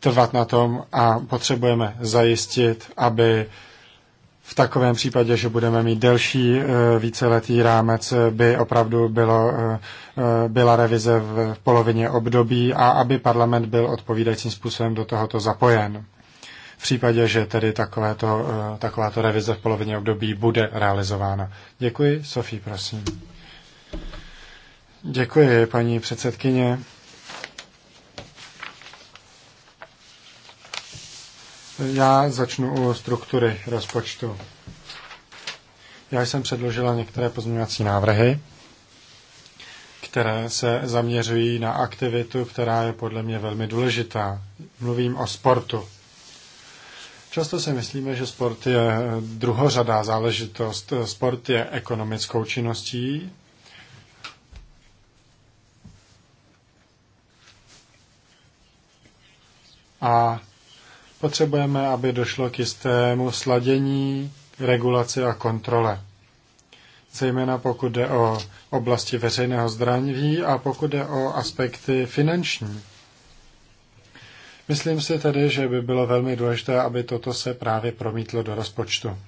[SPEAKER 2] trvat na tom a potřebujeme zajistit, aby v takovém případě, že budeme mít delší eh, víceletý rámec, by opravdu bylo, eh, eh, byla revize v polovině období a aby parlament byl odpovídajícím způsobem do tohoto zapojen. V případě, že tedy takovéto, takováto revize v polovině období bude realizována. Děkuji. Sofí, prosím. Děkuji, paní předsedkyně. Já začnu u struktury rozpočtu. Já jsem předložila některé pozměňovací návrhy, které se zaměřují na aktivitu, která je podle mě velmi důležitá. Mluvím o sportu. Často si myslíme, že sport je druhořadá záležitost. Sport je ekonomickou činností, a potřebujeme, aby došlo k jistému sladění, regulaci a kontrole. Zejména pokud jde o oblasti veřejného zdraví a pokud jde o aspekty finanční. Myslím si tedy, že by bylo velmi důležité, aby toto se právě promítlo do rozpočtu.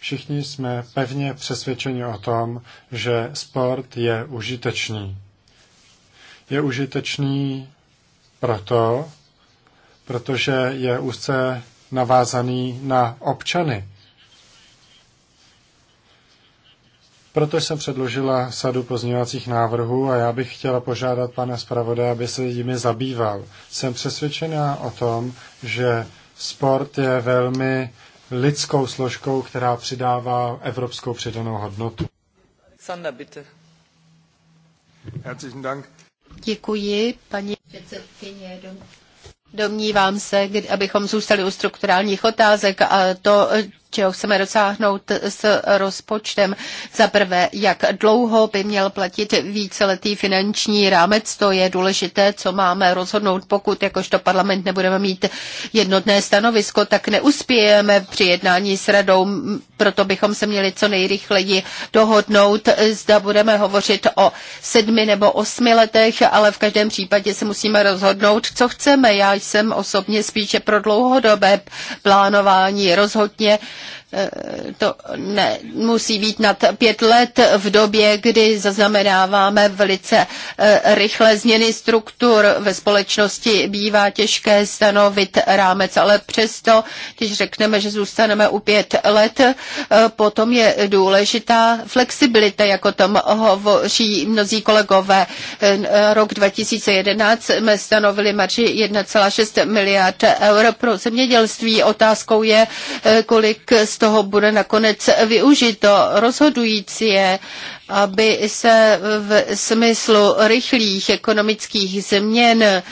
[SPEAKER 2] Všichni jsme pevně přesvědčeni o tom, že sport je užitečný je užitečný proto, protože je úzce navázaný na občany. Proto jsem předložila sadu pozměňovacích návrhů a já bych chtěla požádat pana zpravoda, aby se jimi zabýval. Jsem přesvědčená o tom, že sport je velmi lidskou složkou, která přidává evropskou přidanou hodnotu. Alexander, bitte. Herzlichen Dank.
[SPEAKER 3] Děkuji, paní předsedkyně. Domnívám se, abychom zůstali u strukturálních otázek a to, čeho chceme dosáhnout s rozpočtem. Za prvé, jak dlouho by měl platit víceletý finanční rámec, to je důležité, co máme rozhodnout. Pokud jakožto parlament nebudeme mít jednotné stanovisko, tak neuspějeme při jednání s radou, proto bychom se měli co nejrychleji dohodnout, zda budeme hovořit o sedmi nebo osmi letech, ale v každém případě se musíme rozhodnout, co chceme. Já jsem osobně spíše pro dlouhodobé plánování rozhodně Eh, to ne, musí být nad pět let v době, kdy zaznamenáváme velice eh, rychlé změny struktur ve společnosti. Bývá těžké stanovit rámec, ale přesto, když řekneme, že zůstaneme u pět let, eh, potom je důležitá flexibilita, jako tom hovoří mnozí kolegové. Rok 2011 jsme stanovili marži 1,6 miliard eur pro zemědělství. Otázkou je, kolik toho bude nakonec využito. Rozhodující je, aby se v smyslu rychlých ekonomických změn,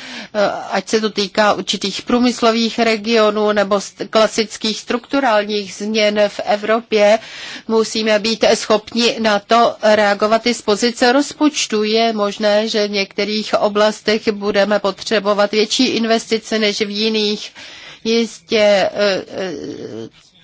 [SPEAKER 3] ať se to týká určitých průmyslových regionů nebo klasických strukturálních změn v Evropě, musíme být schopni na to reagovat i z pozice rozpočtu. Je možné, že v některých oblastech budeme potřebovat větší investice než v jiných. Jistě eh, eh,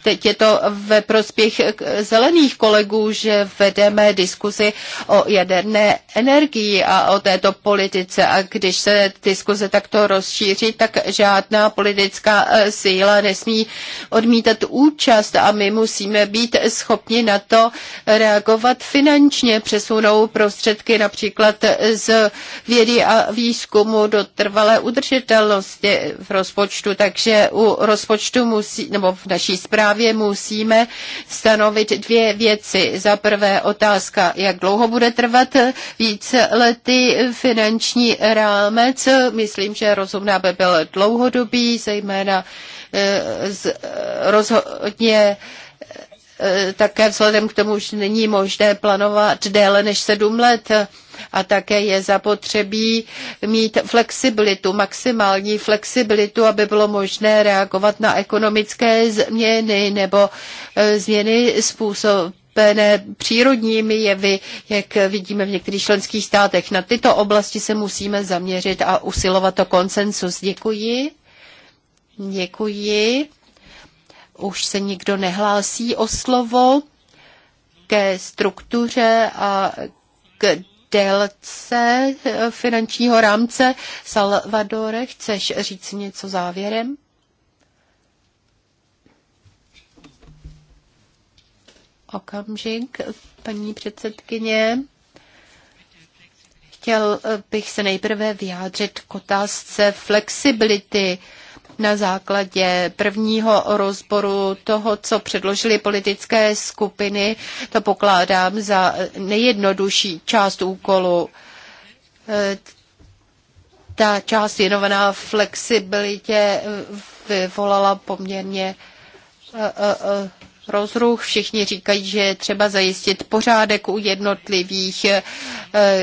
[SPEAKER 3] Teď je to ve prospěch zelených kolegů, že vedeme diskuzi o jaderné energii a o této politice a když se diskuze takto rozšíří, tak žádná politická e, síla nesmí odmítat účast a my musíme být schopni na to reagovat finančně, přesunou prostředky například z vědy a výzkumu do trvalé udržitelnosti v rozpočtu, takže u rozpočtu musí, nebo v naší zprávě zprávě musíme stanovit dvě věci. Za prvé otázka, jak dlouho bude trvat více lety finanční rámec. Myslím, že rozumná by byl dlouhodobý, zejména eh, eh, rozhodně E, také vzhledem k tomu, že není možné plánovat déle než sedm let a také je zapotřebí mít flexibilitu, maximální flexibilitu, aby bylo možné reagovat na ekonomické změny nebo e, změny způsob přírodními jevy, jak vidíme v některých členských státech. Na tyto oblasti se musíme zaměřit a usilovat o konsensus. Děkuji. Děkuji už se nikdo nehlásí o slovo ke struktuře a k délce eh, finančního rámce. Salvadore, chceš říct něco závěrem? Okamžik, paní předsedkyně. Chtěl bych se nejprve vyjádřit k otázce flexibility. Uh, na základě prvního rozboru toho, co předložily politické skupiny, to pokládám za nejjednodušší část úkolu. E, ta část věnovaná flexibilitě vyvolala poměrně e, e, rozruch. Všichni říkají, že je třeba zajistit pořádek u jednotlivých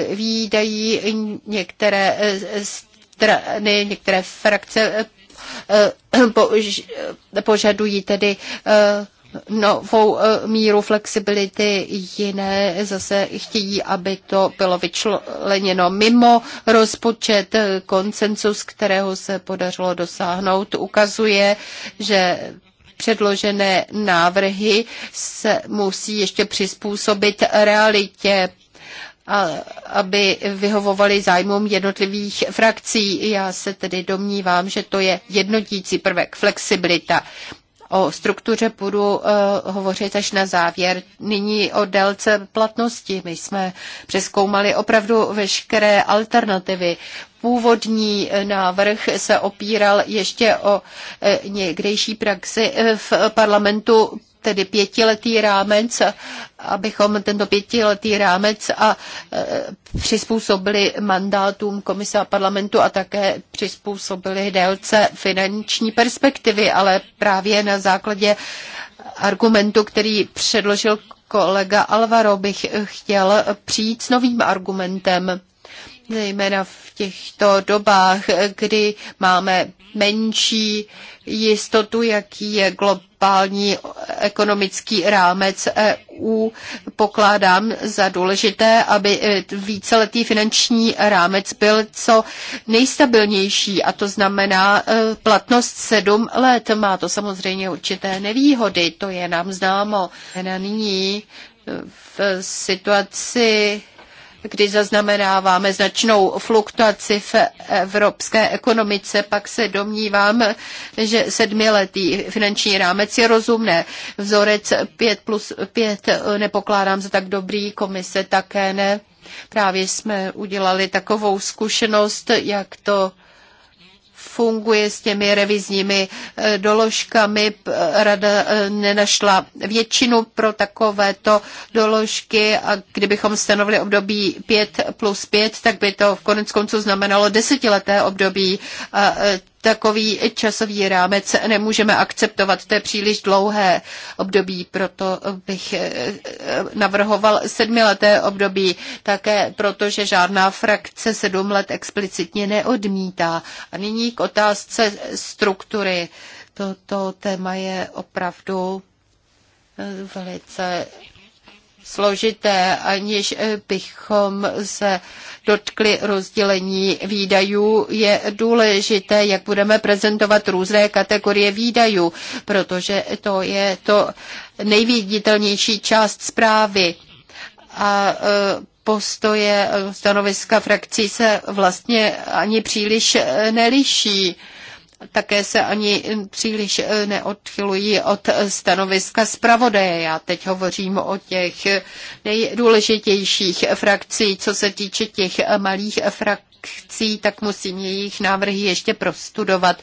[SPEAKER 3] výdají. Některé strany, některé frakce Eh, [CLEARS THROAT] eh, požadují tedy eh, novou míru flexibility, jiné zase chtějí, aby to bylo vyčleněno mimo rozpočet. Konsensus, kterého se podařilo dosáhnout, ukazuje, že předložené návrhy se musí ještě přizpůsobit realitě aby vyhovovali zájmům jednotlivých frakcí. Já se tedy domnívám, že to je jednotící prvek, flexibilita. O struktuře budu uh, hovořit až na závěr. Nyní o délce platnosti. My jsme přeskoumali opravdu veškeré alternativy. Původní eh, návrh se opíral ještě o uh, někdejší praxi v parlamentu tedy pětiletý rámec, abychom tento pětiletý rámec a e, přizpůsobili mandátům komise a parlamentu a také přizpůsobili délce finanční perspektivy, ale právě na základě argumentu, který předložil kolega Alvaro, bych chtěl přijít s novým argumentem zejména v těchto dobách, kdy máme menší jistotu, jaký je globální ekonomický rámec EU. Pokládám za důležité, aby eh, víceletý finanční rámec byl co nejstabilnější a to znamená eh, platnost sedm let. Má to samozřejmě určité nevýhody, to je nám známo. Na nyní eh, v situaci kdy zaznamenáváme značnou fluktuaci v evropské ekonomice, pak se domnívám, že sedmiletý finanční rámec je rozumné. Vzorec 5 plus 5 eh, nepokládám za tak dobrý, komise také ne. Právě jsme udělali takovou zkušenost, jak to funguje s těmi revizními eh, doložkami. Eh, rada eh, nenašla většinu pro takovéto doložky a kdybychom stanovili období 5 plus 5, tak by to v konec konců znamenalo desetileté období takový časový rámec nemůžeme akceptovat. To je příliš dlouhé období, proto bych eh, navrhoval sedmileté období, také protože žádná frakce sedm let explicitně neodmítá. A nyní k otázce struktury. Toto téma je opravdu eh, velice složité, aniž bychom se dotkli rozdělení výdajů. Je důležité, jak budeme prezentovat různé kategorie výdajů, protože to je to nejviditelnější část zprávy. A e, postoje stanoviska frakcí se vlastně ani příliš e, neliší také se ani příliš eh, neodchylují od stanoviska zpravodaje. Já teď hovořím o těch nejdůležitějších frakcí, co se týče těch malých frakcí tak musím jejich návrhy ještě prostudovat.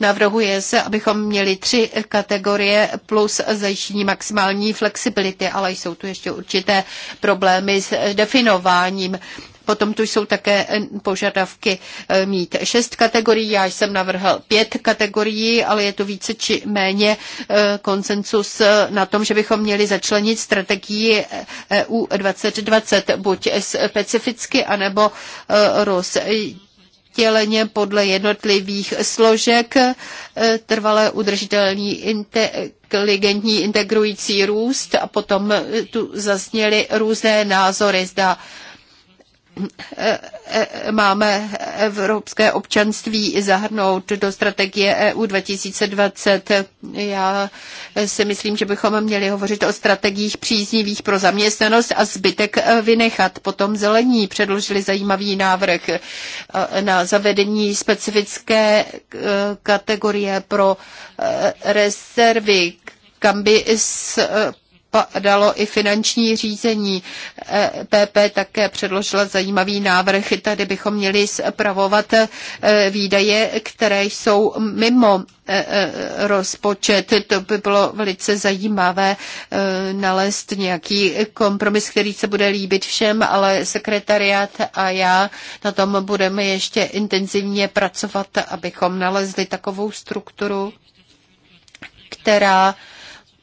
[SPEAKER 3] Navrhuje se, abychom měli tři kategorie plus zajištění maximální flexibility, ale jsou tu ještě určité problémy s definováním. Potom tu jsou také eh, požadavky eh, mít šest kategorií, já jsem navrhl pět kategorií, ale je tu více či méně eh, koncensus na tom, že bychom měli začlenit strategii EU e 2020, buď specificky, anebo roz těleně podle jednotlivých složek trvalé udržitelný inteligentní integrující růst a potom tu zazněly různé názory, zda máme evropské občanství zahrnout do strategie EU 2020. Já si myslím, že bychom měli hovořit o strategiích příznivých pro zaměstnanost a zbytek vynechat. Potom zelení předložili zajímavý návrh na zavedení specifické eh, kategorie pro eh, rezervy, kam by eh, dalo i finanční řízení. PP e také předložila zajímavý návrh. Tady bychom měli zpravovat e, výdaje, které jsou mimo e, rozpočet. To by bylo velice zajímavé nalézt nějaký kompromis, který se bude líbit všem, ale sekretariát a já na tom budeme ještě intenzivně pracovat, abychom nalezli takovou strukturu, která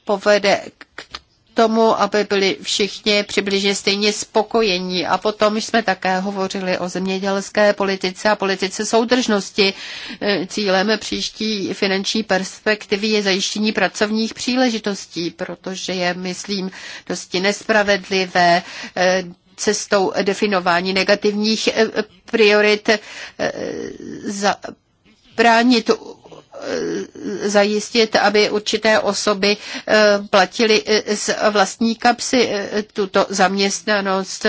[SPEAKER 3] povede k tomu, aby byli všichni přibližně stejně spokojení. A potom jsme také hovořili o zemědělské politice a politice soudržnosti. E, cílem příští finanční perspektivy je zajištění pracovních příležitostí, protože je, myslím, dosti nespravedlivé e, cestou definování negativních e, priorit bránit Eh, zajistit, aby určité osoby eh, platily eh, z vlastní kapsy tuto zaměstnanost.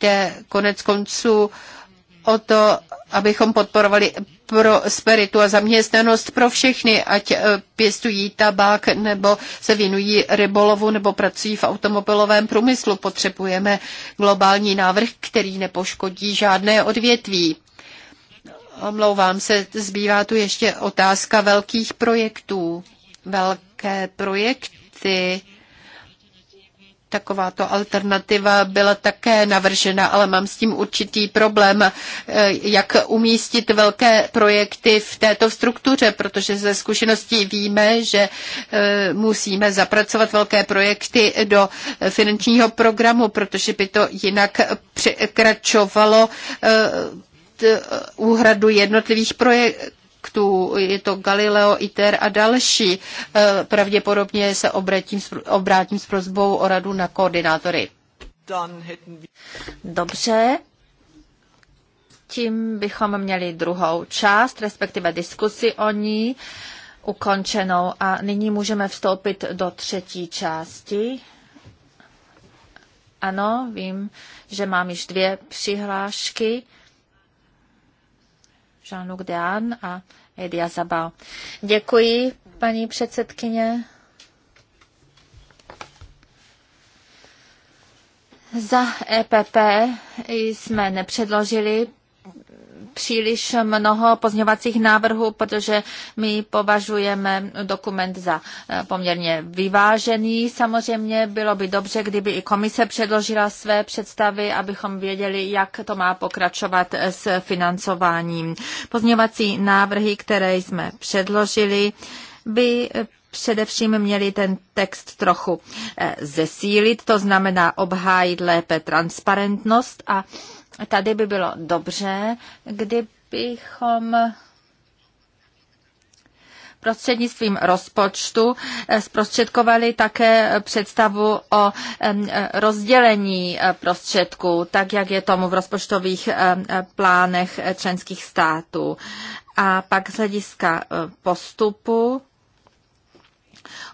[SPEAKER 3] Jde konec konců o to, abychom podporovali prosperitu a zaměstnanost pro všechny, ať pěstují tabák nebo se věnují rybolovu nebo pracují v automobilovém průmyslu. Potřebujeme globální návrh, který nepoškodí žádné odvětví. Omlouvám se, zbývá tu ještě otázka velkých projektů. Velké projekty. Takováto alternativa byla také navržena, ale mám s tím určitý problém, eh, jak umístit velké projekty v této struktuře, protože ze zkušeností víme, že eh, musíme zapracovat velké projekty do finančního programu, protože by to jinak překračovalo eh, Eh, úhradu jednotlivých projektů. Je to Galileo, ITER a další. Eh, pravděpodobně se obrátím, obrátím s prozbou o radu na koordinátory. Dobře,
[SPEAKER 1] tím bychom měli druhou část, respektive diskusi o ní ukončenou a nyní můžeme vstoupit do třetí části. Ano, vím, že mám již dvě přihlášky. Jean-Luc Dean a Edia Zabal. Děkuji, paní předsedkyně. Za EPP jsme nepředložili příliš mnoho pozměňovacích návrhů, protože my považujeme dokument za eh, poměrně vyvážený. Samozřejmě bylo by dobře, kdyby i komise předložila své představy, abychom věděli, jak to má pokračovat s financováním. Pozměňovací návrhy, které jsme předložili, by především měli ten text trochu eh, zesílit, to znamená obhájit lépe transparentnost a Tady by bylo dobře, kdybychom prostřednictvím rozpočtu eh, zprostředkovali také představu o eh, rozdělení eh, prostředků, tak jak je tomu v rozpočtových plánech členských států. A pak z hlediska postupu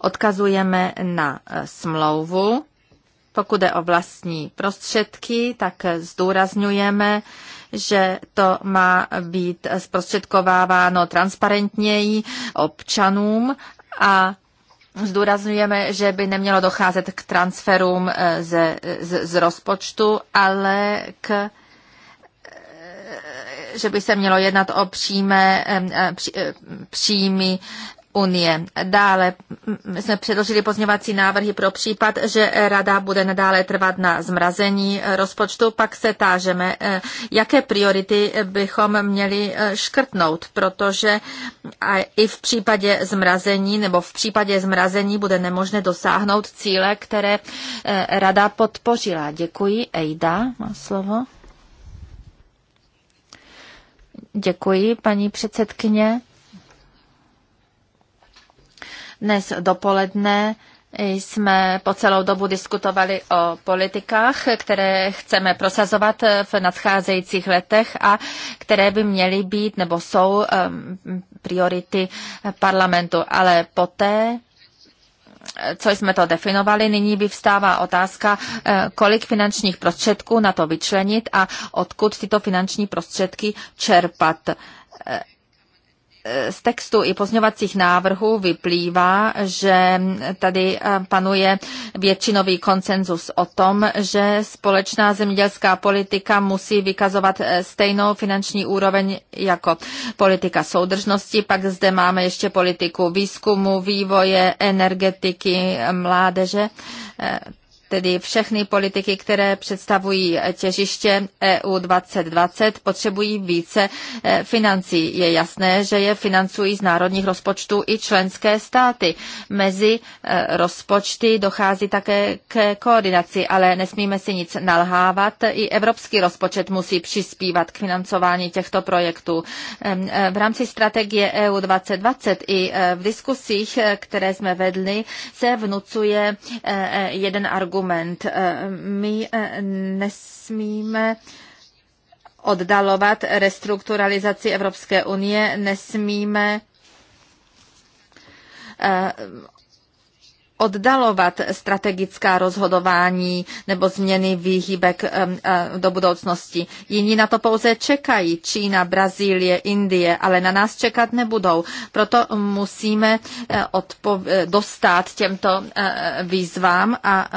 [SPEAKER 1] odkazujeme na smlouvu pokud je o vlastní prostředky, tak zdůrazňujeme, že to má být zprostředkováváno transparentněji občanům a Zdůrazňujeme, že by nemělo docházet k transferům eh, ze, z, z rozpočtu, ale k eh, že by se mělo jednat o přímé, eh, příjmy unie. Dále mm, jsme předložili pozměňovací návrhy pro případ, že rada bude nadále trvat na zmrazení eh, rozpočtu. Pak se tážeme, eh, jaké priority bychom měli eh, škrtnout, protože i v případě zmrazení nebo v případě zmrazení bude nemožné dosáhnout cíle, které rada podpořila. Děkuji. Ejda má slovo. Děkuji, paní předsedkyně. Dnes dopoledne jsme po celou dobu diskutovali o politikách, které chceme prosazovat v nadcházejících letech a které by měly být nebo jsou um, priority parlamentu. Ale poté co jsme to definovali, nyní by vstává otázka, uh, kolik finančních prostředků na to vyčlenit a odkud tyto finanční prostředky čerpat. Uh, z textu i pozňovacích návrhů vyplývá, že tady eh, panuje většinový konsenzus o tom, že společná zemědělská politika musí vykazovat eh, stejnou finanční úroveň jako politika soudržnosti. Pak zde máme ještě politiku výzkumu, vývoje, energetiky, mládeže eh, tedy všechny politiky, které představují těžiště EU 2020, potřebují více e, financí. Je jasné, že je financují z národních rozpočtů i členské státy. Mezi e, rozpočty dochází také k koordinaci, ale nesmíme si nic nalhávat. I evropský rozpočet musí přispívat k financování těchto projektů. E, v rámci strategie EU 2020 i v diskusích, které jsme vedli, se vnucuje jeden argument argument. Eh, my eh, nesmíme oddalovat restrukturalizaci Evropské unie, nesmíme eh, oddalovat strategická rozhodování nebo změny výhybek do budoucnosti. Jiní na to pouze čekají. Čína, Brazílie, Indie, ale na nás čekat nebudou. Proto musíme dostat těmto výzvám a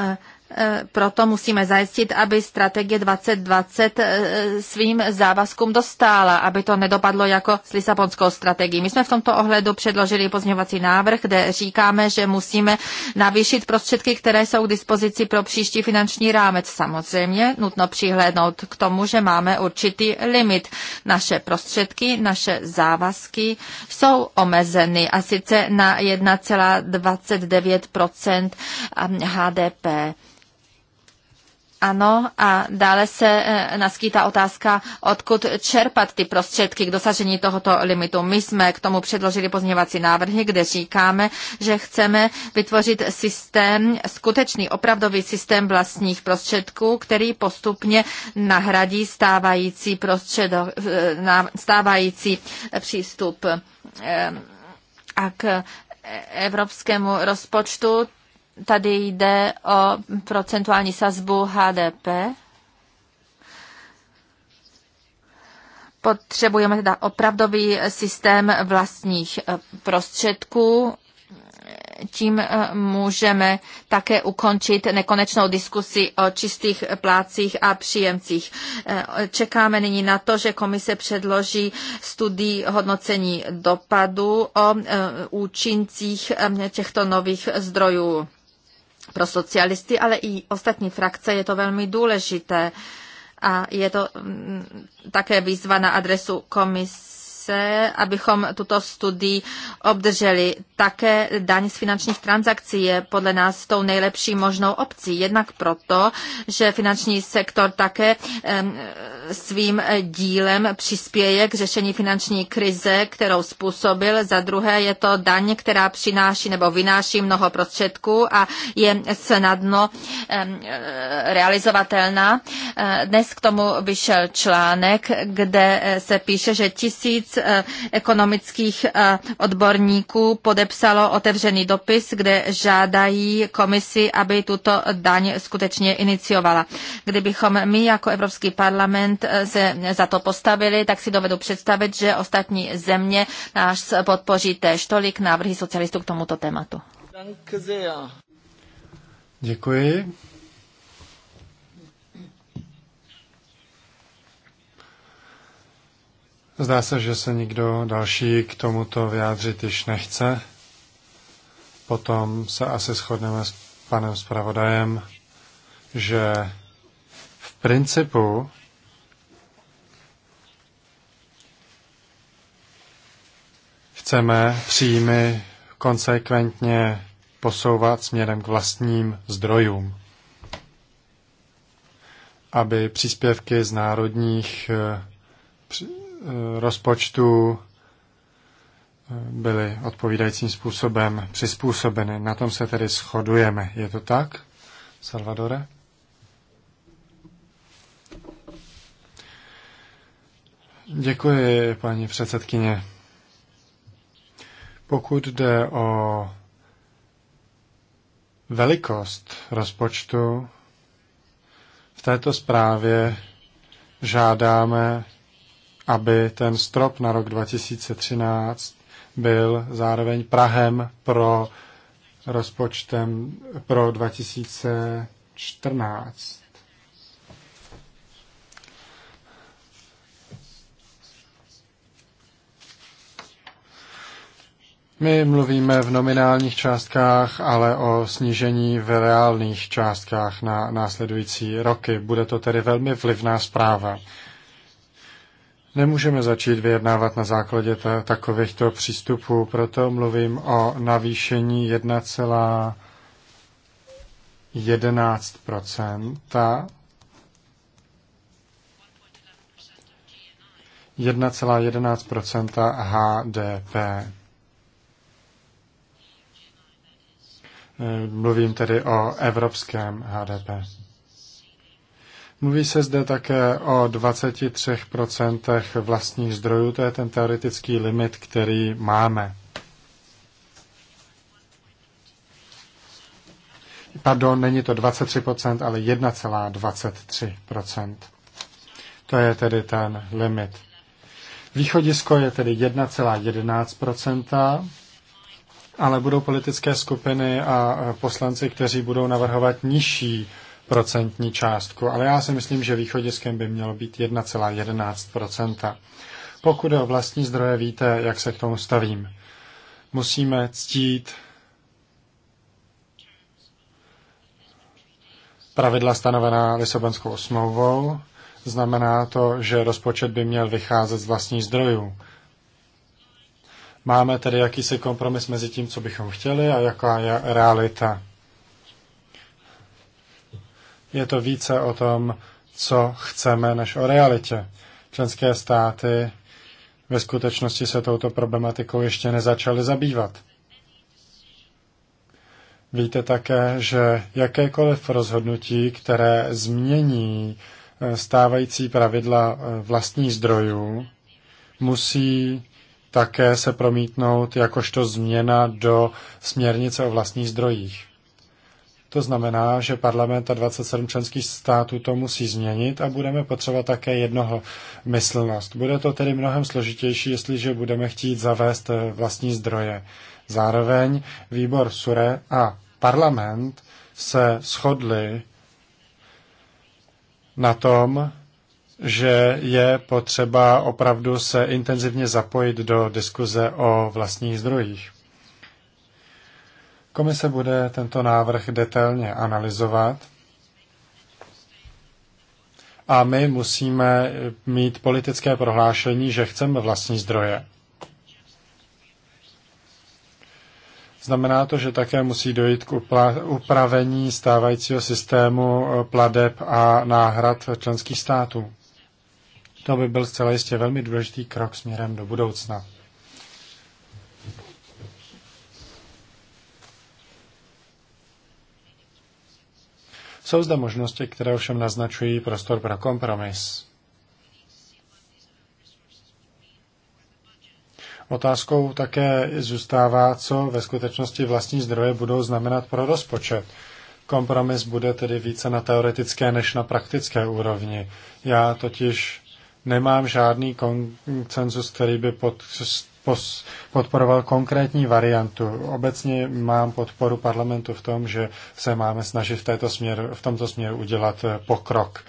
[SPEAKER 1] Eh, proto musíme zajistit, aby strategie 2020 eh, svým závazkům dostala, aby to nedopadlo jako s Lisabonskou strategií. My jsme v tomto ohledu předložili pozměňovací návrh, kde říkáme, že musíme navýšit prostředky, které jsou k dispozici pro příští finanční rámec. Samozřejmě nutno přihlédnout k tomu, že máme určitý limit. Naše prostředky, naše závazky jsou omezeny a sice na 1,29 eh, HDP ano, a dále se e, naskýtá otázka, odkud čerpat ty prostředky k dosažení tohoto limitu. My jsme k tomu předložili pozměňovací návrhy, kde říkáme, že chceme vytvořit systém, skutečný opravdový systém vlastních prostředků, který postupně nahradí stávající, prostřed, e, stávající přístup e, a k evropskému rozpočtu tady jde o procentuální sazbu HDP. Potřebujeme teda opravdový systém vlastních eh, prostředků. Tím eh, můžeme také ukončit nekonečnou diskusi o čistých plácích a příjemcích. Eh, čekáme nyní na to, že komise předloží studii hodnocení dopadu o účincích těchto nových zdrojů pro socialisty, ale i ostatní frakce je to velmi důležité. A je to mm, také výzva na adresu komise se, abychom tuto studii obdrželi. Také daň z finančních transakcí je podle nás tou nejlepší možnou opcí. Jednak proto, že finanční sektor také svým dílem přispěje k řešení finanční krize, kterou způsobil. Za druhé je to daň, která přináší nebo vynáší mnoho prostředků a je snadno realizovatelná. Dnes k tomu vyšel článek, kde se píše, že tisíc Eh, ekonomických eh, odborníků podepsalo otevřený dopis, kde žádají komisi, aby tuto daň skutečně iniciovala. Kdybychom my jako Evropský parlament eh, se za to postavili, tak si dovedu představit, že ostatní země nás podpoří též tolik návrhy socialistů k tomuto tématu. Děkuji.
[SPEAKER 2] Zdá se, že se nikdo další k tomuto vyjádřit již nechce. Potom se asi shodneme s panem zpravodajem, že v principu chceme příjmy konsekventně posouvat směrem k vlastním zdrojům, aby příspěvky z národních eh, Eh, rozpočtu eh, byly odpovídajícím způsobem přizpůsobeny. Na tom se tedy shodujeme. Je to tak, Salvadore? Děkuji, paní předsedkyně. Pokud jde o velikost rozpočtu, v této zprávě žádáme aby ten strop na rok 2013 byl zároveň Prahem pro rozpočtem pro 2014. My mluvíme v nominálních částkách, ale o snížení v reálných částkách na následující roky. Bude to tedy velmi vlivná zpráva. Nemůžeme začít vyjednávat na základě ta, takovýchto přístupů, proto mluvím o navýšení 1,11 1,11 HDP. Mluvím tedy o evropském HDP. Mluví se zde také o 23% vlastních zdrojů, to je ten teoretický limit, který máme. Pardon, není to 23%, ale 1,23%. To je tedy ten limit. Východisko je tedy 1,11%, ale budou politické skupiny a poslanci, kteří budou navrhovat nižší procentní částku, ale já si myslím, že východiskem by mělo být 1,11 Pokud o vlastní zdroje, víte, jak se k tomu stavím. Musíme ctít pravidla stanovená Lisabonskou smlouvou. Znamená to, že rozpočet by měl vycházet z vlastních zdrojů. Máme tedy jakýsi kompromis mezi tím, co bychom chtěli a jaká je realita je to více o tom, co chceme, než o realitě. Členské státy ve skutečnosti se touto problematikou ještě nezačaly zabývat. Víte také, že jakékoliv rozhodnutí, které změní eh, stávající pravidla eh, vlastních zdrojů, musí také se promítnout jakožto změna do směrnice o vlastních zdrojích. To znamená, že parlament a 27 členských států to musí změnit a budeme potřebovat také jednoho myslnost. Bude to tedy mnohem složitější, jestliže budeme chtít zavést eh, vlastní zdroje. Zároveň výbor SURE a parlament se shodli na tom, že je potřeba opravdu se intenzivně zapojit do diskuze o vlastních zdrojích. Komise bude tento návrh detailně analyzovat a my musíme mít politické prohlášení, že chceme vlastní zdroje. Znamená to, že také musí dojít k upravení stávajícího systému eh, pladeb a náhrad členských států. To by byl zcela jistě velmi důležitý krok směrem do budoucna. Jsou zde možnosti, které ovšem naznačují prostor pro kompromis. Otázkou také zůstává, co ve skutečnosti vlastní zdroje budou znamenat pro rozpočet. Kompromis bude tedy více na teoretické než na praktické úrovni. Já totiž nemám žádný koncenzus, který by pod, pos- podporoval konkrétní variantu. Obecně mám podporu parlamentu v tom, že se máme snažit v, této směru, v tomto směru udělat eh, pokrok.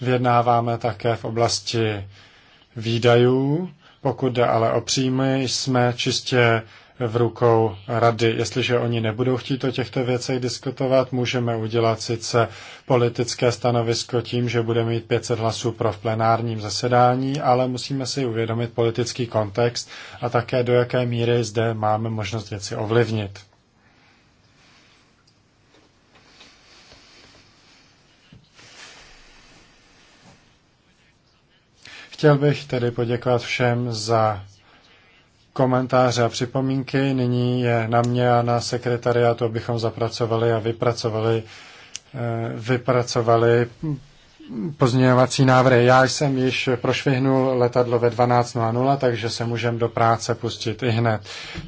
[SPEAKER 2] Vyjednáváme také v oblasti výdajů, pokud jde ale o příjmy, jsme čistě v rukou rady. Jestliže oni nebudou chtít o těchto věcech diskutovat, můžeme udělat sice politické stanovisko tím, že budeme mít 500 hlasů pro v plenárním zasedání, ale musíme si uvědomit politický kontext a také do jaké míry zde máme možnost věci ovlivnit. Chtěl bych tedy poděkovat všem za komentáře a připomínky. Nyní je na mě a na sekretariátu, abychom zapracovali a vypracovali, eh, vypracovali pozměňovací návrhy. Já jsem již prošvihnul letadlo ve 12.00, takže se můžeme do práce pustit i hned.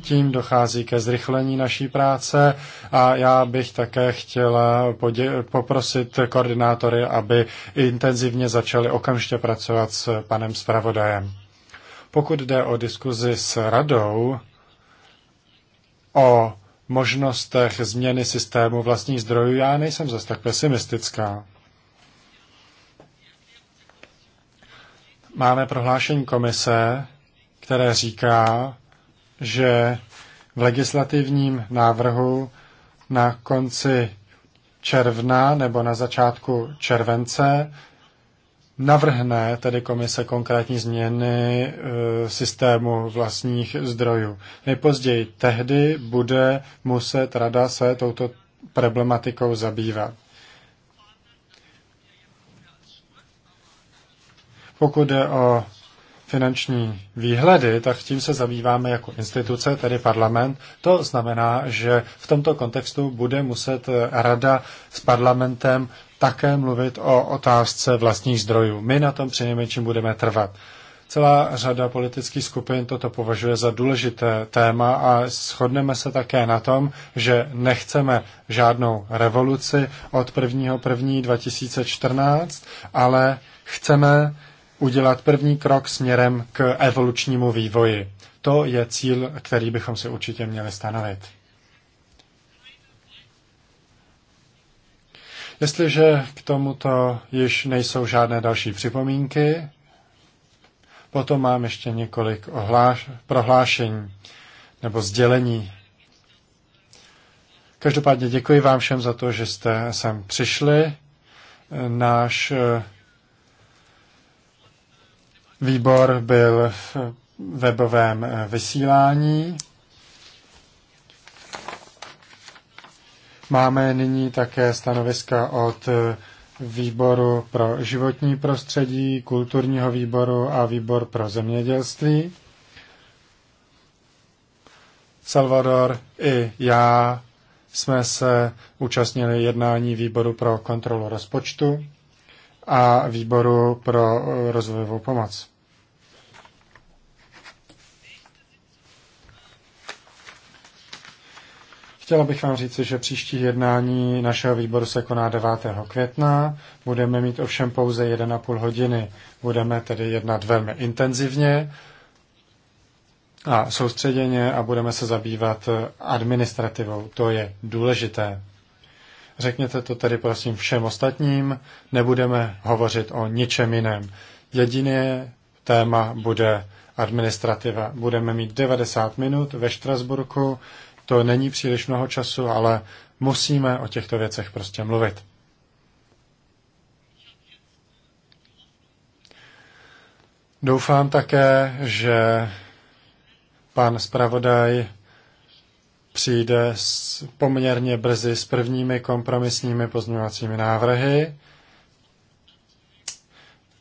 [SPEAKER 2] Tím dochází ke zrychlení naší práce a já bych také chtěla poprosit koordinátory, aby intenzivně začali okamžitě pracovat s panem zpravodajem. Pokud jde o diskuzi s radou o možnostech změny systému vlastních zdrojů, já nejsem zase tak pesimistická. Máme prohlášení komise, které říká, že v legislativním návrhu na konci června nebo na začátku července navrhne tedy komise konkrétní změny e, systému vlastních zdrojů. Nejpozději tehdy bude muset rada se touto problematikou zabývat. Pokud je o finanční výhledy, tak tím se zabýváme jako instituce, tedy parlament. To znamená, že v tomto kontextu bude muset rada s parlamentem také mluvit o otázce vlastních zdrojů. My na tom přinejmenším budeme trvat. Celá řada politických skupin toto považuje za důležité téma a shodneme se také na tom, že nechceme žádnou revoluci od 1.1.2014, ale chceme udělat první krok směrem k evolučnímu vývoji. To je cíl, který bychom si určitě měli stanovit. Jestliže k tomuto již nejsou žádné další připomínky, potom mám ještě několik ohláš- prohlášení nebo sdělení. Každopádně děkuji vám všem za to, že jste sem přišli. Náš eh, výbor byl v webovém eh, vysílání Máme nyní také stanoviska od eh, výboru pro životní prostředí, kulturního výboru a výbor pro zemědělství. Salvador i já jsme se účastnili jednání výboru pro kontrolu rozpočtu a výboru pro eh, rozvojovou pomoc. Chtěla bych vám říci, že příští jednání našeho výboru se koná 9. května. Budeme mít ovšem pouze 1,5 hodiny. Budeme tedy jednat velmi intenzivně a soustředěně a budeme se zabývat administrativou. To je důležité. Řekněte to tedy prosím všem ostatním, nebudeme hovořit o ničem jiném. Jediné téma bude administrativa. Budeme mít 90 minut ve Štrasburku to není příliš mnoho času, ale musíme o těchto věcech prostě mluvit. Doufám také, že pan zpravodaj přijde s, poměrně brzy s prvními kompromisními pozměňovacími návrhy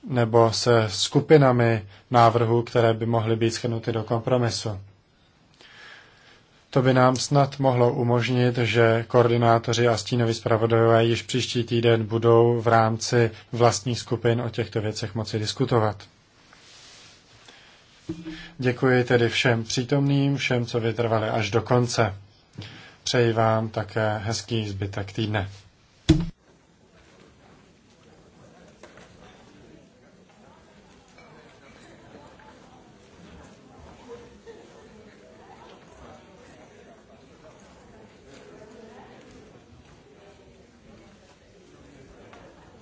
[SPEAKER 2] nebo se skupinami návrhů, které by mohly být schrnuty do kompromisu. To by nám snad mohlo umožnit, že koordinátoři a stínoví zpravodajové již příští týden budou v rámci vlastních skupin o těchto věcech moci diskutovat. Děkuji tedy všem přítomným, všem, co vytrvali až do konce. Přeji vám také hezký zbytek týdne.